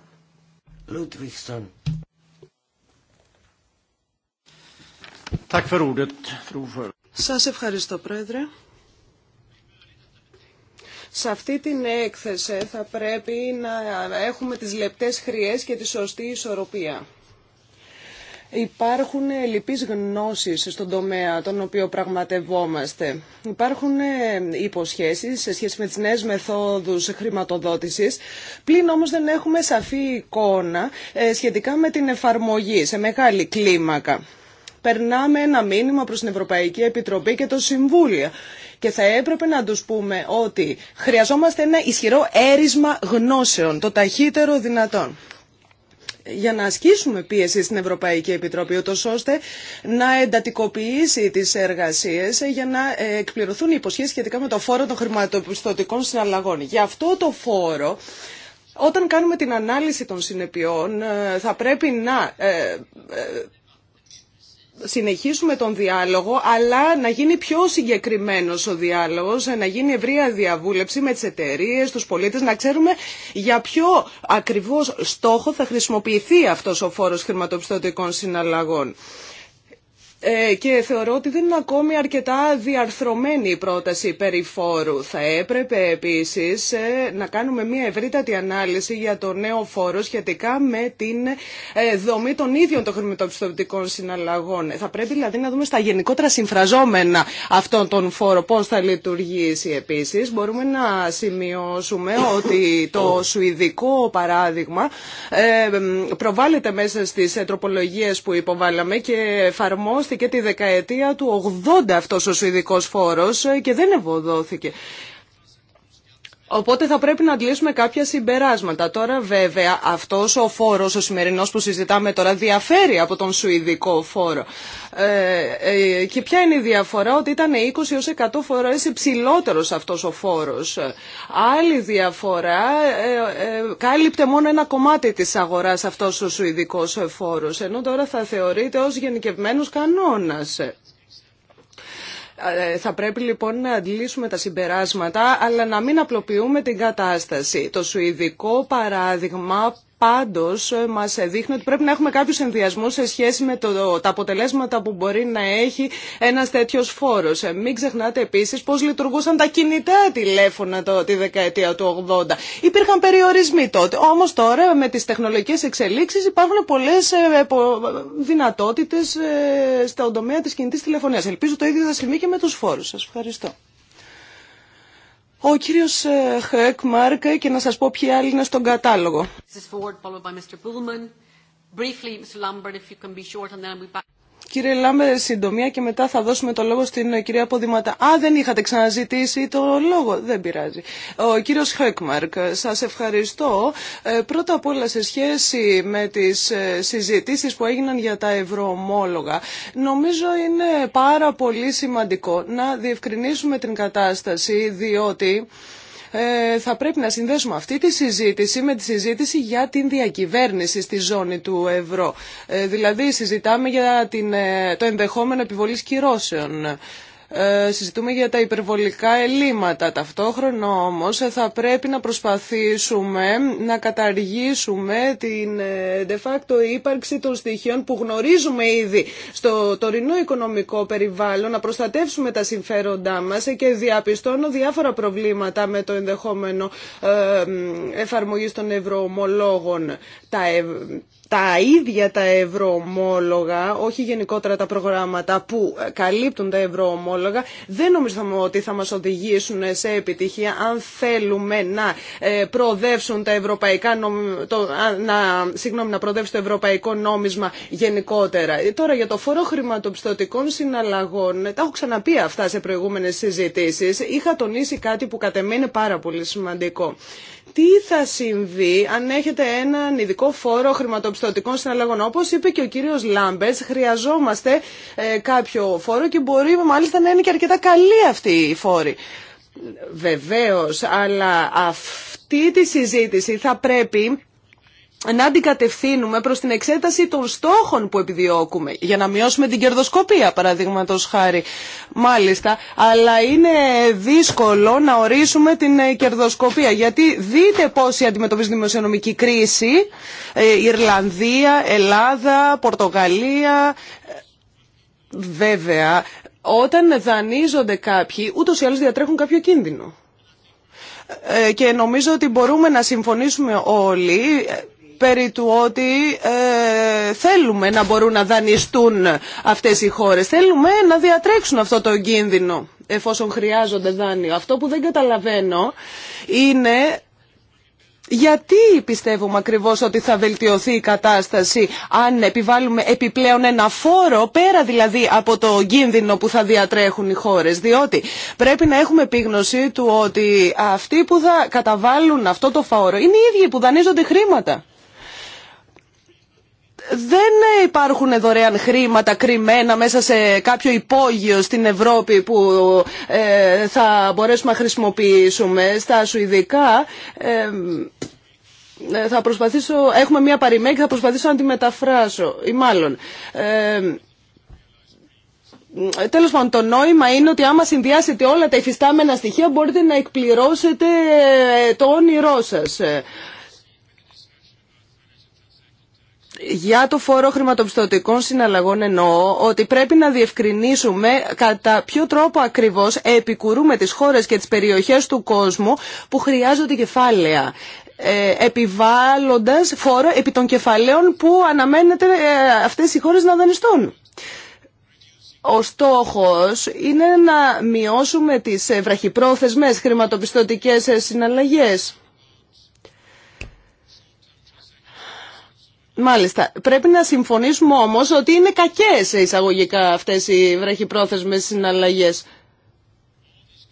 Σας ευχαριστώ, Πρόεδρε. Σε αυτή την έκθεση θα πρέπει να έχουμε τις λεπτές χρειές και τη σωστή ισορροπία. Υπάρχουν λυπείς γνώσεις στον τομέα τον οποίο πραγματευόμαστε. Υπάρχουν ε, υποσχέσεις σε σχέση με τις νέες μεθόδους χρηματοδότησης, πλην όμως δεν έχουμε σαφή εικόνα ε, σχετικά με την εφαρμογή σε μεγάλη κλίμακα περνάμε ένα μήνυμα προς την Ευρωπαϊκή Επιτροπή και το Συμβούλιο. Και θα έπρεπε να τους πούμε ότι χρειαζόμαστε ένα ισχυρό έρισμα γνώσεων, το ταχύτερο δυνατόν για να ασκήσουμε πίεση στην Ευρωπαϊκή Επιτροπή, ούτως ώστε να εντατικοποιήσει τι εργασίε για να ε, εκπληρωθούν οι υποσχέσει σχετικά με το φόρο των χρηματοπιστωτικών συναλλαγών. Για αυτό το φόρο, όταν κάνουμε την ανάλυση των συνεπειών, ε, θα πρέπει να ε, συνεχίσουμε τον διάλογο, αλλά να γίνει πιο συγκεκριμένο ο διάλογος, να γίνει ευρεία διαβούλευση με τι εταιρείε, του πολίτες, να ξέρουμε για ποιο ακριβώς στόχο θα χρησιμοποιηθεί αυτός ο φόρος χρηματοπιστωτικών συναλλαγών. Ε, και θεωρώ ότι δεν είναι ακόμη αρκετά διαρθρωμένη η πρόταση περί φόρου. Θα έπρεπε επίσης ε, να κάνουμε μια ευρύτατη ανάλυση για το νέο φόρο σχετικά με την ε, δομή των ίδιων των χρηματοπιστωτικών συναλλαγών. Θα πρέπει δηλαδή να δούμε στα γενικότερα συμφραζόμενα αυτόν τον φόρο πώς θα λειτουργήσει επίσης. Μπορούμε να σημειώσουμε ότι το σουηδικό παράδειγμα προβάλλεται μέσα στις τροπολογίες που υποβάλαμε και εφαρμόζεται και τη δεκαετία του 80 αυτός ο Σουηδικός φόρος ε, και δεν ευωδόθηκε. Οπότε θα πρέπει να αντλήσουμε κάποια συμπεράσματα. Τώρα βέβαια αυτός ο φόρος, ο σημερινός που συζητάμε τώρα, διαφέρει από τον σουηδικό φόρο. Ε, ε, και ποια είναι η διαφορά, ότι ήταν 20 έως 100 φορές υψηλότερος αυτός ο φόρος. Άλλη διαφορά, ε, ε, κάλυπτε μόνο ένα κομμάτι της αγοράς αυτός ο σουηδικός φόρος, ενώ τώρα θα θεωρείται ως γενικευμένος κανόνας. Ε, θα πρέπει λοιπόν να αντλήσουμε τα συμπεράσματα, αλλά να μην απλοποιούμε την κατάσταση. Το σουηδικό παράδειγμα Πάντω ε, μας δείχνει ότι πρέπει να έχουμε κάποιους ενδιασμού σε σχέση με το, τα αποτελέσματα που μπορεί να έχει ένας τέτοιος φόρος. Ε, μην ξεχνάτε επίσης πώς λειτουργούσαν τα κινητά τηλέφωνα το, τη δεκαετία του 80. Υπήρχαν περιορισμοί τότε. Όμω τώρα με τις τεχνολογικέ εξελίξεις υπάρχουν πολλές ε, δυνατότητες στον τομέα τη κινητής τηλεφωνίας. Ελπίζω το ίδιο θα συμβεί και με του φόρου. Σα ευχαριστώ. Ο κύριος ε, Χεκμάρκ ε, και να σας πω ποιοι άλλοι είναι στον κατάλογο. Κύριε Λάμπερ, συντομία και μετά θα δώσουμε το λόγο στην ε, κυρία Ποδηματά. Α, δεν είχατε ξαναζητήσει το λόγο. Δεν πειράζει. Ο κύριος Χέκμαρκ, σας ευχαριστώ. Ε, πρώτα απ' όλα σε σχέση με τις ε, συζητήσεις που έγιναν για τα ευρωομόλογα. Νομίζω είναι πάρα πολύ σημαντικό να διευκρινίσουμε την κατάσταση, διότι... Ε, θα πρέπει να συνδέσουμε αυτή τη συζήτηση με τη συζήτηση για την διακυβέρνηση στη ζώνη του ευρώ. Ε, δηλαδή συζητάμε για την, ε, το ενδεχόμενο επιβολής κυρώσεων. Ε, συζητούμε για τα υπερβολικά ελλείμματα. Ταυτόχρονα όμως θα πρέπει να προσπαθήσουμε να καταργήσουμε την ε, de facto ύπαρξη των στοιχείων που γνωρίζουμε ήδη στο τωρινό οικονομικό περιβάλλον, να προστατεύσουμε τα συμφέροντά μας και διαπιστώνω διάφορα προβλήματα με το ενδεχόμενο ε, εφαρμογή των ευρωομολόγων. Τα τα ίδια τα ευρωομόλογα, όχι γενικότερα τα προγράμματα που καλύπτουν τα ευρωομόλογα, δεν νομίζω ότι θα μας οδηγήσουν σε επιτυχία αν θέλουμε να ε, προοδεύσουν τα ευρωπαϊκά το, να, συγγνώμη, να προοδεύσει το ευρωπαϊκό νόμισμα γενικότερα. Τώρα για το φόρο χρηματοπιστωτικών συναλλαγών, τα έχω ξαναπεί αυτά σε προηγούμενες συζητήσεις, είχα τονίσει κάτι που κατεμένει πάρα πολύ σημαντικό τι θα συμβεί αν έχετε έναν ειδικό φόρο χρηματοπιστωτικών συναλλαγών. Όπως είπε και ο κύριος λάμπες χρειαζόμαστε ε, κάποιο φόρο και μπορεί μάλιστα να είναι και αρκετά καλή αυτή η φόρη. Βεβαίως, αλλά αυτή τη συζήτηση θα πρέπει να αντικατευθύνουμε κατευθύνουμε προς την εξέταση των στόχων που επιδιώκουμε για να μειώσουμε την κερδοσκοπία παραδείγματο χάρη μάλιστα αλλά είναι δύσκολο να ορίσουμε την ε, κερδοσκοπία γιατί δείτε πόσοι αντιμετωπίζουν δημοσιονομική κρίση ε, Ιρλανδία, Ελλάδα, Πορτογαλία ε, βέβαια όταν δανείζονται κάποιοι ούτως ή άλλως διατρέχουν κάποιο κίνδυνο και νομίζω ότι μπορούμε να συμφωνήσουμε όλοι περί του ότι ε, θέλουμε να μπορούν να δανειστούν αυτές οι χώρες. Θέλουμε να διατρέξουν αυτό το κίνδυνο εφόσον χρειάζονται δάνειο. Αυτό που δεν καταλαβαίνω είναι γιατί πιστεύουμε ακριβώς ότι θα βελτιωθεί η κατάσταση αν επιβάλλουμε επιπλέον ένα φόρο πέρα δηλαδή από το κίνδυνο που θα διατρέχουν οι χώρες. Διότι πρέπει να έχουμε επίγνωση του ότι αυτοί που θα καταβάλουν αυτό το φόρο είναι οι ίδιοι που δανείζονται χρήματα δεν υπάρχουν δωρεάν χρήματα κρυμμένα μέσα σε κάποιο υπόγειο στην Ευρώπη που ε, θα μπορέσουμε να χρησιμοποιήσουμε. Στα Σουηδικά ε, ε, θα προσπαθήσω, έχουμε μία παροιμία και θα προσπαθήσω να τη μεταφράσω ή μάλλον. Τέλο πάντων, το νόημα είναι ότι άμα συνδυάσετε όλα τα υφιστάμενα στοιχεία μπορείτε να εκπληρώσετε το όνειρό σας για το φόρο χρηματοπιστωτικών συναλλαγών εννοώ ότι πρέπει να διευκρινίσουμε κατά ποιο τρόπο ακριβώς επικουρούμε τις χώρες και τις περιοχές του κόσμου που χρειάζονται κεφάλαια ε, επιβάλλοντας φόρο επί των κεφαλαίων που αναμένεται ε, αυτές οι χώρες να δανειστούν. Ο στόχος είναι να μειώσουμε τις βραχυπρόθεσμες χρηματοπιστωτικές συναλλαγές. Μάλιστα. Πρέπει να συμφωνήσουμε όμως ότι είναι κακέ εισαγωγικά αυτές οι βραχυπρόθεσμε συναλλαγέ.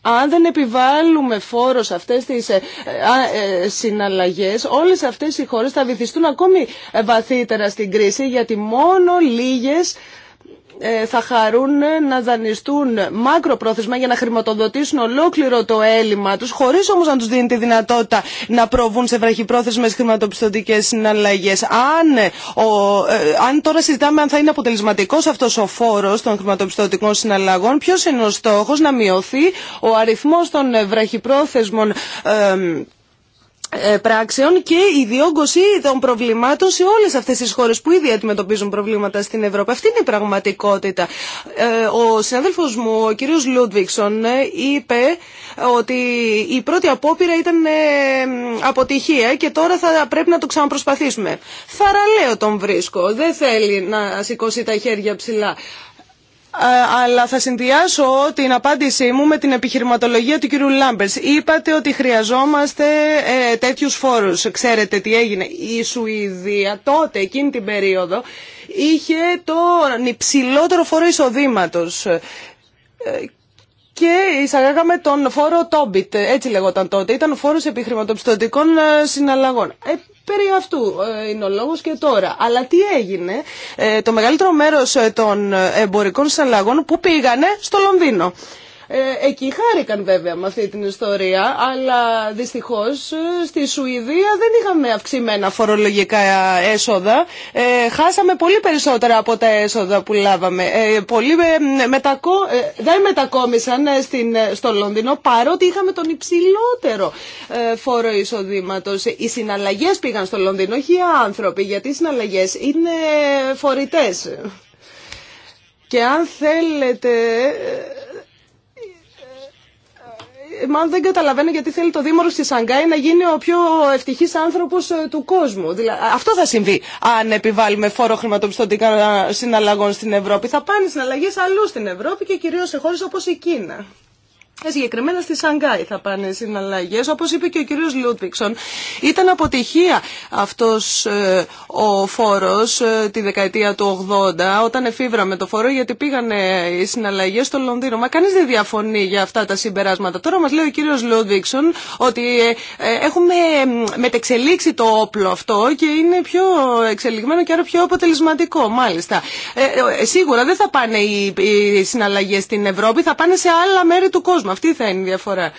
Αν δεν επιβάλλουμε φόρο σε αυτές τις ε, ε, συναλλαγές, όλες αυτές οι χώρες θα βυθιστούν ακόμη βαθύτερα στην κρίση, γιατί μόνο λίγες ε, θα χαρούν να δανειστούν μακροπρόθεσμα για να χρηματοδοτήσουν ολόκληρο το έλλειμμα τους, χωρίς όμως να τους δίνει τη δυνατότητα να προβούν σε βραχυπρόθεσμες χρηματοπιστωτικές συναλλαγές. Αν, ε, αν τώρα συζητάμε αν θα είναι αποτελεσματικός αυτός ο φόρος των χρηματοπιστωτικών συναλλαγών, ποιο είναι ο στόχος να μειωθεί ο αριθμός των βραχυπρόθεσμων ε, ε, πράξεων και η διόγκωση των προβλημάτων σε όλες αυτές τις χώρες που ήδη αντιμετωπίζουν προβλήματα στην Ευρώπη. Αυτή είναι η πραγματικότητα. Ε, ο συνάδελφος μου, ο κύριος Λούντβικσον, ε, είπε ότι η πρώτη απόπειρα ήταν αποτυχία και τώρα θα πρέπει να το ξαναπροσπαθήσουμε. Θαραλέο τον βρίσκω. Δεν θέλει να σηκώσει τα χέρια ψηλά. Ε, αλλά θα συνδυάσω την απάντησή μου με την επιχειρηματολογία του κύριου Λάμπερς. Είπατε ότι χρειαζόμαστε ε, τέτοιους φόρους. Ξέρετε τι έγινε. Η Σουηδία τότε, εκείνη την περίοδο, είχε τον υψηλότερο φόρο εισοδήματος ε, και εισαγάγαμε τον φόρο Τόμπιτ, έτσι λεγόταν τότε. Ήταν φόρος επιχρηματοπιστωτικών ε, συναλλαγών. Περί αυτού ε, είναι ο λόγος και τώρα. Αλλά τι έγινε, ε, το μεγαλύτερο μέρος ε, των εμπορικών συναλλαγών που πήγανε στο Λονδίνο. Ε, εκεί χάρηκαν βέβαια με αυτή την ιστορία, αλλά δυστυχώς ε, στη Σουηδία δεν είχαμε αυξημένα φορολογικά έσοδα. Ε, χάσαμε πολύ περισσότερα από τα έσοδα που λάβαμε. Πολλοί μετακο... δεν μετακόμισαν στην... στο Λονδίνο παρότι είχαμε τον υψηλότερο φόρο εισοδήματος. Οι συναλλαγές πήγαν στο Λονδίνο, όχι οι άνθρωποι, γιατί οι συναλλαγές είναι φορητές. Και αν θέλετε μάλλον δεν καταλαβαίνω γιατί θέλει το Δήμορο στη Σανγκάη να γίνει ο πιο ευτυχής άνθρωπος ε, του κόσμου. Δηλαδή, αυτό θα συμβεί αν επιβάλλουμε φόρο χρηματοπιστωτικά ε, συναλλαγών στην Ευρώπη. Θα πάνε συναλλαγέ αλλού στην Ευρώπη και κυρίως σε χώρε όπως η Κίνα. Ε, συγκεκριμένα στη Σανγκάη θα πάνε συναλλαγές. Όπως είπε και ο κύριος Λούτβικσον, ήταν αποτυχία αυτός ε, ο φόρος ε, τη δεκαετία του 80 όταν εφήβραμε το φόρο γιατί πήγαν οι συναλλαγές στο Λονδίνο. Μα κανείς δεν διαφωνεί για αυτά τα συμπεράσματα. Τώρα μας λέει ο κύριος Λούτβικσον ότι έχουμε μετεξελίξει το όπλο αυτό και είναι πιο εξελιγμένο και άρα πιο αποτελεσματικό. Μάλιστα. σίγουρα δεν θα πάνε οι, οι συναλλαγές στην Ευρώπη, θα πάνε σε άλλα μέρη του κόσμου. Αυτή θα είναι η διαφορά.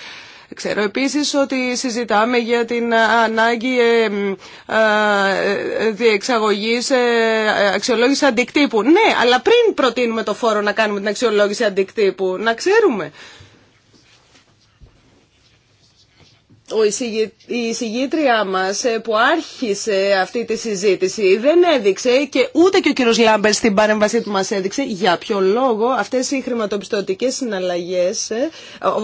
Ξέρω επίσης ότι συζητάμε για την ανάγκη ε, ε, διεξαγωγής ε, αξιολόγηση αντικτύπου. Ναι, αλλά πριν προτείνουμε το φόρο να κάνουμε την αξιολόγηση αντικτύπου, να ξέρουμε. ο η εισηγήτριά μας ε, που άρχισε αυτή τη συζήτηση δεν έδειξε και ούτε και ο κύριος Λάμπερ στην παρέμβασή του μας έδειξε για ποιο λόγο αυτές οι χρηματοπιστωτικές συναλλαγές, ε,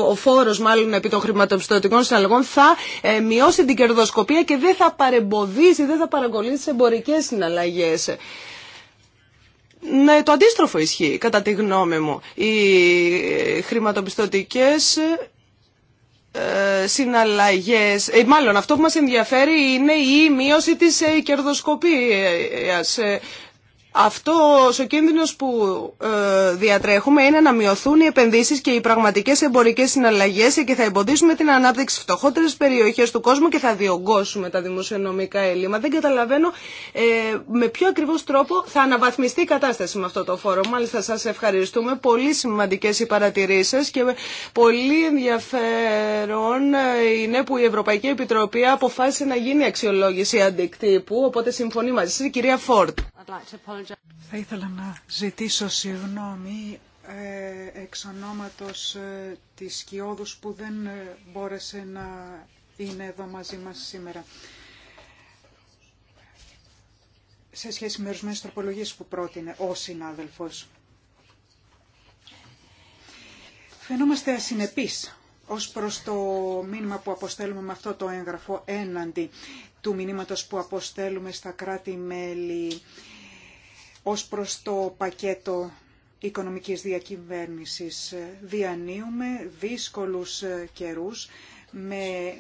ο φόρος μάλλον επί των χρηματοπιστωτικών συναλλαγών θα ε, μειώσει την κερδοσκοπία και δεν θα παρεμποδίσει, δεν θα παρακολουθήσει τις εμπορικές συναλλαγές. Ναι, το αντίστροφο ισχύει, κατά τη γνώμη μου. Οι χρηματοπιστωτικές ε, συναλλαγές. Ε, μάλλον αυτό που μα ενδιαφέρει είναι η μείωση της ε, κερδοσκοπίας. Αυτό ο κίνδυνο που ε, διατρέχουμε είναι να μειωθούν οι επενδύσει και οι πραγματικέ εμπορικέ συναλλαγέ και θα εμποδίσουμε την ανάπτυξη φτωχότερες περιοχές του κόσμου και θα διωγγώσουμε τα δημοσιονομικά έλλειμμα. Δεν καταλαβαίνω ε, με ποιο ακριβώ τρόπο θα αναβαθμιστεί η κατάσταση με αυτό το φόρο. Μάλιστα σα ευχαριστούμε. Πολύ σημαντικέ οι παρατηρήσει και πολύ ενδιαφέρον ε, είναι που η Ευρωπαϊκή Επιτροπή αποφάσισε να γίνει αξιολόγηση αντικτύπου, οπότε συμφωνεί μαζί σα, κυρία Φόρτ. Θα ήθελα να ζητήσω συγγνώμη ε, εξ ονόματος ε, της Κιόδους που δεν ε, μπόρεσε να είναι εδώ μαζί μας σήμερα. Σε σχέση με ορισμένες τροπολογίες που πρότεινε ο συνάδελφος. Φαινόμαστε ασυνεπείς ως προς το μήνυμα που αποστέλουμε με αυτό το έγγραφο έναντι του μηνύματος που αποστέλουμε στα κράτη-μέλη ως προς το πακέτο οικονομικής διακυβέρνησης διανύουμε δύσκολους καιρούς με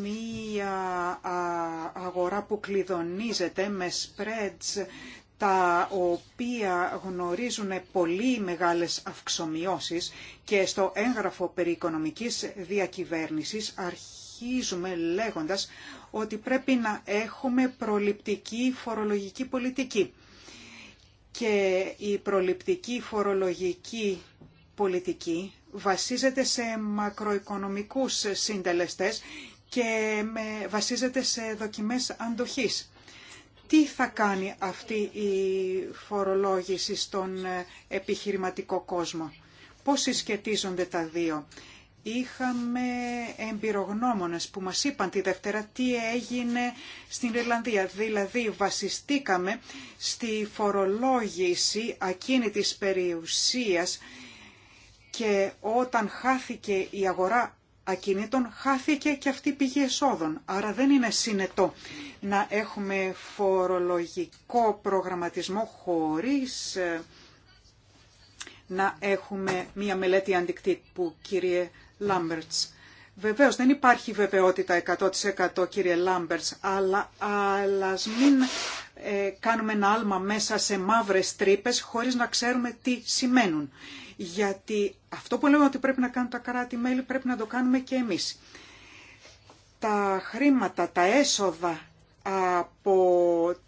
μία αγορά που κλειδονίζεται με spreads τα οποία γνωρίζουν πολύ μεγάλες αυξομοιώσεις και στο έγγραφο περί οικονομικής διακυβέρνησης αρχίζουμε λέγοντας ότι πρέπει να έχουμε προληπτική φορολογική πολιτική και η προληπτική φορολογική πολιτική βασίζεται σε μακροοικονομικούς συντελεστές και με, βασίζεται σε δοκιμές αντοχής. Τι θα κάνει αυτή η φορολόγηση στον επιχειρηματικό κόσμο. Πώς συσχετίζονται τα δύο είχαμε εμπειρογνώμονες που μας είπαν τη Δευτέρα τι έγινε στην Ιρλανδία. Δηλαδή βασιστήκαμε στη φορολόγηση ακίνητης περιουσίας και όταν χάθηκε η αγορά ακινήτων χάθηκε και αυτή η πηγή εσόδων. Άρα δεν είναι συνετό να έχουμε φορολογικό προγραμματισμό χωρίς ε, να έχουμε μία μελέτη που κύριε Λάμπερτς. Βεβαίως δεν υπάρχει βεβαιότητα 100% κύριε Λάμπερτς, αλλά, αλλά μην ε, κάνουμε ένα άλμα μέσα σε μαύρες τρύπες χωρίς να ξέρουμε τι σημαίνουν. Γιατί αυτό που λέμε ότι πρέπει να κάνουν τα κράτη-μέλη πρέπει να το κάνουμε και εμείς. Τα χρήματα, τα έσοδα από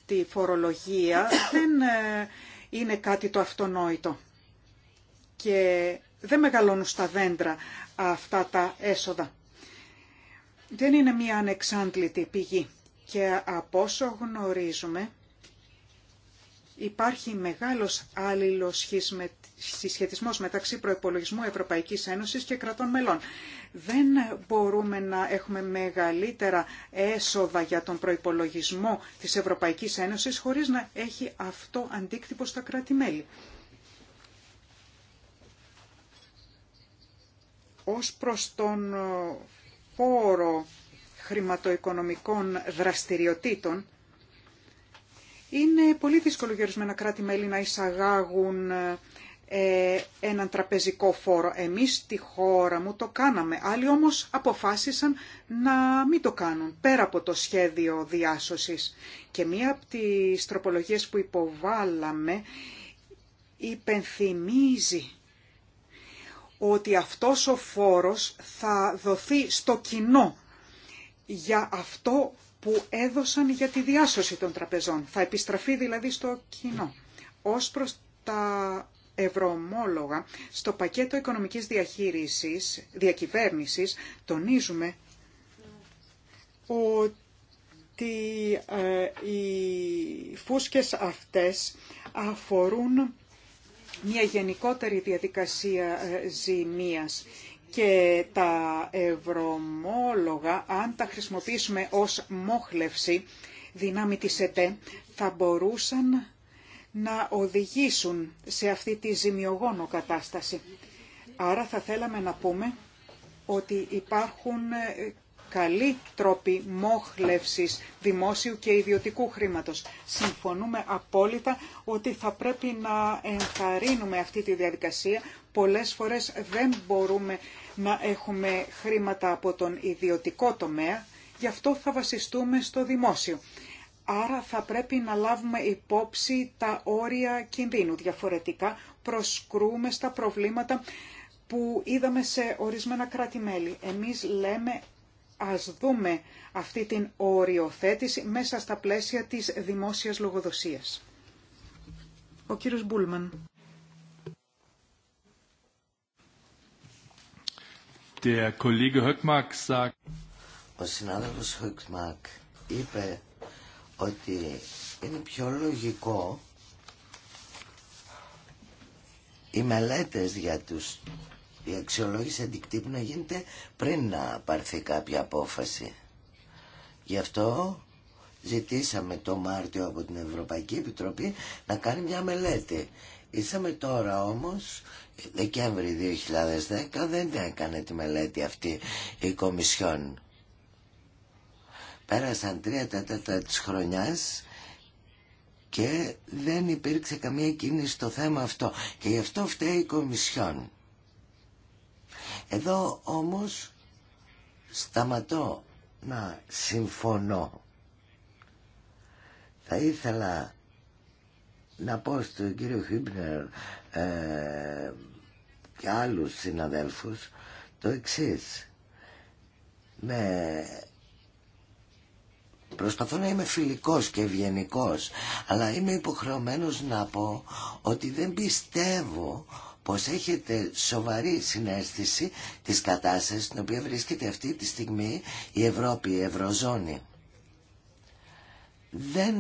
τη φορολογία δεν ε, είναι κάτι το αυτονόητο. Και δεν μεγαλώνουν στα δέντρα αυτά τα έσοδα. Δεν είναι μια ανεξάντλητη πηγή και από όσο γνωρίζουμε υπάρχει μεγάλος άλληλος συσχετισμός μεταξύ προϋπολογισμού Ευρωπαϊκής Ένωσης και κρατών μελών. Δεν μπορούμε να έχουμε μεγαλύτερα έσοδα για τον προϋπολογισμό της Ευρωπαϊκής Ένωσης χωρίς να έχει αυτό αντίκτυπο στα κράτη-μέλη. ως προς τον φόρο ε, χρηματοοικονομικών δραστηριοτήτων, είναι πολύ δύσκολο για ορισμένα κράτη-μέλη να εισαγάγουν ε, έναν τραπεζικό φόρο. Εμείς στη χώρα μου το κάναμε, άλλοι όμως αποφάσισαν να μην το κάνουν, πέρα από το σχέδιο διάσωσης. Και μία από τις τροπολογίες που υποβάλαμε υπενθυμίζει ότι αυτός ο φόρος θα δοθεί στο κοινό για αυτό που έδωσαν για τη διάσωση των τραπεζών. Θα επιστραφεί δηλαδή στο κοινό. Ως προς τα ευρωομόλογα, στο πακέτο οικονομικής διαχείρισης, διακυβέρνησης, τονίζουμε ότι ε, οι φούσκες αυτές αφορούν μια γενικότερη διαδικασία ε, ζημίας και τα ευρωμόλογα, αν τα χρησιμοποιήσουμε ως μόχλευση δυνάμει της ΕΤΕ, θα μπορούσαν να οδηγήσουν σε αυτή τη ζημιογόνο κατάσταση. Άρα θα θέλαμε να πούμε ότι υπάρχουν ε, καλή τρόπη μόχλευσης δημόσιου και ιδιωτικού χρήματος. Συμφωνούμε απόλυτα ότι θα πρέπει να ενθαρρύνουμε αυτή τη διαδικασία. Πολλές φορές δεν μπορούμε να έχουμε χρήματα από τον ιδιωτικό τομέα, γι' αυτό θα βασιστούμε στο δημόσιο. Άρα θα πρέπει να λάβουμε υπόψη τα όρια κινδύνου. Διαφορετικά προσκρούμε στα προβλήματα που είδαμε σε ορισμένα κράτη-μέλη. Εμείς λέμε ας δούμε αυτή την οριοθέτηση μέσα στα πλαίσια της δημόσιας λογοδοσίας. Ο κύριος Μπούλμαν. Ο συνάδελφος Χουκμακ είπε ότι είναι πιο λογικό οι μελέτες για τους η αξιολόγηση αντικτύπου να γίνεται πριν να πάρθει κάποια απόφαση. Γι' αυτό ζητήσαμε το Μάρτιο από την Ευρωπαϊκή Επιτροπή να κάνει μια μελέτη. Ήσαμε τώρα όμως, Δεκέμβρη 2010, δεν έκανε τη μελέτη αυτή η Κομισιόν. Πέρασαν τρία τέταρτα της χρονιάς και δεν υπήρξε καμία κίνηση στο θέμα αυτό. Και γι' αυτό φταίει η Κομισιόν. Εδώ όμως σταματώ να συμφωνώ. Θα ήθελα να πω στον κύριο Χίμπνερ ε, και άλλους συναδέλφους το εξής. Με... Προσπαθώ να είμαι φιλικός και ευγενικός, αλλά είμαι υποχρεωμένος να πω ότι δεν πιστεύω πως έχετε σοβαρή συνέστηση της κατάστασης στην οποία βρίσκεται αυτή τη στιγμή η Ευρώπη, η Ευρωζώνη. Δεν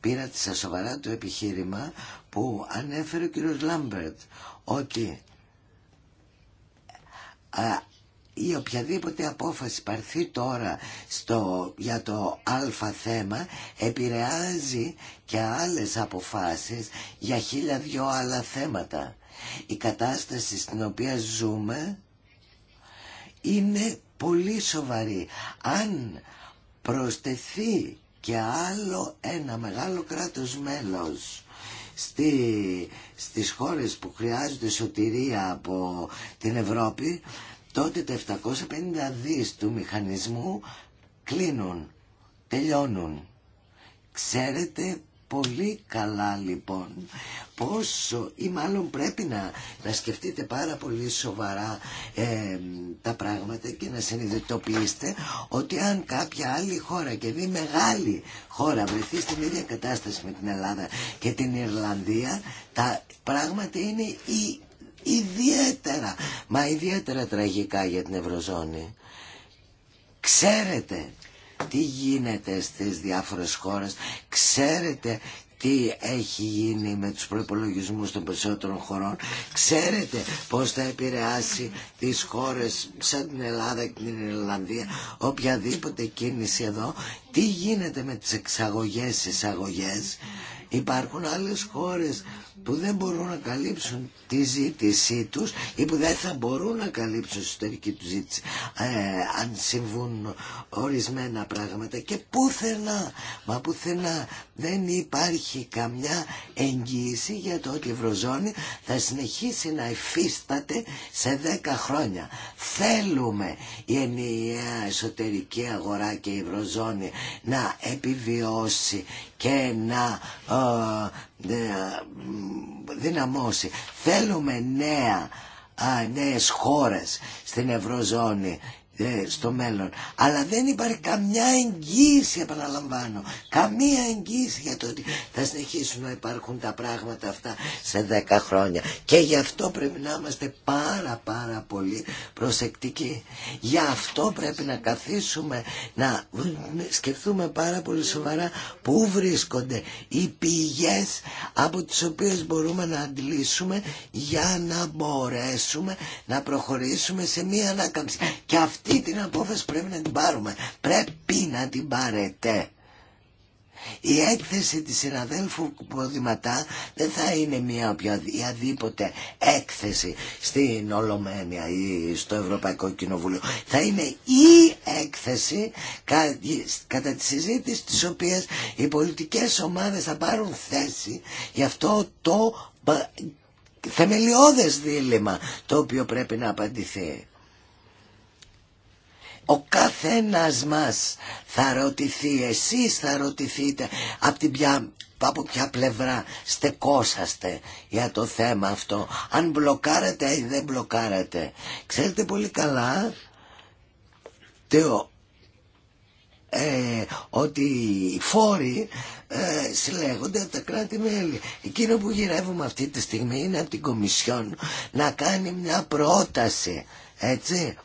πήρατε σε σοβαρά το επιχείρημα που ανέφερε ο κύριος Λάμπερτ ότι η οποιαδήποτε απόφαση παρθεί τώρα στο, για το α θέμα επηρεάζει και άλλες αποφάσεις για χίλια δυο άλλα θέματα. Η κατάσταση στην οποία ζούμε είναι πολύ σοβαρή. Αν προσθεθεί και άλλο ένα μεγάλο κράτος μέλος στη, στις χώρες που χρειάζονται σωτηρία από την Ευρώπη, τότε τα 750 δις του μηχανισμού κλείνουν, τελειώνουν. Ξέρετε πολύ καλά λοιπόν πόσο ή μάλλον πρέπει να, να σκεφτείτε πάρα πολύ σοβαρά τα πράγματα και να συνειδητοποιήσετε ότι αν κάποια άλλη χώρα και μη μεγάλη χώρα βρεθεί στην ίδια κατάσταση με την Ελλάδα και την Ιρλανδία τα πράγματα είναι ιδιαίτερα μα ιδιαίτερα τραγικά για την Ευρωζώνη. Ξέρετε τι γίνεται στις διάφορες χώρες. Ξέρετε τι έχει γίνει με τους προϋπολογισμούς των περισσότερων χωρών. Ξέρετε πώς θα επηρεάσει τις χώρες σαν την Ελλάδα και την Ιρλανδία, οποιαδήποτε κίνηση εδώ. Τι γίνεται με τις εξαγωγές, εισαγωγές. Υπάρχουν άλλες χώρες που δεν μπορούν να καλύψουν τη ζήτησή τους ή που δεν θα μπορούν να καλύψουν εσωτερική του ζήτηση ε, αν συμβούν ορισμένα πράγματα και πουθενά μα πουθενά δεν υπάρχει καμιά εγγύηση για το ότι η Ευρωζώνη θα συνεχίσει να υφίσταται σε δέκα χρόνια θέλουμε η ενιαία εσωτερική αγορά και η Ευρωζώνη να επιβιώσει και να ε, ναι, δυναμώσει. Θέλουμε νέα, νέες χώρες στην Ευρωζώνη ε, στο μέλλον. Αλλά δεν υπάρχει καμιά εγγύηση, επαναλαμβάνω, καμία εγγύηση για το ότι θα συνεχίσουν να υπάρχουν τα πράγματα αυτά σε δέκα χρόνια. Και γι' αυτό πρέπει να είμαστε πάρα πάρα πολύ προσεκτικοί. Γι' αυτό πρέπει να καθίσουμε, να σκεφτούμε πάρα πολύ σοβαρά πού βρίσκονται οι πηγές από τις οποίες μπορούμε να αντλήσουμε για να μπορέσουμε να προχωρήσουμε σε μία ανάκαμψη. Και αυτό αυτή την απόφαση πρέπει να την πάρουμε. Πρέπει να την πάρετε. Η έκθεση της συναδέλφου Ποδηματά δεν θα είναι μια οποιαδήποτε έκθεση στην Ολομένια ή στο Ευρωπαϊκό Κοινοβούλιο. Θα είναι η έκθεση κατά τη συζήτηση της οποίας οι πολιτικές ομάδες θα πάρουν θέση γι' αυτό το θεμελιώδες δίλημα το οποίο πρέπει να απαντηθεί ο καθένας μας θα ρωτηθεί, εσείς θα ρωτηθείτε από την ποια από ποια πλευρά στεκόσαστε για το θέμα αυτό αν μπλοκάρετε ή δεν μπλοκάρετε ξέρετε πολύ καλά ε, ότι οι φόροι ε, συλλέγονται από τα κράτη-μέλη. Εκείνο που γυρεύουμε αυτή τη στιγμή είναι από την Κομισιόν να κάνει μια πρόταση, έτσι,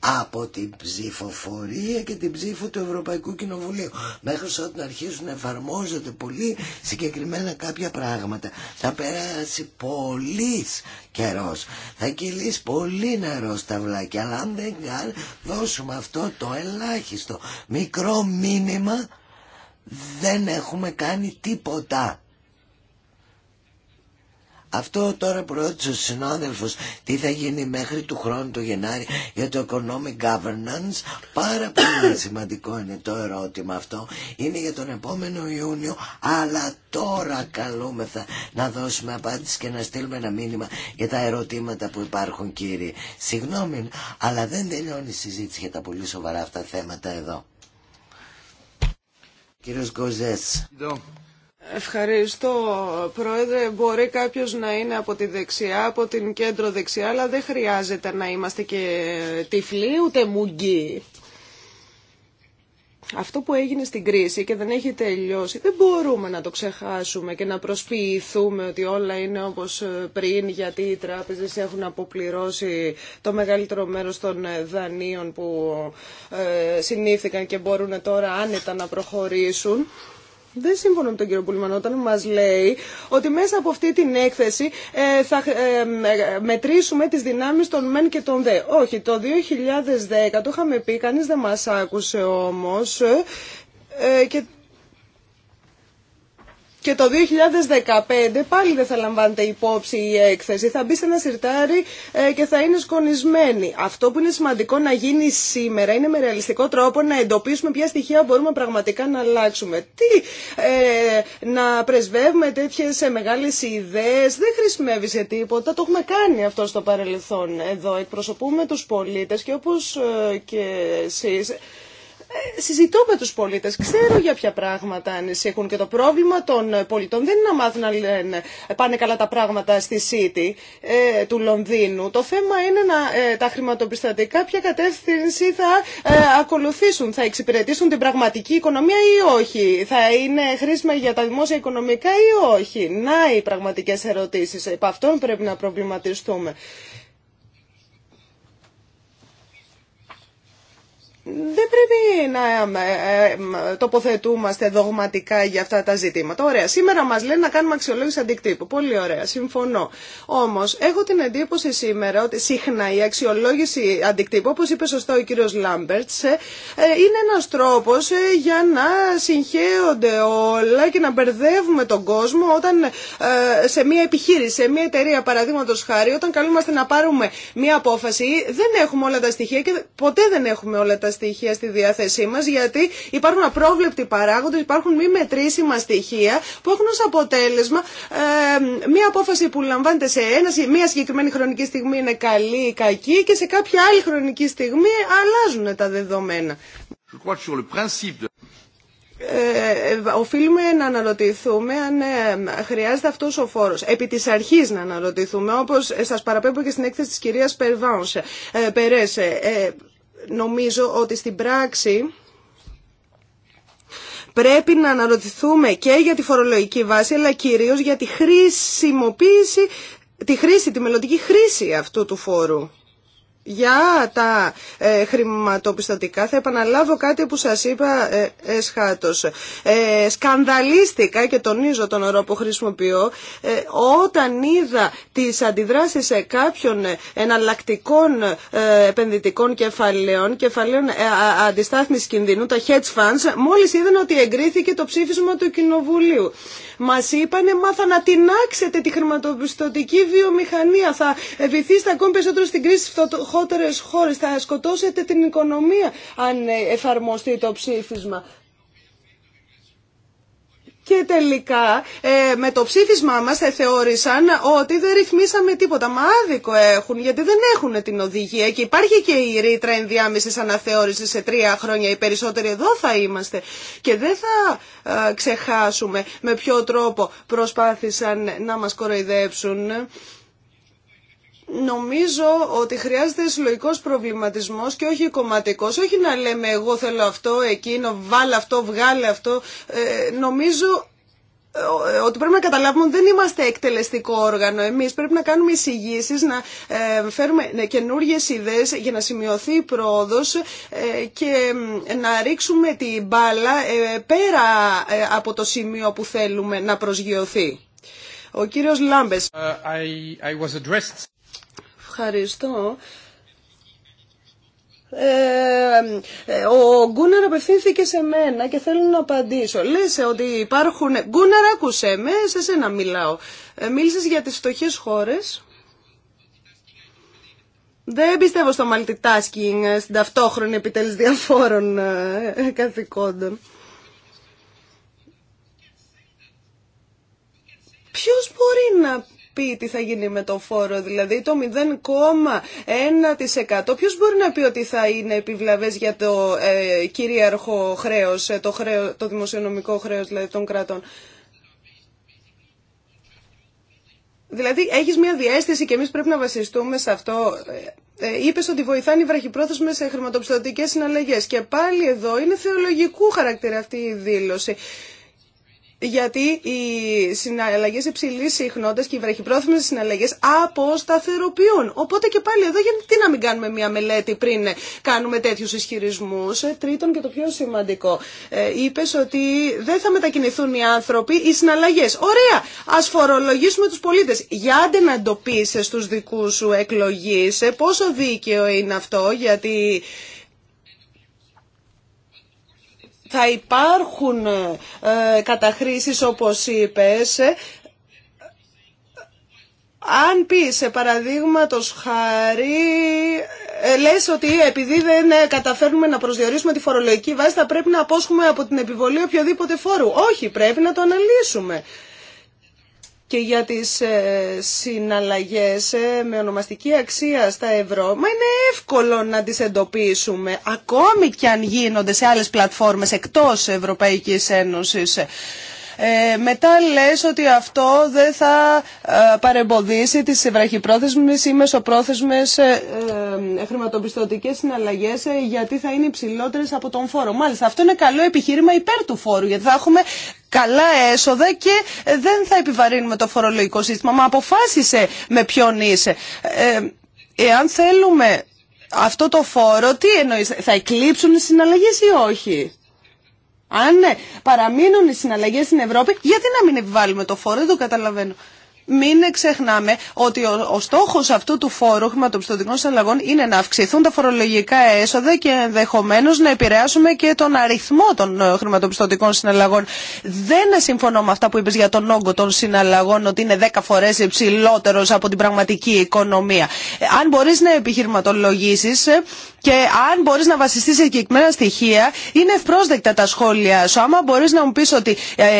από την ψηφοφορία και την ψήφο του Ευρωπαϊκού Κοινοβουλίου μέχρι όταν αρχίσουν να εφαρμόζονται πολύ συγκεκριμένα κάποια πράγματα θα περάσει πολύ καιρός θα κυλήσει πολύ νερό στα βλάκια αλλά αν δεν δώσουμε αυτό το ελάχιστο μικρό μήνυμα δεν έχουμε κάνει τίποτα αυτό τώρα ρώτησε ο συνάδελφος τι θα γίνει μέχρι του χρόνου του Γενάρη για το economic governance. Πάρα πολύ σημαντικό είναι το ερώτημα αυτό. Είναι για τον επόμενο Ιούνιο, αλλά τώρα καλούμεθα να δώσουμε απάντηση και να στείλουμε ένα μήνυμα για τα ερωτήματα που υπάρχουν κύριοι. Συγγνώμη, αλλά δεν τελειώνει η συζήτηση για τα πολύ σοβαρά αυτά θέματα εδώ. Κύριος Γκοζές. Εδώ. Ευχαριστώ, Πρόεδρε. Μπορεί κάποιο να είναι από τη δεξιά, από την κέντρο δεξιά, αλλά δεν χρειάζεται να είμαστε και τυφλοί ούτε μουγκοί. Αυτό που έγινε στην κρίση και δεν έχει τελειώσει, δεν μπορούμε να το ξεχάσουμε και να προσποιηθούμε ότι όλα είναι όπως πριν γιατί οι τράπεζες έχουν αποπληρώσει το μεγαλύτερο μέρος των δανείων που ε, συνήθηκαν και μπορούν τώρα άνετα να προχωρήσουν. Δεν σύμφωνα με τον κύριο Πουλμαν όταν μας λέει ότι μέσα από αυτή την έκθεση ε, θα ε, ε, μετρήσουμε τις δυνάμεις των μεν και των δε. Όχι, το 2010 το είχαμε πει, κανείς δεν μας άκουσε όμως και και το 2015 πάλι δεν θα λαμβάνεται υπόψη η έκθεση. Θα μπει σε ένα σιρτάρι ε, και θα είναι σκονισμένη. Αυτό που είναι σημαντικό να γίνει σήμερα είναι με ρεαλιστικό τρόπο να εντοπίσουμε ποια στοιχεία μπορούμε πραγματικά να αλλάξουμε. Τι ε, να πρεσβεύουμε τέτοιε μεγάλε ιδέε δεν χρησιμεύει σε τίποτα. Το έχουμε κάνει αυτό στο παρελθόν. Εδώ εκπροσωπούμε του πολίτε και όπω ε, και εσεί συζητώ με τους πολίτες, ξέρω για ποια πράγματα ανησυχούν και το πρόβλημα των πολιτών δεν είναι να μάθουν να πάνε καλά τα πράγματα στη City ε, του Λονδίνου. Το θέμα είναι να ε, τα χρηματοπιστωτικά ποια κατεύθυνση θα ε, ακολουθήσουν, θα εξυπηρετήσουν την πραγματική οικονομία ή όχι, θα είναι χρήσιμα για τα δημόσια οικονομικά ή όχι. Να οι πραγματικές ερωτήσεις, επ' αυτών πρέπει να προβληματιστούμε. δεν πρέπει να ε, ε, τοποθετούμαστε δογματικά για αυτά τα ζητήματα. Ωραία, σήμερα μας λένε να κάνουμε αξιολόγηση αντικτύπου. Πολύ ωραία, συμφωνώ. Όμως, έχω την εντύπωση σήμερα ότι συχνά η αξιολόγηση αντικτύπου, όπως είπε σωστά ο κύριος Λάμπερτς, ε, είναι ένας τρόπος για να συγχέονται όλα και να μπερδεύουμε τον κόσμο όταν σε μια επιχείρηση, σε μια εταιρεία παραδείγματο χάρη, όταν καλούμαστε να πάρουμε μια απόφαση, δεν έχουμε όλα τα στοιχεία και ποτέ δεν έχουμε όλα τα στοιχεία στοιχεία στη διάθεσή μα, γιατί υπάρχουν απρόβλεπτοι παράγοντε, υπάρχουν μη μετρήσιμα στοιχεία που έχουν ω αποτέλεσμα ε, μία απόφαση που λαμβάνεται σε ένα, μία συγκεκριμένη χρονική στιγμή είναι καλή ή κακή και σε κάποια άλλη χρονική στιγμή αλλάζουν τα δεδομένα. Ε, Ε, οφείλουμε να αναρωτηθούμε αν ε, χρειάζεται αυτός ο φόρος. Επί της αρχής να αναρωτηθούμε, όπως σας παραπέμπω και στην έκθεση της κυρίας Περβάνσε, ε, ε, ε νομίζω ότι στην πράξη πρέπει να αναρωτηθούμε και για τη φορολογική βάση αλλά κυρίως για τη χρησιμοποίηση, τη χρήση, τη μελλοντική χρήση αυτού του φόρου για τα ε, χρηματοπιστωτικά θα επαναλάβω κάτι που σας είπα ε, εσχάτως. Ε, σκανδαλίστηκα και τονίζω τον όρο που χρησιμοποιώ ε, όταν είδα τις αντιδράσεις κάποιων εναλλακτικών ε, επενδυτικών κεφαλαίων, κεφαλαίων αντιστάθμισης κινδυνού, τα hedge funds, μόλις είδαν ότι εγκρίθηκε το ψήφισμα του Κοινοβουλίου. Μας είπανε μάθα να τηνάξετε τη χρηματοπιστωτική βιομηχανία, θα βυθίσετε ακόμη περισσότερο στην κρίση φτωχότερες χώρες. Θα σκοτώσετε την οικονομία αν ε, εφαρμοστεί το ψήφισμα. Και τελικά ε, με το ψήφισμά μας θεώρησαν ότι δεν ρυθμίσαμε τίποτα. Μα άδικο έχουν γιατί δεν έχουν την οδηγία και υπάρχει και η ρήτρα ενδιάμεσης αναθεώρηση σε τρία χρόνια. Οι περισσότεροι εδώ θα είμαστε και δεν θα ε, ξεχάσουμε με ποιο τρόπο προσπάθησαν να μας κοροϊδέψουν. Νομίζω ότι χρειάζεται συλλογικό προβληματισμό και όχι κομματικό. Όχι να λέμε εγώ θέλω αυτό, εκείνο, βάλε αυτό, βγάλε αυτό. Ε, νομίζω ε, ότι πρέπει να καταλάβουμε ότι δεν είμαστε εκτελεστικό όργανο. Εμείς πρέπει να κάνουμε εισηγήσεις, να ε, φέρουμε ναι, καινούργιες ιδέες για να σημειωθεί η πρόοδος ε, και να ρίξουμε την μπάλα πέρα από το σημείο που θέλουμε να προσγειωθεί. Ο κύριος Λάμπες ευχαριστώ. Ε, ε, ο Γκούνερ απευθύνθηκε σε μένα και θέλω να απαντήσω. Λες ότι υπάρχουν... Γκούνερ άκουσε με, σε σένα μιλάω. Ε, μίλησες για τις φτωχές χώρες. Δεν πιστεύω στο multitasking, ε, στην ταυτόχρονη επιτέλους διαφόρων ε, καθηκόντων. Ποιος μπορεί να πει τι θα γίνει με το φόρο, δηλαδή το 0,1%. Ποιο μπορεί να πει ότι θα είναι επιβλαβέ για το ε, κυρίαρχο ε, το, χρέο, το δημοσιονομικό χρέο δηλαδή των κρατών. Δηλαδή έχει μια διέστηση και εμεί πρέπει να βασιστούμε σε αυτό. Ε, ε Είπε ότι βοηθάνε οι βραχυπρόθεσμε σε χρηματοπιστωτικέ συναλλαγέ. Και πάλι εδώ είναι θεολογικού χαρακτήρα αυτή η δήλωση γιατί οι συναλλαγές υψηλή συχνότητας και οι βραχυπρόθυμες συναλλαγές αποσταθεροποιούν. Οπότε και πάλι εδώ γιατί να μην κάνουμε μια μελέτη πριν κάνουμε τέτοιους ισχυρισμούς. Ε, τρίτον και το πιο σημαντικό, ε, είπες ότι δεν θα μετακινηθούν οι άνθρωποι, οι συναλλαγές. Ωραία, ας φορολογήσουμε τους πολίτες. Για άντε να εντοπίσεις τους δικούς σου εκλογείς, ε, πόσο δίκαιο είναι αυτό, γιατί θα υπάρχουν ε, ε, καταχρήσεις όπως είπες, ε, αν πει σε παραδείγματο χάρη, ε, λε ότι επειδή δεν καταφέρνουμε να προσδιορίσουμε τη φορολογική βάση, θα πρέπει να απόσχουμε από την επιβολή οποιοδήποτε φόρου. Όχι, πρέπει να το αναλύσουμε και για τις ε, συναλλαγές ε, με ονομαστική αξία στα ευρώ, μα είναι εύκολο να τις εντοπίσουμε, ακόμη και αν γίνονται σε άλλες πλατφόρμες εκτός Ευρωπαϊκής Ένωσης. Ε, μετά λες ότι αυτό δεν θα ε, παρεμποδίσει τις βραχυπρόθεσμες ή μεσοπρόθεσμες ε, ε χρηματοπιστωτικές συναλλαγές γιατί θα είναι υψηλότερε από τον φόρο. Μάλιστα αυτό είναι καλό επιχείρημα υπέρ του φόρου γιατί θα έχουμε καλά έσοδα και δεν θα επιβαρύνουμε το φορολογικό σύστημα. Μα αποφάσισε με ποιον είσαι. Ε, εάν θέλουμε αυτό το φόρο, τι εννοείς, θα εκλείψουν οι συναλλαγές ή όχι. Αν παραμείνουν οι συναλλαγές στην Ευρώπη, γιατί να μην επιβάλλουμε το φόρο, δεν το καταλαβαίνω. Μην ξεχνάμε ότι ο, ο στόχος αυτού του φόρου χρηματοπιστωτικών συναλλαγών είναι να αυξηθούν τα φορολογικά έσοδα και ενδεχομένω να επηρεάσουμε και τον αριθμό των ε, χρηματοπιστωτικών συναλλαγών. Δεν συμφωνώ με αυτά που είπε για τον όγκο των συναλλαγών ότι είναι 10 φορέ υψηλότερο από την πραγματική οικονομία. Ε, αν μπορεί να επιχειρηματολογήσεις ε, και αν μπορεί να βασιστεί σε συγκεκριμένα στοιχεία, είναι ευπρόσδεκτα τα σχόλια σου. Άμα να μου πει ότι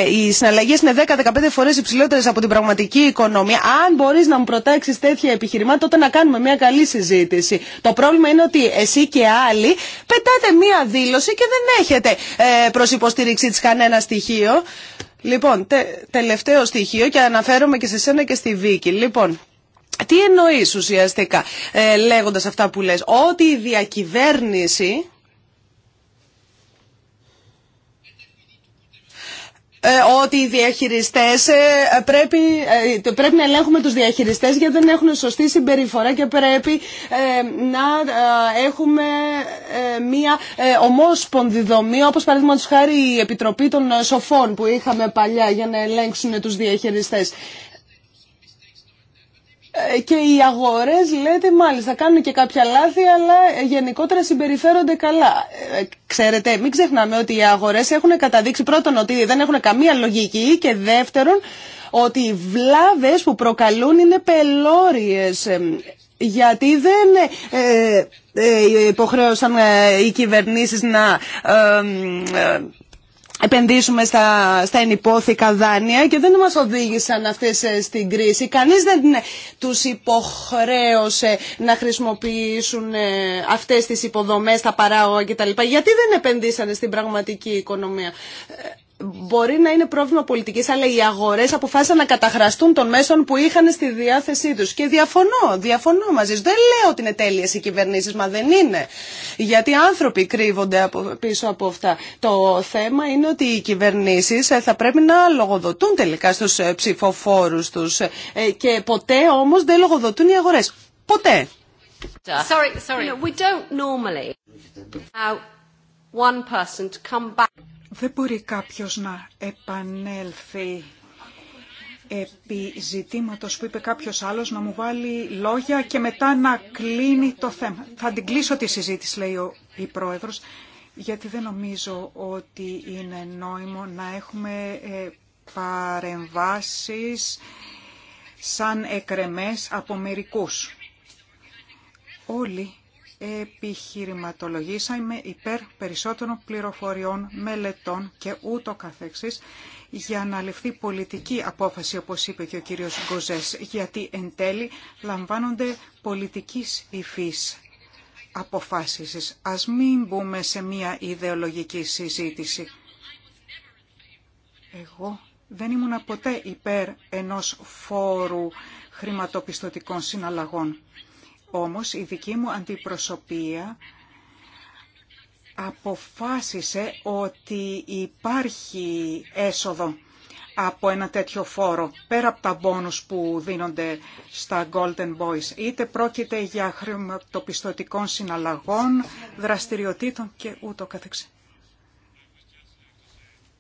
οι συναλλαγές είναι 10-15 φορέ υψηλότερε από την πραγματική οικονομία, αν μπορεί να μου προτάξει τέτοια επιχειρήματα τότε να κάνουμε μια καλή συζήτηση. Το πρόβλημα είναι ότι εσύ και άλλοι πετάτε μια δήλωση και δεν έχετε ε, προ υποστήριξή τη κανένα στοιχείο. Λοιπόν, τε, τελευταίο στοιχείο και αναφέρομαι και σε σένα και στη Βίκη. Λοιπόν, τι εννοεί ουσιαστικά ε, λέγοντας αυτά που λες. Ότι η διακυβέρνηση Ε, ότι οι διαχειριστές ε, πρέπει, ε, πρέπει να ελέγχουμε τους διαχειριστές γιατί δεν έχουν σωστή συμπεριφορά και πρέπει να έχουμε μία ομόσπονδη δομή όπως παραδείγματος χάρη η Επιτροπή των Σοφών που είχαμε παλιά για να ελέγξουν τους διαχειριστές. Ε, και οι αγορέ λέτε μάλιστα κάνουν και κάποια λάθη αλλά ε, γενικότερα συμπεριφέρονται καλά. Ε, ξέρετε, μην ξεχνάμε ότι οι αγορέ έχουν καταδείξει πρώτον ότι δεν έχουν καμία λογική και δεύτερον ότι οι βλάβες που προκαλούν είναι πελώριες γιατί δεν ε, ε, υποχρέωσαν οι κυβερνήσεις να επενδύσουμε στα, στα ενυπόθηκα δάνεια και δεν μας οδήγησαν αυτές ε, στην κρίση. Κανείς δεν ναι, τους υποχρέωσε να χρησιμοποιήσουν ε, αυτές τις υποδομές, τα παράγωγα κτλ. Γιατί δεν επενδύσανε στην πραγματική οικονομία. Ε, μπορεί να είναι πρόβλημα πολιτικής, αλλά οι αγορές αποφάσισαν να καταχραστούν των μέσων που είχαν στη διάθεσή τους. Και διαφωνώ, διαφωνώ μαζί Δεν λέω ότι είναι τέλειε οι κυβερνήσει, μα δεν είναι. Γιατί άνθρωποι κρύβονται πίσω από αυτά. Το θέμα είναι ότι οι κυβερνήσει ε, θα πρέπει να λογοδοτούν τελικά στους ε, ψηφοφόρου του ε, Και ποτέ όμω δεν λογοδοτούν οι αγορέ. Ποτέ. Sorry, sorry. we don't normally δεν μπορεί κάποιος να επανέλθει επί ζητήματος που είπε κάποιος άλλος να μου βάλει λόγια και μετά να κλείνει το θέμα. Θα την κλείσω τη συζήτηση, λέει ο, η Πρόεδρος, γιατί δεν νομίζω ότι είναι νόημο να έχουμε ε, παρεμβάσεις σαν εκρεμές από μερικούς. Όλοι επιχειρηματολογήσαμε υπέρ περισσότερων πληροφοριών, μελετών και ούτω καθεξής για να ληφθεί πολιτική απόφαση, όπως είπε και ο κύριος Γκοζές, γιατί εν τέλει λαμβάνονται πολιτικής υφής αποφάσεις. Ας μην μπούμε σε μια ιδεολογική συζήτηση. Εγώ δεν ήμουν ποτέ υπέρ ενός φόρου χρηματοπιστωτικών συναλλαγών. Όμως η δική μου αντιπροσωπεία αποφάσισε ότι υπάρχει έσοδο από ένα τέτοιο φόρο, πέρα από τα μπόνους που δίνονται στα Golden Boys. Είτε πρόκειται για χρηματοπιστωτικών συναλλαγών, δραστηριοτήτων και ούτω καθεξή.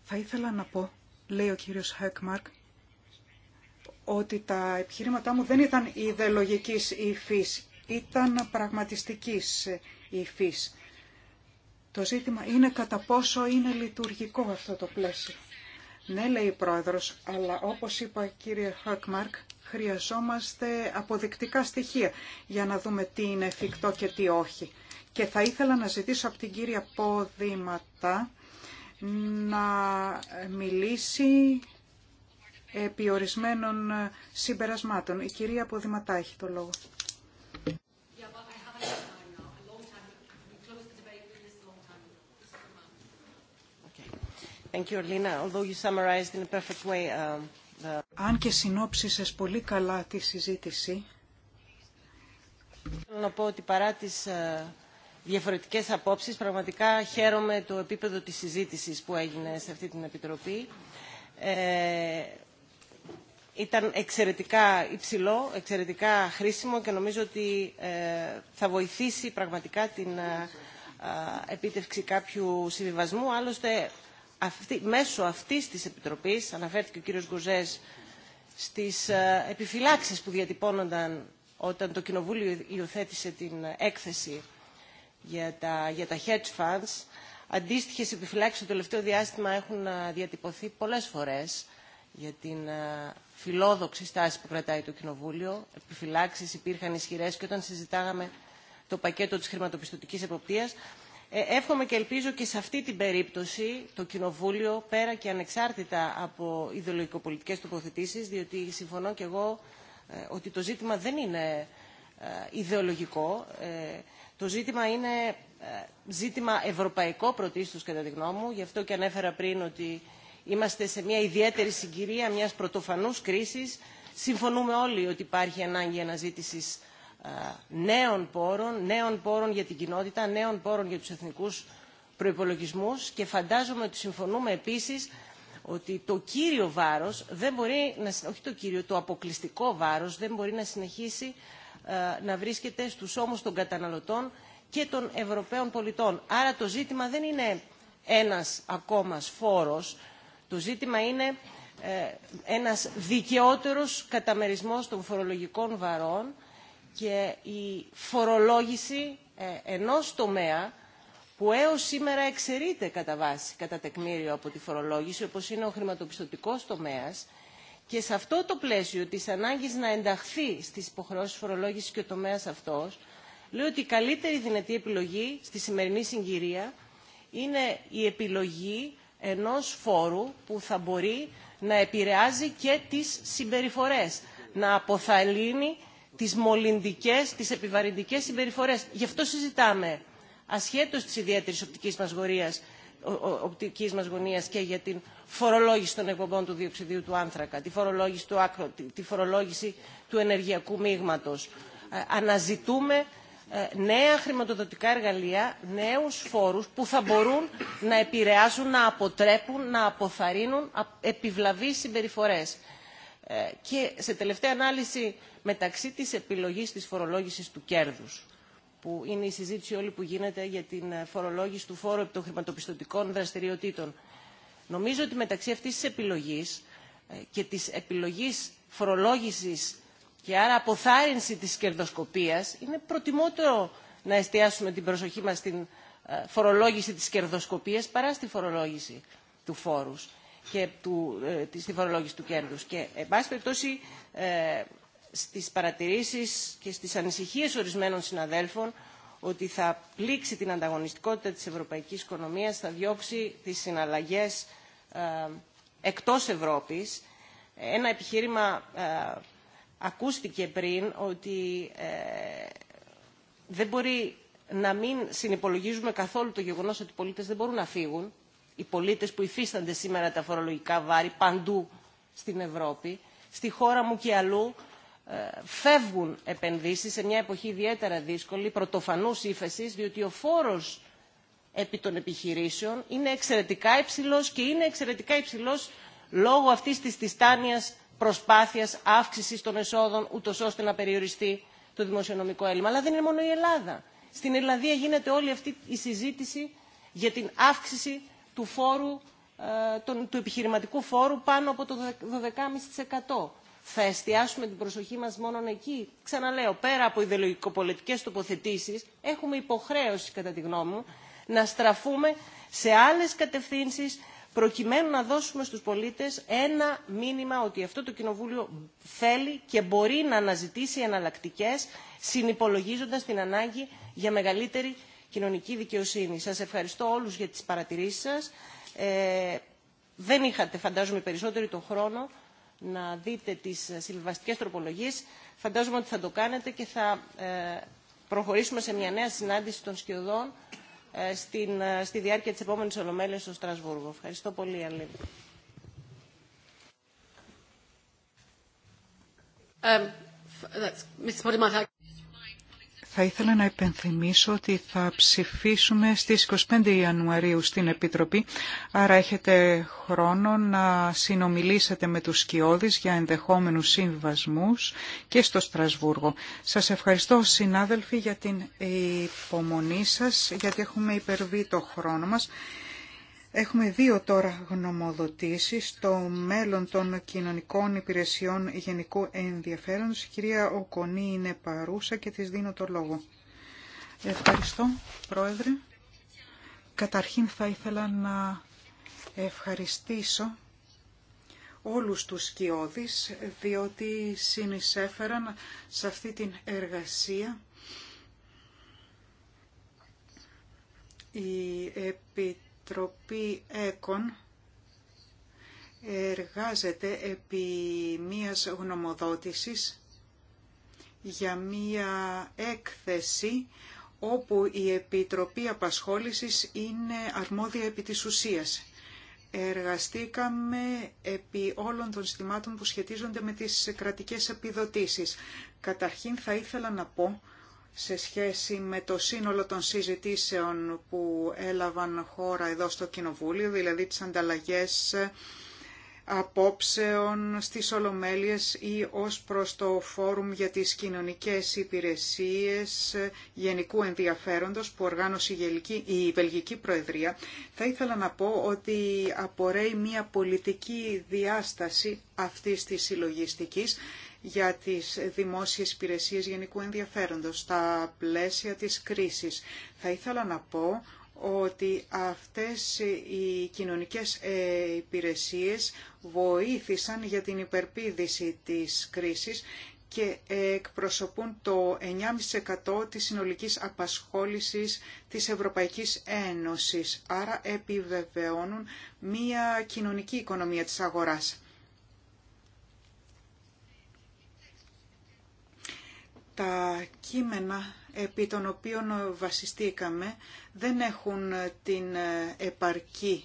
Θα ήθελα να πω, λέει ο κύριος Χέκμαρκ, ότι τα επιχειρήματά μου δεν ήταν ιδεολογικής υφής ήταν πραγματιστικής υφής. Το ζήτημα είναι κατά πόσο είναι λειτουργικό αυτό το πλαίσιο. Ναι, λέει η Πρόεδρος, αλλά όπως είπα κυρία Χακμάρκ, χρειαζόμαστε αποδεικτικά στοιχεία για να δούμε τι είναι εφικτό και τι όχι. Και θα ήθελα να ζητήσω από την κύρια Πόδηματά να μιλήσει επί ορισμένων συμπερασμάτων. Η κυρία Ποδηματά έχει το λόγο. Αν και συνόψισες πολύ καλά τη συζήτηση, θέλω να πω ότι παρά τις ε, διαφορετικές απόψεις, πραγματικά χαίρομαι το επίπεδο της συζήτησης που έγινε σε αυτή την Επιτροπή. Ε, ήταν εξαιρετικά υψηλό, εξαιρετικά χρήσιμο και νομίζω ότι ε, θα βοηθήσει πραγματικά την επίτευξη κάποιου συμβιβασμού. Άλλωστε, μέσω αυτής της Επιτροπής, αναφέρθηκε ο κύριος Γκοζές, στις ε, επιφυλάξεις που διατυπώνονταν όταν το Κοινοβούλιο υιοθέτησε την έκθεση για τα, hedge funds. αντίστοιχε επιφυλάξεις το τελευταίο διάστημα έχουν ε, διατυπωθεί πολλές φορές για την ε, φιλόδοξη στάση που κρατάει το Κοινοβούλιο. Επιφυλάξεις υπήρχαν ισχυρές και όταν συζητάγαμε το πακέτο της χρηματοπιστωτικής εποπτείας. Ε, εύχομαι και ελπίζω και σε αυτή την περίπτωση το Κοινοβούλιο, πέρα και ανεξάρτητα από ιδεολογικοπολιτικές τοποθετήσεις, διότι συμφωνώ και εγώ ε, ότι το ζήτημα δεν είναι ε, ιδεολογικό. Το ζήτημα είναι ζήτημα ευρωπαϊκό πρωτίστως κατά τη γνώμη μου. Γι' αυτό και ανέφερα πριν ότι είμαστε σε μια ιδιαίτερη συγκυρία μιας πρωτοφανούς κρίσης. Συμφωνούμε όλοι ότι υπάρχει ανάγκη αναζήτησης ε, νέων πόρων, νέων πόρων για την κοινότητα, νέων πόρων για τους εθνικούς προϋπολογισμούς και φαντάζομαι ότι συμφωνούμε επίσης ότι το κύριο βάρος δεν μπορεί να, όχι το κύριο, το αποκλειστικό βάρος δεν μπορεί να συνεχίσει ε, να βρίσκεται στους ώμους των καταναλωτών και των Ευρωπαίων πολιτών. Άρα το ζήτημα δεν είναι ένας ακόμα φόρος, το ζήτημα είναι ε, ένας δικαιότερος καταμερισμός των φορολογικών βαρών και η φορολόγηση ε, ενός τομέα που έως σήμερα εξαιρείται κατά βάση, κατά τεκμήριο από τη φορολόγηση, όπως είναι ο χρηματοπιστωτικός τομέας, και σε αυτό το πλαίσιο της ανάγκης να ενταχθεί στις υποχρεώσεις φορολόγησης και ο τομέας αυτός, λέω ότι η καλύτερη δυνατή επιλογή στη σημερινή συγκυρία είναι η επιλογή ενός φόρου που θα μπορεί να επηρεάζει και τις συμπεριφορές, να αποθαλύνει τις μολυντικές, τις επιβαρυντικές συμπεριφορές. Γι' αυτό συζητάμε ασχέτως της ιδιαίτερης οπτικής μας γωνίας, οπτικής μας και για την φορολόγηση των εκπομπών του διοξιδίου του άνθρακα, τη φορολόγηση του τη φορολόγηση του ενεργειακού μείγματος. Ε, αναζητούμε ε, νέα χρηματοδοτικά εργαλεία, νέους φόρους που θα μπορούν να επηρεάσουν, να αποτρέπουν, να αποθαρρύνουν επιβλαβείς συμπεριφορές. Ε, και σε τελευταία ανάλυση μεταξύ της επιλογής της φορολόγησης του κέρδους που είναι η συζήτηση όλη που γίνεται για την ε, φορολόγηση του φόρου επί των χρηματοπιστωτικών δραστηριοτήτων. Νομίζω ότι μεταξύ αυτής της επιλογής ε, και της επιλογής φορολόγησης και άρα αποθάρρυνση της κερδοσκοπίας είναι προτιμότερο να εστιάσουμε την προσοχή μας στην φορολόγηση της κερδοσκοπίας παρά στη φορολόγηση του φόρους και του, ε, του κέρδους. Και, εν πάση περιπτώσει, ε, στις παρατηρήσεις και στις ανησυχίες ορισμένων συναδέλφων ότι θα πλήξει την ανταγωνιστικότητα της ευρωπαϊκής οικονομίας, θα διώξει τις συναλλαγές ε, εκτός Ευρώπης. Ένα επιχείρημα ε, ακούστηκε πριν ότι ε, δεν μπορεί να μην συνυπολογίζουμε καθόλου το γεγονός ότι οι πολίτες δεν μπορούν να φύγουν οι πολίτες που υφίστανται σήμερα τα φορολογικά βάρη παντού στην Ευρώπη, στη χώρα μου και αλλού, ε, φεύγουν επενδύσεις σε μια εποχή ιδιαίτερα δύσκολη, πρωτοφανούς ύφεση, διότι ο φόρος επί των επιχειρήσεων είναι εξαιρετικά υψηλός και είναι εξαιρετικά υψηλός λόγω αυτής της τιστάνιας προσπάθειας αύξησης των εσόδων, ούτω ώστε να περιοριστεί το δημοσιονομικό έλλειμμα. Αλλά δεν είναι μόνο η Ελλάδα. Στην Ελλάδα γίνεται όλη αυτή η συζήτηση για την αύξηση του, φόρου, ε, του επιχειρηματικού φόρου πάνω από το 12,5%. Θα εστιάσουμε την προσοχή μας μόνο εκεί. Ξαναλέω, πέρα από ιδεολογικοπολιτικές τοποθετήσεις, έχουμε υποχρέωση, κατά τη γνώμη μου, να στραφούμε σε άλλες κατευθύνσεις, προκειμένου να δώσουμε στους πολίτες ένα μήνυμα ότι αυτό το Κοινοβούλιο θέλει και μπορεί να αναζητήσει εναλλακτικέ συνυπολογίζοντας την ανάγκη για μεγαλύτερη κοινωνική δικαιοσύνη. Σας ευχαριστώ όλους για τις παρατηρήσεις σας. Ε, δεν είχατε, φαντάζομαι, περισσότερο τον χρόνο να δείτε τις συμβιβαστικές τροπολογίες. Φαντάζομαι ότι θα το κάνετε και θα ε, προχωρήσουμε σε μια νέα συνάντηση των σκιωδών ε, στην, στη διάρκεια της επόμενης Ολομέλειας στο Στρασβούργο. Ευχαριστώ πολύ, Αλή. Θα ήθελα να επενθυμίσω ότι θα ψηφίσουμε στις 25 Ιανουαρίου στην Επιτροπή, άρα έχετε χρόνο να συνομιλήσετε με τους σκιώδης για ενδεχόμενους συμβασμούς και στο Στρασβούργο. Σας ευχαριστώ συνάδελφοι για την υπομονή σας, γιατί έχουμε υπερβεί το χρόνο μας. Έχουμε δύο τώρα γνωμοδοτήσεις, στο μέλλον των κοινωνικών υπηρεσιών γενικού ενδιαφέροντος. Η κυρία Οκονή είναι παρούσα και της δίνω το λόγο. Ευχαριστώ, Πρόεδρε. Καταρχήν θα ήθελα να ευχαριστήσω όλους τους σκιώδεις, διότι συνεισέφεραν σε αυτή την εργασία η Επιτροπή ΕΚΟΝ εργάζεται επί μίας γνωμοδότησης για μία έκθεση όπου η Επιτροπή Απασχόλησης είναι αρμόδια επί της ουσίας. Εργαστήκαμε επί όλων των συστημάτων που σχετίζονται με τις κρατικές επιδοτήσεις. Καταρχήν θα ήθελα να πω σε σχέση με το σύνολο των συζητήσεων που έλαβαν χώρα εδώ στο Κοινοβούλιο, δηλαδή τις ανταλλαγές απόψεων στις Ολομέλειες ή ως προς το Φόρουμ για τις Κοινωνικές Υπηρεσίες Γενικού Ενδιαφέροντος που οργάνωσε η, Βελγική Προεδρία, θα ήθελα να πω ότι απορρέει μια πολιτική διάσταση αυτής της συλλογιστικής για τις δημόσιες υπηρεσίες γενικού ενδιαφέροντος στα πλαίσια της κρίσης. Θα ήθελα να πω ότι αυτές οι κοινωνικές ε, υπηρεσίες βοήθησαν για την υπερπίδηση της κρίσης και εκπροσωπούν το 9,5% της συνολικής απασχόλησης της Ευρωπαϊκής Ένωσης. Άρα επιβεβαιώνουν μια κοινωνική οικονομία της αγοράς. τα κείμενα επί των οποίων βασιστήκαμε δεν έχουν την επαρκή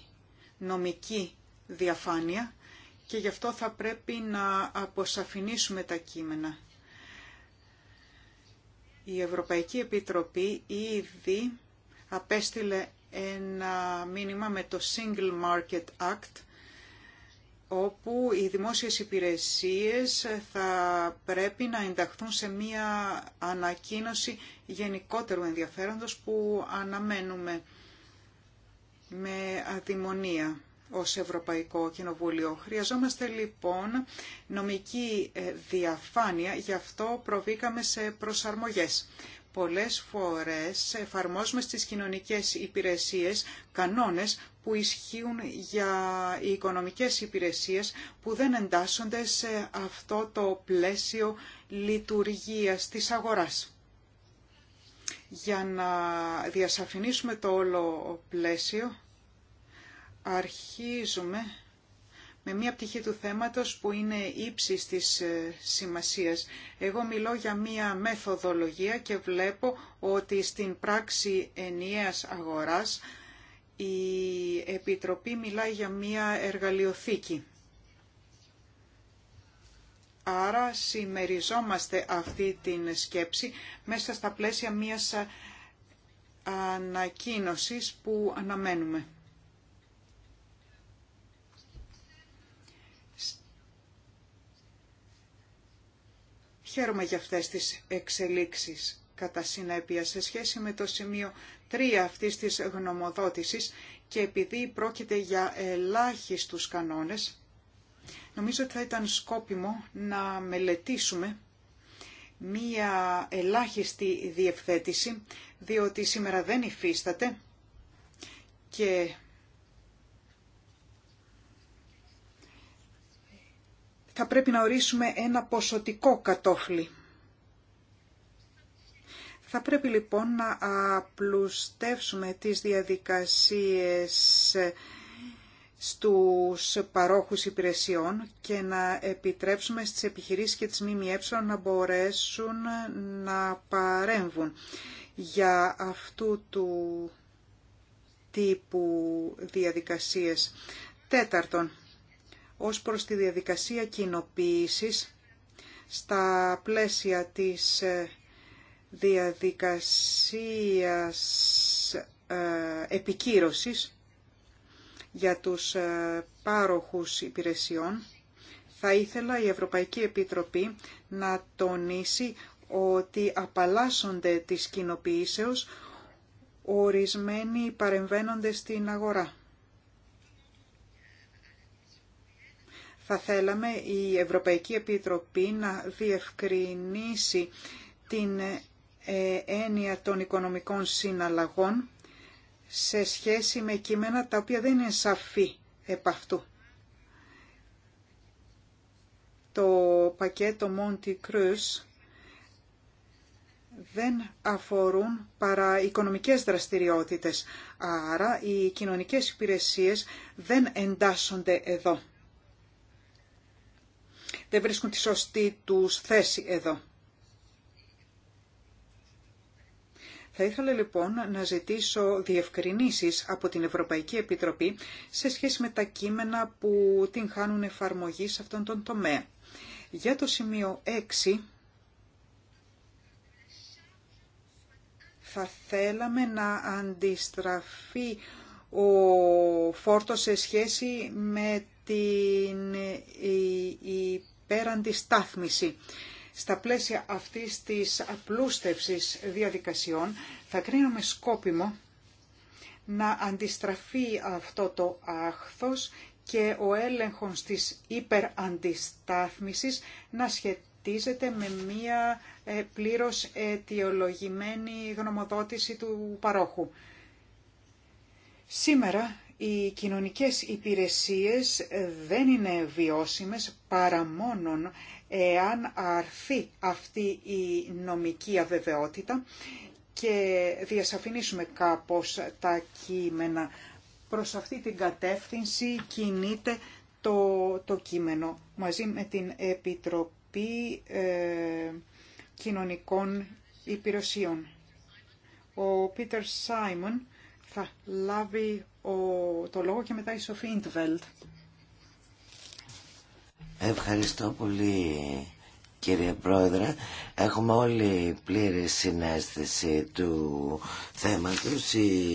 νομική διαφάνεια και γι' αυτό θα πρέπει να αποσαφηνίσουμε τα κείμενα. Η Ευρωπαϊκή Επιτροπή ήδη απέστειλε ένα μήνυμα με το Single Market Act όπου οι δημόσιες υπηρεσίες θα πρέπει να ενταχθούν σε μία ανακοίνωση γενικότερου ενδιαφέροντος που αναμένουμε με αδημονία ως Ευρωπαϊκό Κοινοβούλιο. Χρειαζόμαστε λοιπόν νομική ε, διαφάνεια, γι' αυτό προβήκαμε σε προσαρμογές. Πολλές φορές εφαρμόζουμε στις κοινωνικές υπηρεσίες κανόνες που ισχύουν για οι οικονομικές υπηρεσίες που δεν εντάσσονται σε αυτό το πλαίσιο λειτουργίας της αγοράς. Για να διασαφηνίσουμε το όλο πλαίσιο, αρχίζουμε με μία πτυχή του θέματος που είναι ύψης της ε, σημασίας. Εγώ μιλώ για μία μεθοδολογία και βλέπω ότι στην πράξη ενιαίας αγοράς η Επιτροπή μιλάει για μία εργαλειοθήκη. Άρα συμμεριζόμαστε αυτή την σκέψη μέσα στα πλαίσια μίας ανακοίνωσης που αναμένουμε. Χαίρομαι για αυτές τις εξελίξεις κατά συνέπεια σε σχέση με το σημείο τρία αυτής της και επειδή πρόκειται για ελάχιστους κανόνες, νομίζω ότι θα ήταν σκόπιμο να μελετήσουμε μία ελάχιστη διευθέτηση, διότι σήμερα δεν υφίσταται και θα πρέπει να ορίσουμε ένα ποσοτικό κατόφλι θα πρέπει λοιπόν να απλουστεύσουμε τις διαδικασίες στους παρόχους υπηρεσιών και να επιτρέψουμε στις επιχειρήσεις και τις ΜΜΕ να μπορέσουν να παρέμβουν για αυτού του τύπου διαδικασίες. Τέταρτον, ως προς τη διαδικασία κοινοποίησης στα πλαίσια της διαδικασίας ε, επικύρωσης για τους ε, πάροχους υπηρεσιών, θα ήθελα η Ευρωπαϊκή Επιτροπή να τονίσει ότι απαλλάσσονται της κοινοποιήσεως ορισμένοι παρεμβαίνονται στην αγορά. Θα θέλαμε η Ευρωπαϊκή Επιτροπή να διευκρινίσει την ε, έννοια των οικονομικών συναλλαγών σε σχέση με κείμενα τα οποία δεν είναι σαφή επ' αυτού. Το πακέτο Monty Cruz δεν αφορούν παρά οικονομικές δραστηριότητες, άρα οι κοινωνικές υπηρεσίες δεν εντάσσονται εδώ. Δεν βρίσκουν τη σωστή τους θέση εδώ. Θα ήθελα λοιπόν να ζητήσω διευκρινήσεις από την Ευρωπαϊκή Επιτροπή σε σχέση με τα κείμενα που την χάνουν εφαρμογή σε αυτόν τον τομέα. Για το σημείο 6 θα θέλαμε να αντιστραφεί ο φόρτος σε σχέση με την υπέραντη στάθμιση στα πλαίσια αυτής της απλούστευσης διαδικασιών θα κρίνουμε σκόπιμο να αντιστραφεί αυτό το άχθος και ο έλεγχος της υπεραντιστάθμισης να σχετίζεται με μία ε, πλήρως αιτιολογημένη γνωμοδότηση του παρόχου. Σήμερα οι κοινωνικές υπηρεσίες δεν είναι βιώσιμες παρά μόνον εάν αρθεί αυτή η νομική αβεβαιότητα και διασαφηνίσουμε κάπως τα κείμενα. Προς αυτή την κατεύθυνση κινείται το, το κείμενο μαζί με την Επιτροπή ε, Κοινωνικών Υπηρεσιών. Ο Πίτερ Σάιμον θα λάβει ο, το λόγο και μετά η Σοφή Ιντβέλτ. Ευχαριστώ πολύ κύριε Πρόεδρε. Έχουμε όλοι πλήρη συνέστηση του θέματος. Οι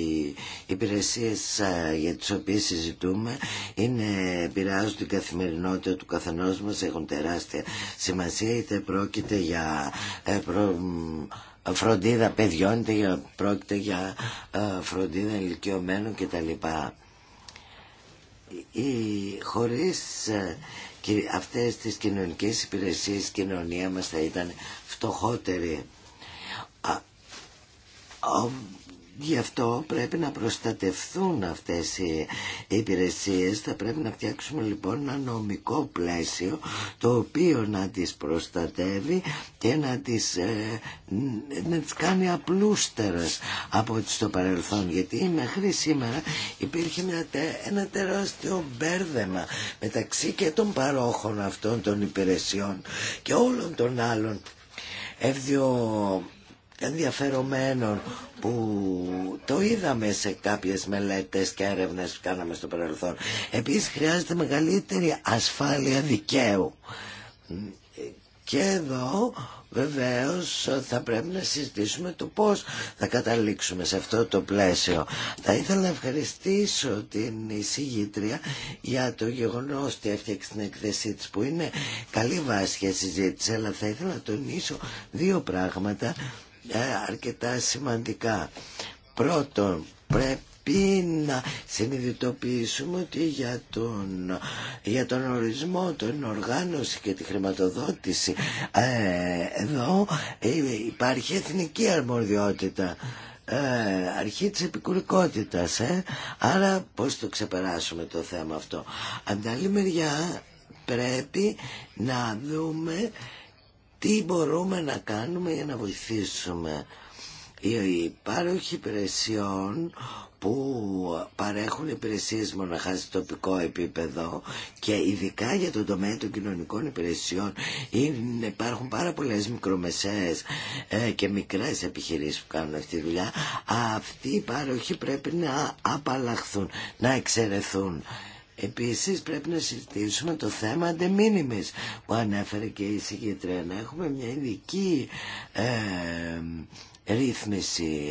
υπηρεσίες ε, για τις οποίες συζητούμε είναι, επηρεάζουν την καθημερινότητα του καθενός μας, έχουν τεράστια σημασία, είτε πρόκειται για ε, φροντίδα παιδιών, είτε πρόκειται για ε, φροντίδα ηλικιωμένων κτλ. Η, χωρίς ε, αυτές τις κοινωνικές υπηρεσίες η κοινωνία μας θα ήταν φτωχότερη. Γι' αυτό πρέπει να προστατευθούν αυτές οι υπηρεσίες. Θα πρέπει να φτιάξουμε λοιπόν ένα νομικό πλαίσιο το οποίο να τις προστατεύει και να τις, ε, να τις κάνει απλούστερες από ό,τι στο παρελθόν. Γιατί μέχρι σήμερα υπήρχε μια, ένα τεράστιο μπέρδεμα μεταξύ και των παρόχων αυτών των υπηρεσιών και όλων των άλλων ευδιο ενδιαφερομένων που το είδαμε σε κάποιες μελέτες και έρευνες που κάναμε στο παρελθόν. Επίσης χρειάζεται μεγαλύτερη ασφάλεια δικαίου. Και εδώ βεβαίως θα πρέπει να συζητήσουμε το πώς θα καταλήξουμε σε αυτό το πλαίσιο. Θα ήθελα να ευχαριστήσω την εισηγήτρια για το γεγονός ότι έφτιαξε την εκθεσή της που είναι καλή βάση για συζήτηση αλλά θα ήθελα να τονίσω δύο πράγματα ε, αρκετά σημαντικά. Πρώτον, πρέπει να συνειδητοποιήσουμε ότι για τον, για τον ορισμό, τον οργάνωση και τη χρηματοδότηση ε, εδώ ε, υπάρχει εθνική αρμοδιότητα. αρχή της επικουρικότητας άρα πως το ξεπεράσουμε το θέμα αυτό από την άλλη μεριά πρέπει να δούμε τι μπορούμε να κάνουμε για να βοηθήσουμε οι υπάροχοι υπηρεσιών που παρέχουν υπηρεσίες μοναχά στο τοπικό επίπεδο και ειδικά για τον τομέα των κοινωνικών υπηρεσιών υπάρχουν πάρα πολλές μικρομεσαίες ε, και μικρές επιχειρήσεις που κάνουν αυτή τη δουλειά αυτοί οι υπάροχοι πρέπει να απαλλαχθούν, να εξαιρεθούν Επίσης πρέπει να συζητήσουμε το θέμα αντεμήνυμης που ανέφερε και η συγκεκριά να έχουμε μια ειδική ε, ρύθμιση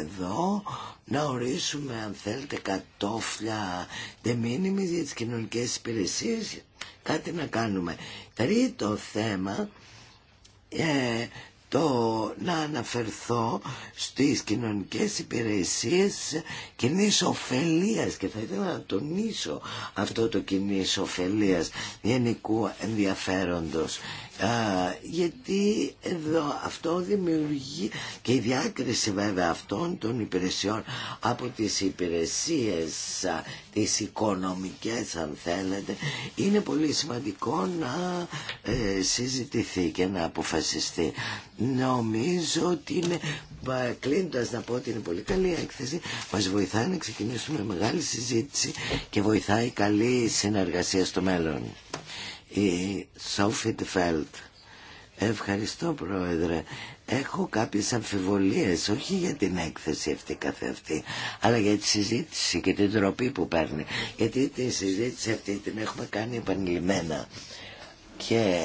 εδώ να ορίσουμε αν θέλετε κατόφλια τεμήνυμης για τις κοινωνικές υπηρεσίες κάτι να κάνουμε τρίτο θέμα ε, το να αναφερθώ στις κοινωνικές υπηρεσίες κοινής ωφελία και θα ήθελα να τονίσω αυτό το κοινή ωφελία γενικού ενδιαφέροντος γιατί εδώ αυτό δημιουργεί και η διάκριση βέβαια αυτών των υπηρεσιών από τις υπηρεσίες α, τις οικονομικές αν θέλετε είναι πολύ σημαντικό να ε, συζητηθεί και να αποφασιστεί νομίζω ότι είναι κλείνοντα να πω ότι είναι πολύ καλή έκθεση μας βοηθάει να ξεκινήσουμε μεγάλη συζήτηση και βοηθάει καλή συνεργασία στο μέλλον η Σόφιντ Φέλτ. Ευχαριστώ Πρόεδρε. Έχω κάποιες αμφιβολίες, όχι για την έκθεση αυτή καθεαυτή, αλλά για τη συζήτηση και την τροπή που παίρνει. Γιατί τη συζήτηση αυτή την έχουμε κάνει επανειλημμένα. Και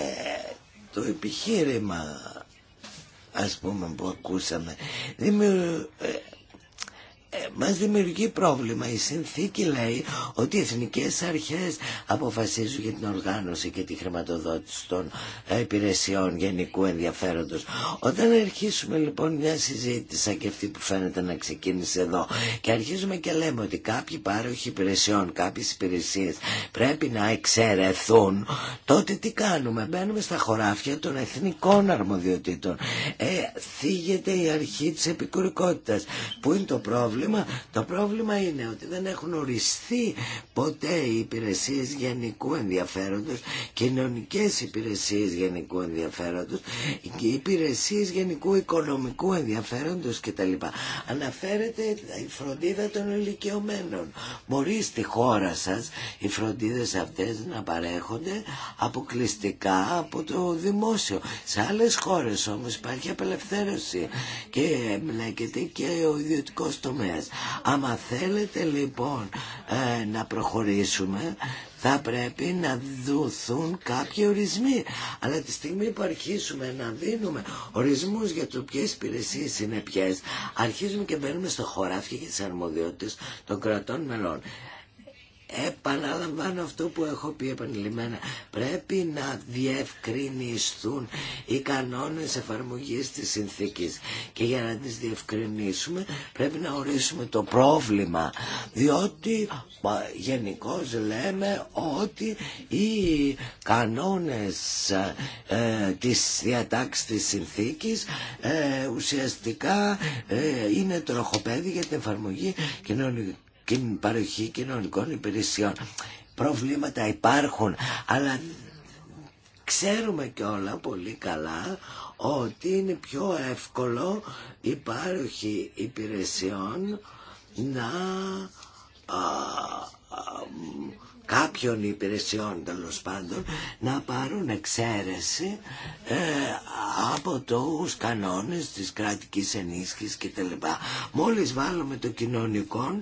το επιχείρημα, ας πούμε, που ακούσαμε, δημιου... Ε, ε, μας δημιουργεί πρόβλημα. Η συνθήκη λέει ότι οι εθνικές αρχές αποφασίζουν για την οργάνωση και τη χρηματοδότηση των ε, υπηρεσιών γενικού ενδιαφέροντος. Όταν αρχίσουμε λοιπόν μια συζήτηση σαν και αυτή που φαίνεται να ξεκίνησε εδώ και αρχίζουμε και λέμε ότι κάποιοι πάροχοι υπηρεσιών, κάποιες υπηρεσίες πρέπει να εξαιρεθούν, τότε τι κάνουμε, μπαίνουμε στα χωράφια των εθνικών αρμοδιοτήτων. Ε, θίγεται η αρχή της επικουρικότητας που είναι το πρόβλημα το πρόβλημα είναι ότι δεν έχουν οριστεί ποτέ οι υπηρεσίες γενικού ενδιαφέροντος, κοινωνικές υπηρεσίες γενικού ενδιαφέροντος και υπηρεσίες γενικού οικονομικού ενδιαφέροντος κτλ. Αναφέρεται η φροντίδα των ηλικιωμένων. Μπορεί στη χώρα σας οι φροντίδες αυτές να παρέχονται αποκλειστικά από το δημόσιο. Σε άλλες χώρες όμως υπάρχει απελευθέρωση και εμπλέκεται και ο ιδιωτικό τομέα. Άμα θέλετε λοιπόν ε, να προχωρήσουμε θα πρέπει να δουθούν κάποιοι ορισμοί. Αλλά τη στιγμή που αρχίσουμε να δίνουμε ορισμούς για το ποιες υπηρεσίε είναι ποιες, αρχίζουμε και μπαίνουμε στο χωράφι και τις αρμοδιότητες των κρατών μελών επαναλαμβάνω αυτό που έχω πει επανειλημμένα πρέπει να διευκρινιστούν οι κανόνες εφαρμογής της συνθήκης και για να τις διευκρινίσουμε πρέπει να ορίσουμε το πρόβλημα διότι γενικώ λέμε ότι οι κανόνες ε, της διατάξης της συνθήκης ε, ουσιαστικά ε, είναι τροχοπέδι για την εφαρμογή κοινωνικών και παροχή κοινωνικών υπηρεσιών. Προβλήματα υπάρχουν, αλλά ξέρουμε και όλα πολύ καλά ότι είναι πιο εύκολο η παροχή υπηρεσιών να κάποιων υπηρεσιών τέλο πάντων να πάρουν εξαίρεση ε, από τους κανόνες της κρατικής ενίσχυσης κτλ. Μόλις βάλουμε το κοινωνικό,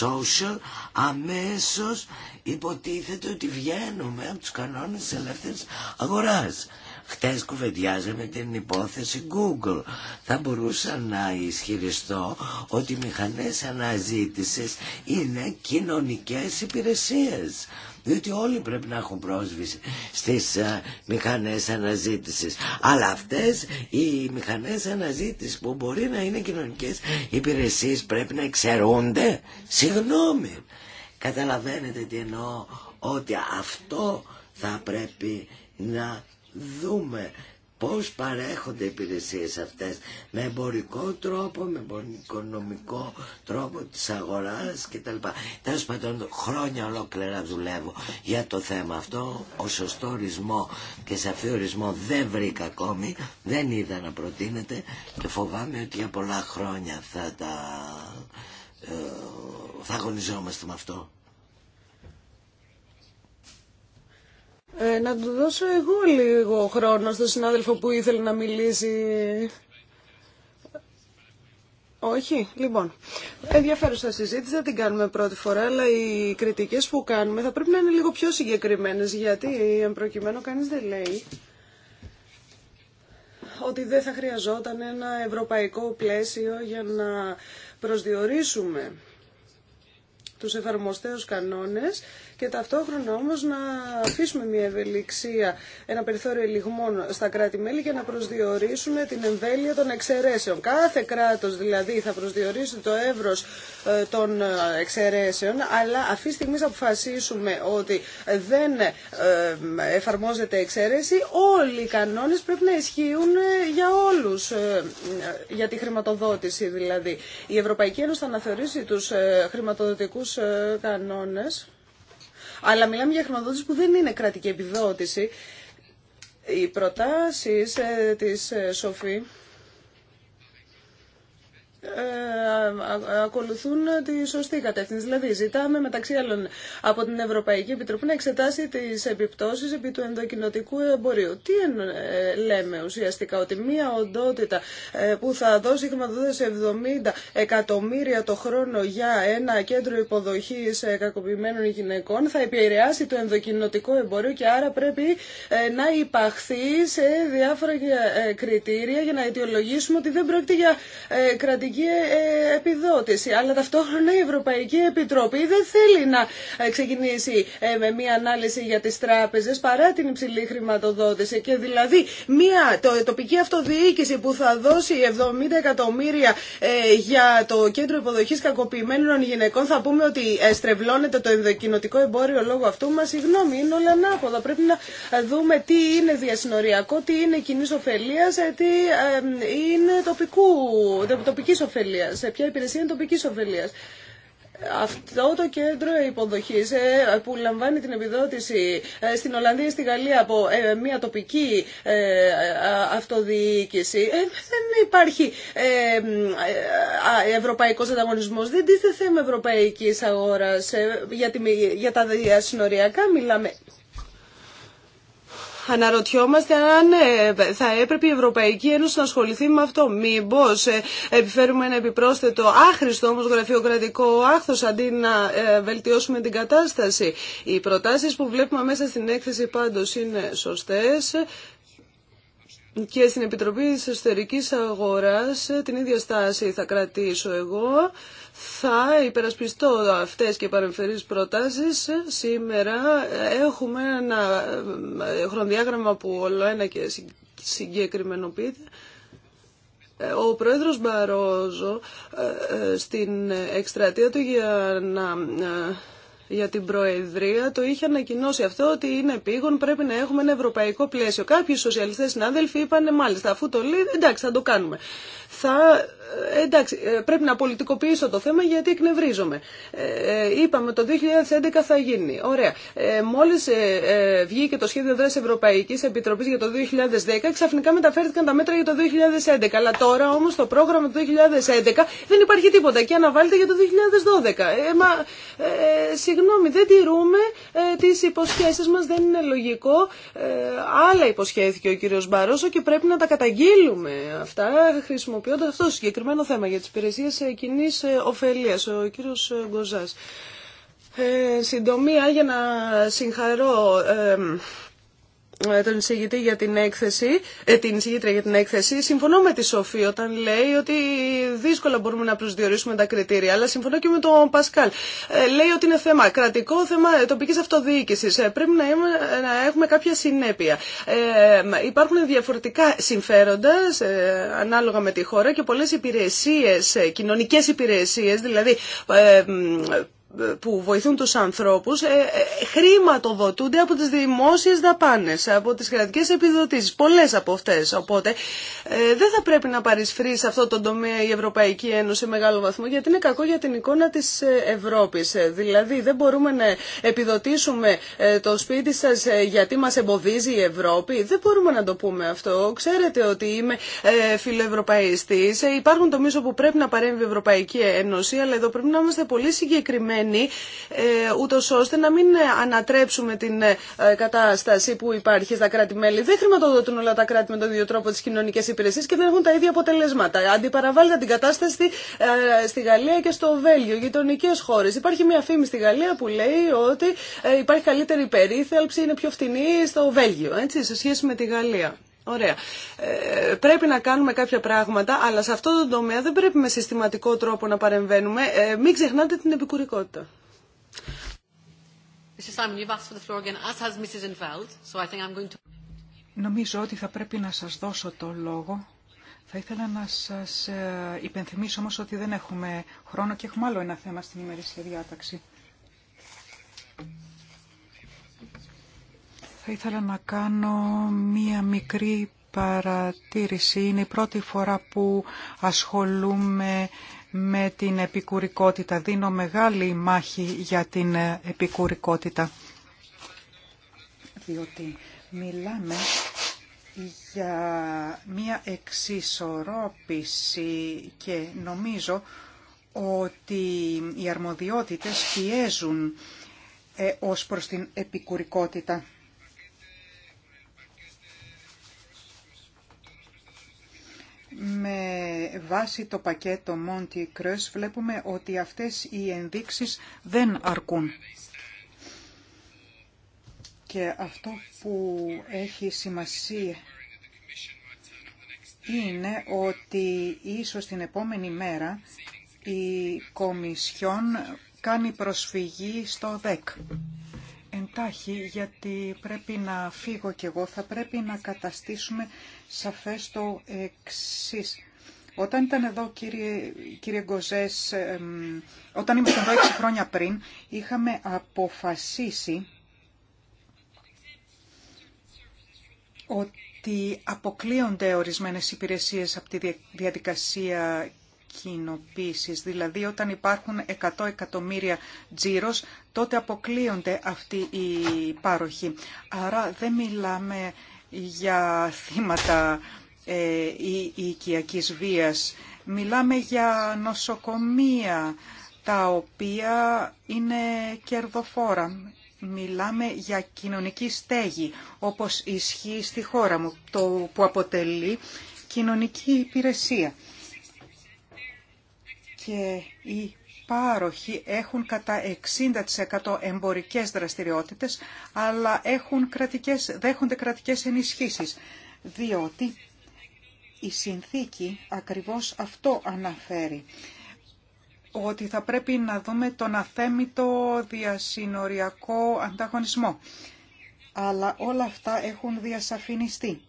social, αμέσως υποτίθεται ότι βγαίνουμε από τους κανόνες της ελεύθερης αγοράς. Χτες κουβεντιάζαμε την υπόθεση Google. Θα μπορούσα να ισχυριστώ ότι οι μηχανές αναζήτησης είναι κοινωνικές υπηρεσίες. Διότι όλοι πρέπει να έχουν πρόσβηση στις α, ε, μηχανές αναζήτησης. Αλλά αυτές οι μηχανές αναζήτησης που μπορεί να είναι κοινωνικές υπηρεσίες πρέπει να εξαιρούνται. Συγγνώμη. Καταλαβαίνετε τι εννοώ ότι αυτό θα πρέπει να δούμε πώς παρέχονται οι υπηρεσίες αυτές με εμπορικό τρόπο, με οικονομικό τρόπο της αγοράς κτλ. Τέλος πάντων χρόνια ολόκληρα δουλεύω για το θέμα αυτό, ο σωστό ορισμό και σαφή ορισμό δεν βρήκα ακόμη, δεν είδα να προτείνεται και φοβάμαι ότι για πολλά χρόνια θα τα... Ε, θα αγωνιζόμαστε με αυτό. Ε, να του δώσω εγώ λίγο χρόνο στον συνάδελφο που ήθελε να μιλήσει. Όχι, λοιπόν. Ενδιαφέρουσα συζήτηση, δεν την κάνουμε πρώτη φορά, αλλά οι κριτικέ που κάνουμε θα πρέπει να είναι λίγο πιο συγκεκριμένε, γιατί εν προκειμένου κανεί δεν λέει ότι δεν θα χρειαζόταν ένα ευρωπαϊκό πλαίσιο για να προσδιορίσουμε τους εφαρμοστέους κανόνες και ταυτόχρονα όμως να αφήσουμε μια ευελιξία, ένα περιθώριο ελιγμών στα κράτη-μέλη για να προσδιορίσουν την εμβέλεια των εξαιρέσεων. Κάθε κράτος δηλαδή θα προσδιορίσει το εύρος ε, των ε, εξαιρέσεων, αλλά αυτή τη στιγμή αποφασίσουμε ότι δεν ε, εφαρμόζεται εξαίρεση, όλοι οι κανόνες πρέπει να ισχύουν για όλους, για τη χρηματοδότηση δηλαδή. Η Ευρωπαϊκή Ένωση θα αναθεωρήσει τους χρηματοδοτικούς κανόνες αλλά μιλάμε για χρηματοδότηση που δεν είναι κρατική επιδότηση. Οι προτάσεις ε, της ε, Σοφή ε, ακολουθούν τη σωστή κατεύθυνση. Δηλαδή, ζητάμε μεταξύ άλλων από την Ευρωπαϊκή Επιτροπή να εξετάσει τι επιπτώσει επί του ενδοκινοτικού εμπορίου. Τι ε, λέμε ουσιαστικά, ότι μία οντότητα ε, που θα δώσει χρηματοδότηση 70 εκατομμύρια το χρόνο για ένα κέντρο υποδοχή κακοποιημένων γυναικών θα επηρεάσει το ενδοκινοτικό εμπορίο και άρα πρέπει να υπαχθεί σε διάφορα κριτήρια για να αιτιολογήσουμε ότι δεν πρόκειται για κρατική Ευρωπαϊκή ε, επιδότηση. Αλλά ταυτόχρονα η Ευρωπαϊκή Επιτροπή δεν θέλει να ε, ξεκινήσει ε, με μία ανάλυση για τις τράπεζες παρά την υψηλή χρηματοδότηση. Και δηλαδή μία τοπική αυτοδιοίκηση που θα δώσει 70 εκατομμύρια για το κέντρο υποδοχής κακοποιημένων γυναικών θα πούμε ότι στρεβλώνεται το ενδοκινοτικό εμπόριο λόγω αυτού. Μα συγγνώμη, είναι όλα ανάποδα. Πρέπει να δούμε τι είναι διασυνοριακό, τι είναι κοινή ωφελία, τι είναι τοπικού, τοπικής ωφελία, ποια υπηρεσία είναι τοπική ωφελία. Αυτό το κέντρο υποδοχή ε, που λαμβάνει την επιδότηση ε, στην Ολλανδία ή στη Γαλλία από ε, μια τοπική αυτοδιοίκηση δεν υπάρχει ευρωπαϊκός ανταγωνισμό. δεν τίθεται θέμα ευρωπαϊκής αγοράς. Για τα διασυνοριακά μιλάμε. Αναρωτιόμαστε αν ε, θα έπρεπε η Ευρωπαϊκή Ένωση να ασχοληθεί με αυτό. Μήπω ε, επιφέρουμε ένα επιπρόσθετο άχρηστο όμω γραφειοκρατικό άχθο αντί να ε, βελτιώσουμε την κατάσταση. Οι προτάσει που βλέπουμε μέσα στην έκθεση πάντω είναι σωστέ. Και στην Επιτροπή της Εσωτερικής Αγοράς την ίδια στάση θα κρατήσω εγώ θα υπερασπιστώ αυτές και παρεμφερείς προτάσεις. Σήμερα έχουμε ένα ε, χρονοδιάγραμμα που όλο ένα και συγκεκριμενοποιείται. Ε, ο πρόεδρος Μπαρόζο ε, στην εκστρατεία του για, να, για την Προεδρία το είχε ανακοινώσει αυτό ότι είναι πήγον, πρέπει να έχουμε ένα ευρωπαϊκό πλαίσιο. Κάποιοι σοσιαλιστές συνάδελφοι είπαν μάλιστα αφού το λέει εντάξει θα το κάνουμε. Θα ε, εντάξει, ε, πρέπει να πολιτικοποιήσω το θέμα γιατί εκνευρίζομαι. Ε, είπαμε το 2011 θα γίνει. Ωραία. Μόλις βγήκε το σχέδιο δράσης Ευρωπαϊκής Επιτροπής για το 2010, ξαφνικά μεταφέρθηκαν τα μέτρα για το 2011. Αλλά τώρα όμως το πρόγραμμα του 2011 δεν υπάρχει τίποτα και αναβάλλεται για το 2012. Ε, μα, ε, συγγνώμη, δεν τηρούμε ε, τις υποσχέσεις μας, δεν είναι λογικό. Ε, άλλα υποσχέθηκε ο κύριος Μπαρόσο και πρέπει να τα καταγγείλουμε αυτά χρησιμοποιώντα αυτό το συγκεκριμένο θέμα για τις υπηρεσίες ε, κοινή ε, ωφελίας, ο κύριος ε, Γκοζάς. Ε, συντομία για να συγχαρώ ε, ε, τον εισηγητή για την έκθεση, ε, την εισηγήτρια για την έκθεση. Συμφωνώ με τη Σοφή όταν λέει ότι δύσκολα μπορούμε να προσδιορίσουμε τα κριτήρια, αλλά συμφωνώ και με τον Πασκάλ. Ε, λέει ότι είναι θέμα κρατικό, θέμα τοπική αυτοδιοίκηση. Πρέπει να έχουμε κάποια συνέπεια. Υπάρχουν διαφορετικά συμφέροντα ανάλογα με τη χώρα και πολλέ υπηρεσίε, κοινωνικέ υπηρεσίε, δηλαδή που βοηθούν τους ανθρώπους ε, ε, χρηματοδοτούνται από τις δημόσιες δαπάνες, από τις κρατικές επιδοτήσεις, πολλές από αυτές. Οπότε ε, δεν θα πρέπει να παρισφρεί σε αυτό το τομέα η Ευρωπαϊκή Ένωση σε μεγάλο βαθμό γιατί είναι κακό για την εικόνα της Ευρώπης. Δηλαδή δεν μπορούμε να επιδοτήσουμε το σπίτι σας γιατί μας εμποδίζει η Ευρώπη. Δεν μπορούμε να το πούμε αυτό. Ξέρετε ότι είμαι φιλοευρωπαϊστής. Υπάρχουν τομείς όπου πρέπει να παρέμβει η Ευρωπαϊκή Ένωση αλλά εδώ πρέπει να είμαστε πολύ συγκεκριμένοι ε, ούτω ώστε να μην ανατρέψουμε την ε, κατάσταση που υπάρχει στα κράτη-μέλη. Δεν χρηματοδοτούν όλα τα κράτη με τον ίδιο τρόπο τι κοινωνικέ υπηρεσίε και δεν έχουν τα ίδια αποτελέσματα. Αντιπαραβάλλεται την κατάσταση ε, στη Γαλλία και στο Βέλγιο, γειτονικέ χώρε. Υπάρχει μια φήμη στη Γαλλία που λέει ότι ε, υπάρχει καλύτερη περίθαλψη, είναι πιο φτηνή στο Βέλγιο, έτσι, σε σχέση με τη Γαλλία. Ωραία. Ε, πρέπει να κάνουμε κάποια πράγματα, αλλά σε αυτό το τομέα δεν πρέπει με συστηματικό τρόπο να παρεμβαίνουμε. Ε, μην ξεχνάτε την επικουρικότητα. Νομίζω ότι θα πρέπει να σας δώσω το λόγο. Θα ήθελα να σας ε, υπενθυμίσω όμως ότι δεν έχουμε χρόνο και έχουμε άλλο ένα θέμα στην ημερήσια διάταξη. Θα ήθελα να κάνω μία μικρή παρατήρηση. Είναι η πρώτη φορά που ασχολούμαι με την επικουρικότητα. Δίνω μεγάλη μάχη για την επικουρικότητα. Διότι μιλάμε για μία εξισορρόπηση και νομίζω ότι οι αρμοδιότητες πιέζουν ε, ως προς την επικουρικότητα. με βάση το πακέτο Monty Cruz βλέπουμε ότι αυτές οι ενδείξεις δεν αρκούν. Και αυτό που έχει σημασία είναι ότι ίσως την επόμενη μέρα η Κομισιόν κάνει προσφυγή στο ΔΕΚ τάχει γιατί πρέπει να φύγω κι εγώ. Θα πρέπει να καταστήσουμε σαφές το εξή. Όταν ήταν εδώ κύριε, κύριε Γκοζές, όταν ήμασταν εδώ χρόνια πριν, είχαμε αποφασίσει ότι αποκλείονται ορισμένες υπηρεσίες από τη διαδικασία κοινοποίησης. Δηλαδή όταν υπάρχουν 100 εκατομμύρια τζίρος, τότε αποκλείονται αυτοί οι πάροχοι. Άρα δεν μιλάμε για θύματα ε, η, βίας. Μιλάμε για νοσοκομεία τα οποία είναι κερδοφόρα. Μιλάμε για κοινωνική στέγη, όπως ισχύει στη χώρα μου, το που αποτελεί κοινωνική υπηρεσία και οι πάροχοι έχουν κατά 60% εμπορικές δραστηριότητες, αλλά έχουν κρατικές, δέχονται κρατικές ενισχύσεις, διότι η συνθήκη ακριβώς αυτό αναφέρει ότι θα πρέπει να δούμε τον αθέμητο διασυνοριακό ανταγωνισμό. Αλλά όλα αυτά έχουν διασαφινιστεί.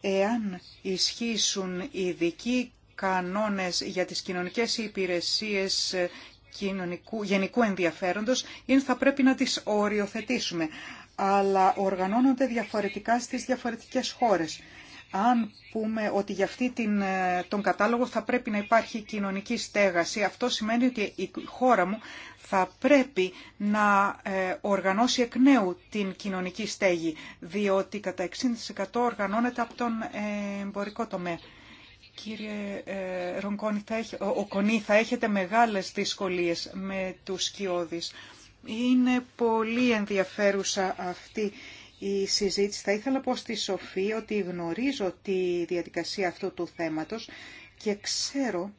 Εάν ισχύσουν δικοί κανόνες για τις κοινωνικές υπηρεσίες ε, κοινωνικού, γενικού ενδιαφέροντος είναι θα πρέπει να τις οριοθετήσουμε, αλλά οργανώνονται διαφορετικά στις διαφορετικές χώρες. Αν πούμε ότι για αυτή την, ε, τον κατάλογο θα πρέπει να υπάρχει κοινωνική στέγαση, αυτό σημαίνει ότι η χώρα μου θα πρέπει να ε, οργανώσει εκ νέου την κοινωνική στέγη, διότι κατά 60% οργανώνεται από τον εμπορικό τομέα. Κύριε ε, Ρονκόνη, θα ο θα έχετε μεγάλες δυσκολίες με τους σκιώδεις. Είναι πολύ ενδιαφέρουσα αυτή η συζήτηση. Θα ήθελα πω στη Σοφή ότι γνωρίζω τη διαδικασία αυτού του θέματος και ξέρω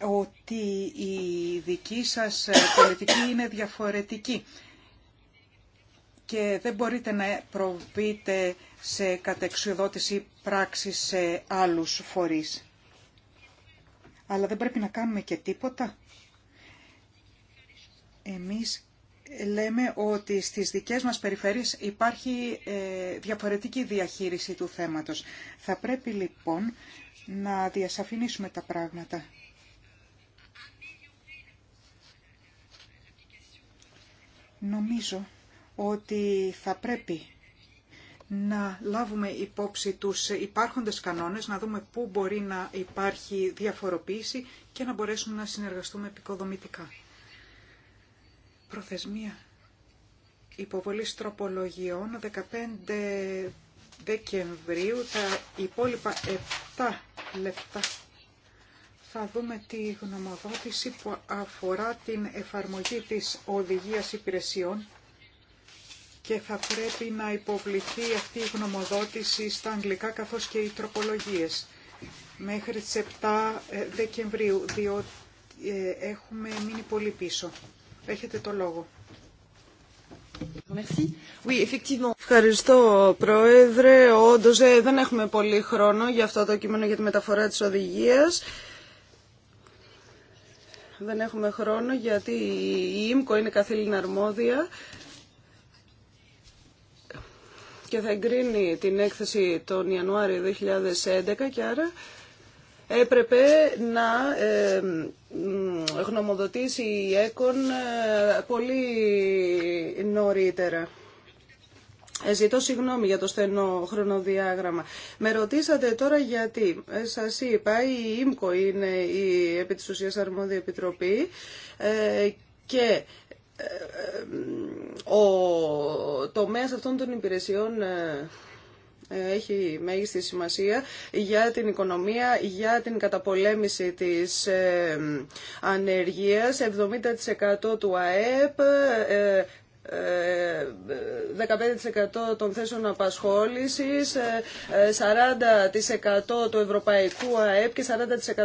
ότι η δική σας πολιτική είναι διαφορετική και δεν μπορείτε να προβείτε σε κατεξουδότηση πράξη σε άλλους φορείς. Αλλά δεν πρέπει να κάνουμε και τίποτα. Εμείς λέμε ότι στις δικές μας περιφέρειες υπάρχει ε, διαφορετική διαχείριση του θέματος. Θα πρέπει λοιπόν να διασαφηνίσουμε τα πράγματα. Νομίζω ότι θα πρέπει να λάβουμε υπόψη τους υπάρχοντες κανόνες, να δούμε πού μπορεί να υπάρχει διαφοροποίηση και να μπορέσουμε να συνεργαστούμε επικοδομητικά. Προθεσμία υποβολής τροπολογιών 15 Δεκεμβρίου, τα υπόλοιπα 7 λεπτά θα δούμε τη γνωμοδότηση που αφορά την εφαρμογή της οδηγίας υπηρεσιών και θα πρέπει να υποβληθεί αυτή η γνωμοδότηση στα αγγλικά καθώς και οι τροπολογίες μέχρι τις 7 ε, Δεκεμβρίου, διότι ε, έχουμε μείνει πολύ πίσω. Έχετε το λόγο. Ευχαριστώ, Πρόεδρε. Όντω ε, δεν έχουμε πολύ χρόνο για αυτό το κείμενο για τη μεταφορά της οδηγίας. Δεν έχουμε χρόνο γιατί η ΙΜΚΟ είναι καθήλυνα αρμόδια και θα εγκρίνει την έκθεση τον Ιανουάριο 2011 και άρα έπρεπε να ε, γνωμοδοτήσει η ΕΚΟΝ ε, πολύ νωρίτερα. Ε, ζητώ συγγνώμη για το στενό χρονοδιάγραμμα. Με ρωτήσατε τώρα γιατί. Ε, σας είπα, η ΙΜΚΟ είναι η επί της αρμόδια επιτροπή και ο τομέας αυτών των υπηρεσιών ε, έχει μέγιστη σημασία για την οικονομία, για την καταπολέμηση της ε, ανεργίας, 70% του ΑΕΠ, ε, 15% των θέσεων απασχόλησης, 40% ε, ε, του ευρωπαϊκού ΑΕΠ και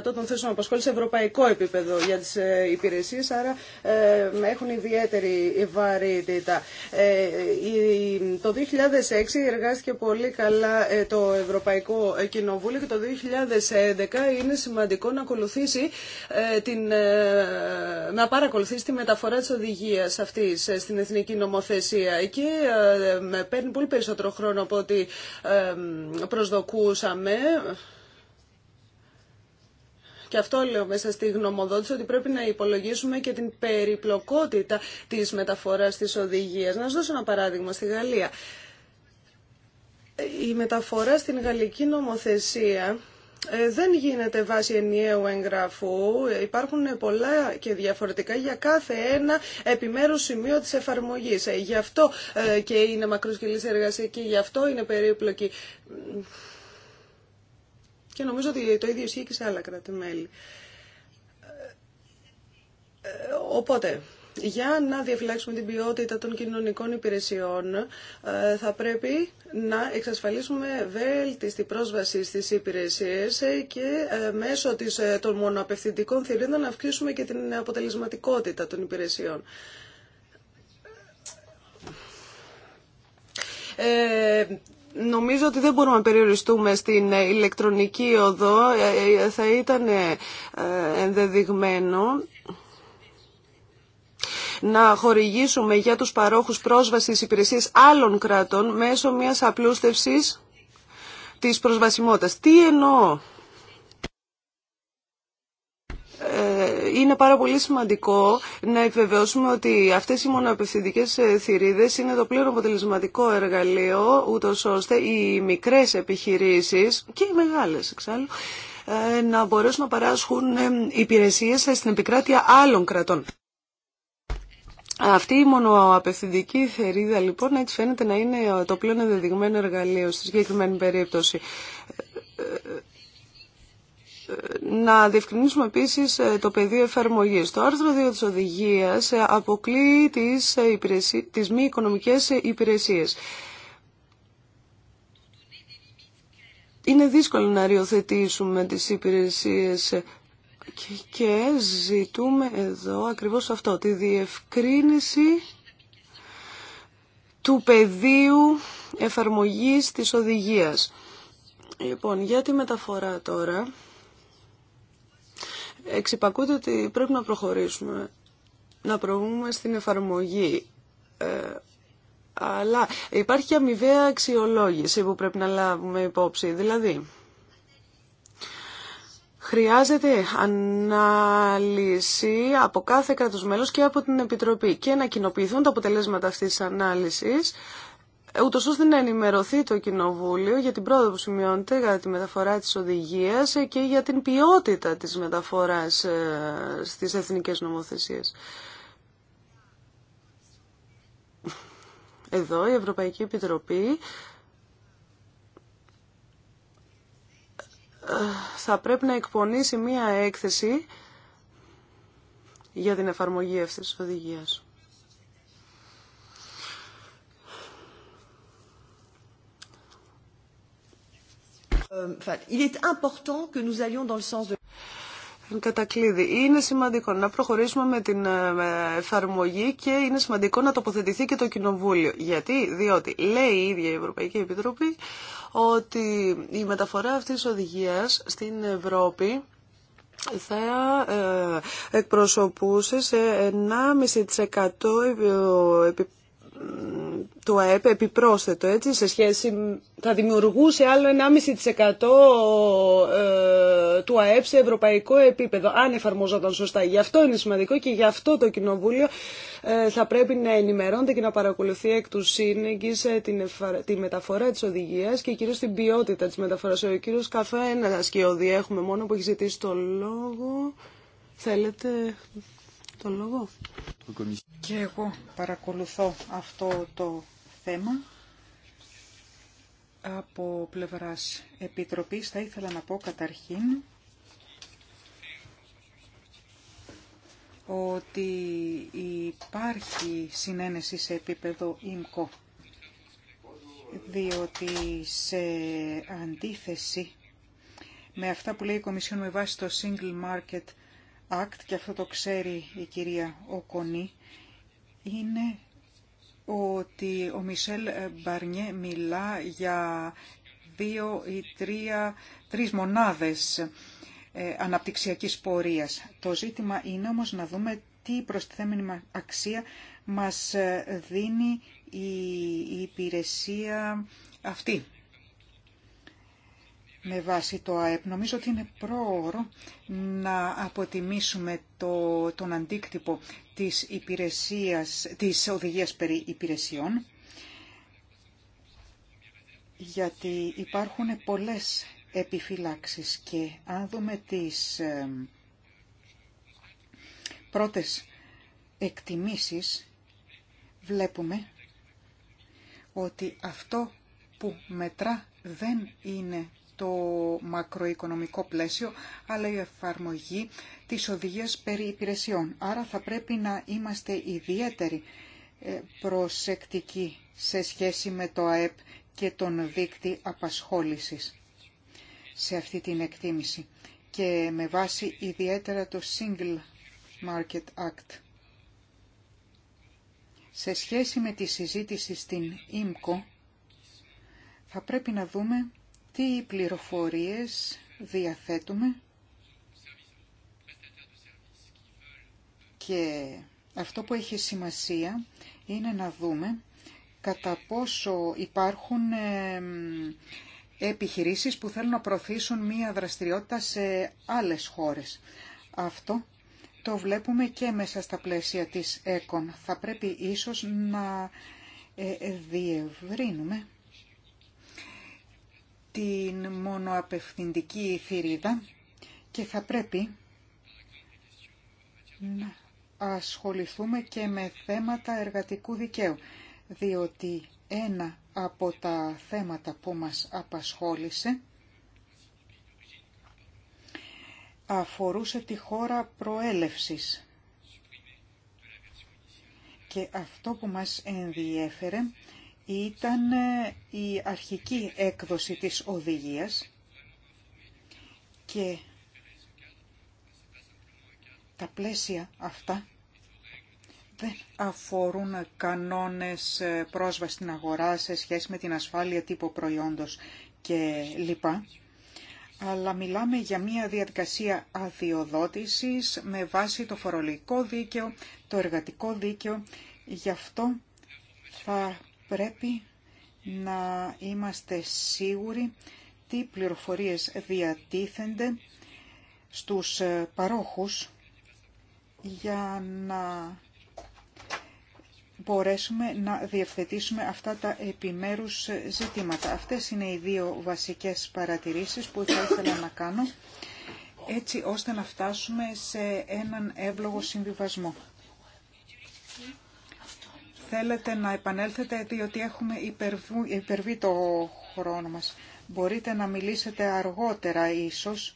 40% των θέσεων απασχόλησης σε ευρωπαϊκό επίπεδο για τις ε, υπηρεσίες, άρα έχουν ιδιαίτερη βαρύτητα. Το 2006 εργάστηκε πολύ καλά το Ευρωπαϊκό Κοινοβούλιο και το 2011 είναι σημαντικό να ακολουθήσει την, να παρακολουθήσει τη μεταφορά της οδηγίας αυτής στην Εθνική νομοθεσία. Εκεί ε, παίρνει πολύ περισσότερο χρόνο από ό,τι ε, προσδοκούσαμε. Και αυτό λέω μέσα στη γνωμοδότηση ότι πρέπει να υπολογίσουμε και την περιπλοκότητα της μεταφοράς της οδηγίας. Να σας δώσω ένα παράδειγμα στη Γαλλία. Η μεταφορά στην γαλλική νομοθεσία ε, δεν γίνεται βάση ενιαίου εγγραφού. Υπάρχουν πολλά και διαφορετικά για κάθε ένα επιμέρου σημείο της εφαρμογής. Ε, γι' αυτό ε, και είναι μακροσκελής εργασία και γι' αυτό είναι περίπλοκη. Και νομίζω ότι το ίδιο ισχύει και σε άλλα κράτη-μέλη. Οπότε, για να διαφυλάξουμε την ποιότητα των κοινωνικών υπηρεσιών ε, θα πρέπει να εξασφαλίσουμε βέλτιστη πρόσβαση στις υπηρεσίες ε, και ε, μέσω της, των μονοαπευθυντικών θηρίδων να αυξήσουμε και την αποτελεσματικότητα των υπηρεσιών. Νομίζω ότι δεν μπορούμε να περιοριστούμε στην ηλεκτρονική οδό, θα ήταν ενδεδειγμένο να χορηγήσουμε για τους παρόχους πρόσβασης υπηρεσίες άλλων κρατών μέσω μιας απλούστευσης της προσβασιμότητας. Τι εννοώ. Ε, είναι πάρα πολύ σημαντικό να επιβεβαιώσουμε ότι αυτές οι μονοαπευθυντικές ε, θηρίδες είναι το πλέον αποτελεσματικό εργαλείο, ούτως ώστε οι μικρές επιχειρήσεις και οι μεγάλες εξάλλου, ε, να μπορέσουν να παράσχουν υπηρεσίες στην επικράτεια άλλων κρατών. Αυτή η μονοαπευθυντική θερίδα λοιπόν έτσι φαίνεται να είναι το πλέον ενδεδειγμένο εργαλείο στη συγκεκριμένη περίπτωση. Να διευκρινίσουμε επίση το πεδίο εφαρμογή. Το άρθρο 2 τη οδηγία αποκλεί τι τις μη οικονομικέ υπηρεσίε. Είναι δύσκολο να ριοθετήσουμε τις υπηρεσίες και ζητούμε εδώ ακριβώς αυτό, τη διευκρίνηση του πεδίου εφαρμογής της οδηγίας. Λοιπόν, για τη μεταφορά τώρα, Εξυπακούτε ότι πρέπει να προχωρήσουμε, να προβούμε στην εφαρμογή. Ε, αλλά υπάρχει αμοιβαία αξιολόγηση που πρέπει να λάβουμε υπόψη. Δηλαδή, Χρειάζεται ανάλυση από κάθε κράτος μέλος και από την Επιτροπή και να κοινοποιηθούν τα αποτελέσματα αυτής της ανάλυσης ούτω ώστε να ενημερωθεί το Κοινοβούλιο για την πρόοδο που σημειώνεται για τη μεταφορά της οδηγίας και για την ποιότητα της μεταφοράς ε, στις εθνικές νομοθεσίες. Εδώ η Ευρωπαϊκή Επιτροπή θα πρέπει να εκπονήσει μία έκθεση για την εφαρμογή αυτής της οδηγίας. Κατακλείδη. Είναι σημαντικό να προχωρήσουμε με την ε, εφαρμογή και είναι σημαντικό να τοποθετηθεί και το Κοινοβούλιο. Γιατί, διότι λέει η ίδια η Ευρωπαϊκή Επιτροπή ότι η μεταφορά αυτής της οδηγίας στην Ευρώπη θα ε, εκπροσωπούσε σε 1,5% το ΑΕΠ επιπρόσθετο έτσι σε σχέση θα δημιουργούσε άλλο 1,5% ε, του ΑΕΠ σε ευρωπαϊκό επίπεδο αν εφαρμοζόταν σωστά. Γι' αυτό είναι σημαντικό και γι' αυτό το Κοινοβούλιο ε, θα πρέπει να ενημερώνεται και να παρακολουθεί εκ του σύνεγγυς ε, τη μεταφορά της οδηγίας και κυρίως την ποιότητα της μεταφοράς. Ο κύριος και ο Διέχουμε μόνο που έχει ζητήσει το λόγο. Θέλετε το Και εγώ παρακολουθώ αυτό το θέμα από πλευράς Επιτροπής. Θα ήθελα να πω καταρχήν ότι υπάρχει συνένεση σε επίπεδο ΙΜΚΟ διότι σε αντίθεση με αυτά που λέει η Κομισιόν με βάση το Single Market Act, και αυτό το ξέρει η κυρία Οκονή, είναι ότι ο Μισελ Μπαρνιέ μιλά για δύο ή τρία, τρεις μονάδες ε, αναπτυξιακής πορείας. Το ζήτημα είναι όμως να δούμε τι προστιθέμενη αξία μας ε, δίνει η υπηρεσία αυτή με βάση το ΑΕΠ. Νομίζω ότι είναι πρόωρο να αποτιμήσουμε το, τον αντίκτυπο της, υπηρεσίας, της οδηγίας περί υπηρεσιών, γιατί υπάρχουν πολλές επιφυλάξεις και αν δούμε τις ε, πρώτες εκτιμήσεις, βλέπουμε ότι αυτό που μετρά δεν είναι το μακροοικονομικό πλαίσιο, αλλά η εφαρμογή της οδηγίας περί υπηρεσιών. Άρα θα πρέπει να είμαστε ιδιαίτεροι ε, προσεκτικοί σε σχέση με το ΑΕΠ και τον δίκτυ απασχόλησης σε αυτή την εκτίμηση και με βάση ιδιαίτερα το Single Market Act. Σε σχέση με τη συζήτηση στην ΙΜΚΟ, θα πρέπει να δούμε τι πληροφορίες διαθέτουμε και αυτό που έχει σημασία είναι να δούμε κατά πόσο υπάρχουν επιχειρήσεις που θέλουν να προωθήσουν μία δραστηριότητα σε άλλες χώρες. Αυτό το βλέπουμε και μέσα στα πλαίσια της ΕΚΟΝ. Θα πρέπει ίσως να ε, ε, διευρύνουμε την μονοαπευθυντική θηρίδα και θα πρέπει να ασχοληθούμε και με θέματα εργατικού δικαίου, διότι ένα από τα θέματα που μας απασχόλησε αφορούσε τη χώρα προέλευσης. Και αυτό που μας ενδιέφερε ήταν ε, η αρχική έκδοση της οδηγίας και τα πλαίσια αυτά δεν αφορούν κανόνες ε, πρόσβασης στην αγορά σε σχέση με την ασφάλεια τύπου προϊόντος και λοιπά, αλλά μιλάμε για μια διαδικασία αδειοδότησης με βάση το φορολογικό δίκαιο, το εργατικό δίκαιο, γι' αυτό θα πρέπει να είμαστε σίγουροι τι πληροφορίες διατίθενται στους ε, παρόχους για να μπορέσουμε να διευθετήσουμε αυτά τα επιμέρους ε, ζητήματα. Αυτές είναι οι δύο βασικές παρατηρήσεις που θα ήθελα να κάνω έτσι ώστε να φτάσουμε σε έναν εύλογο συμβιβασμό θέλετε να επανέλθετε διότι έχουμε υπερβεί το χρόνο μας. Μπορείτε να μιλήσετε αργότερα ίσως.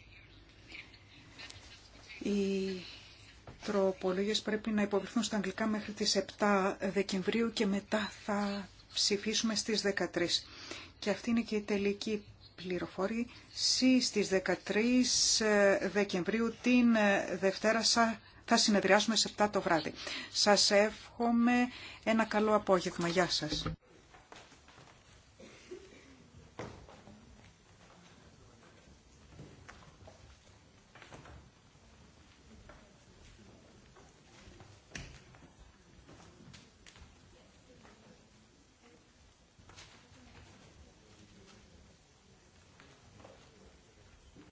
Οι τροπολογίες πρέπει να υποβληθούν στα αγγλικά μέχρι τις 7 Δεκεμβρίου και μετά θα ψηφίσουμε στις 13. Και αυτή είναι και η τελική πληροφορία. Σύ στις 13 Δεκεμβρίου την Δευτέρα σας. Θα συνεδριάσουμε σε 7 το βράδυ. Σας εύχομαι ένα καλό απόγευμα. Γεια σας.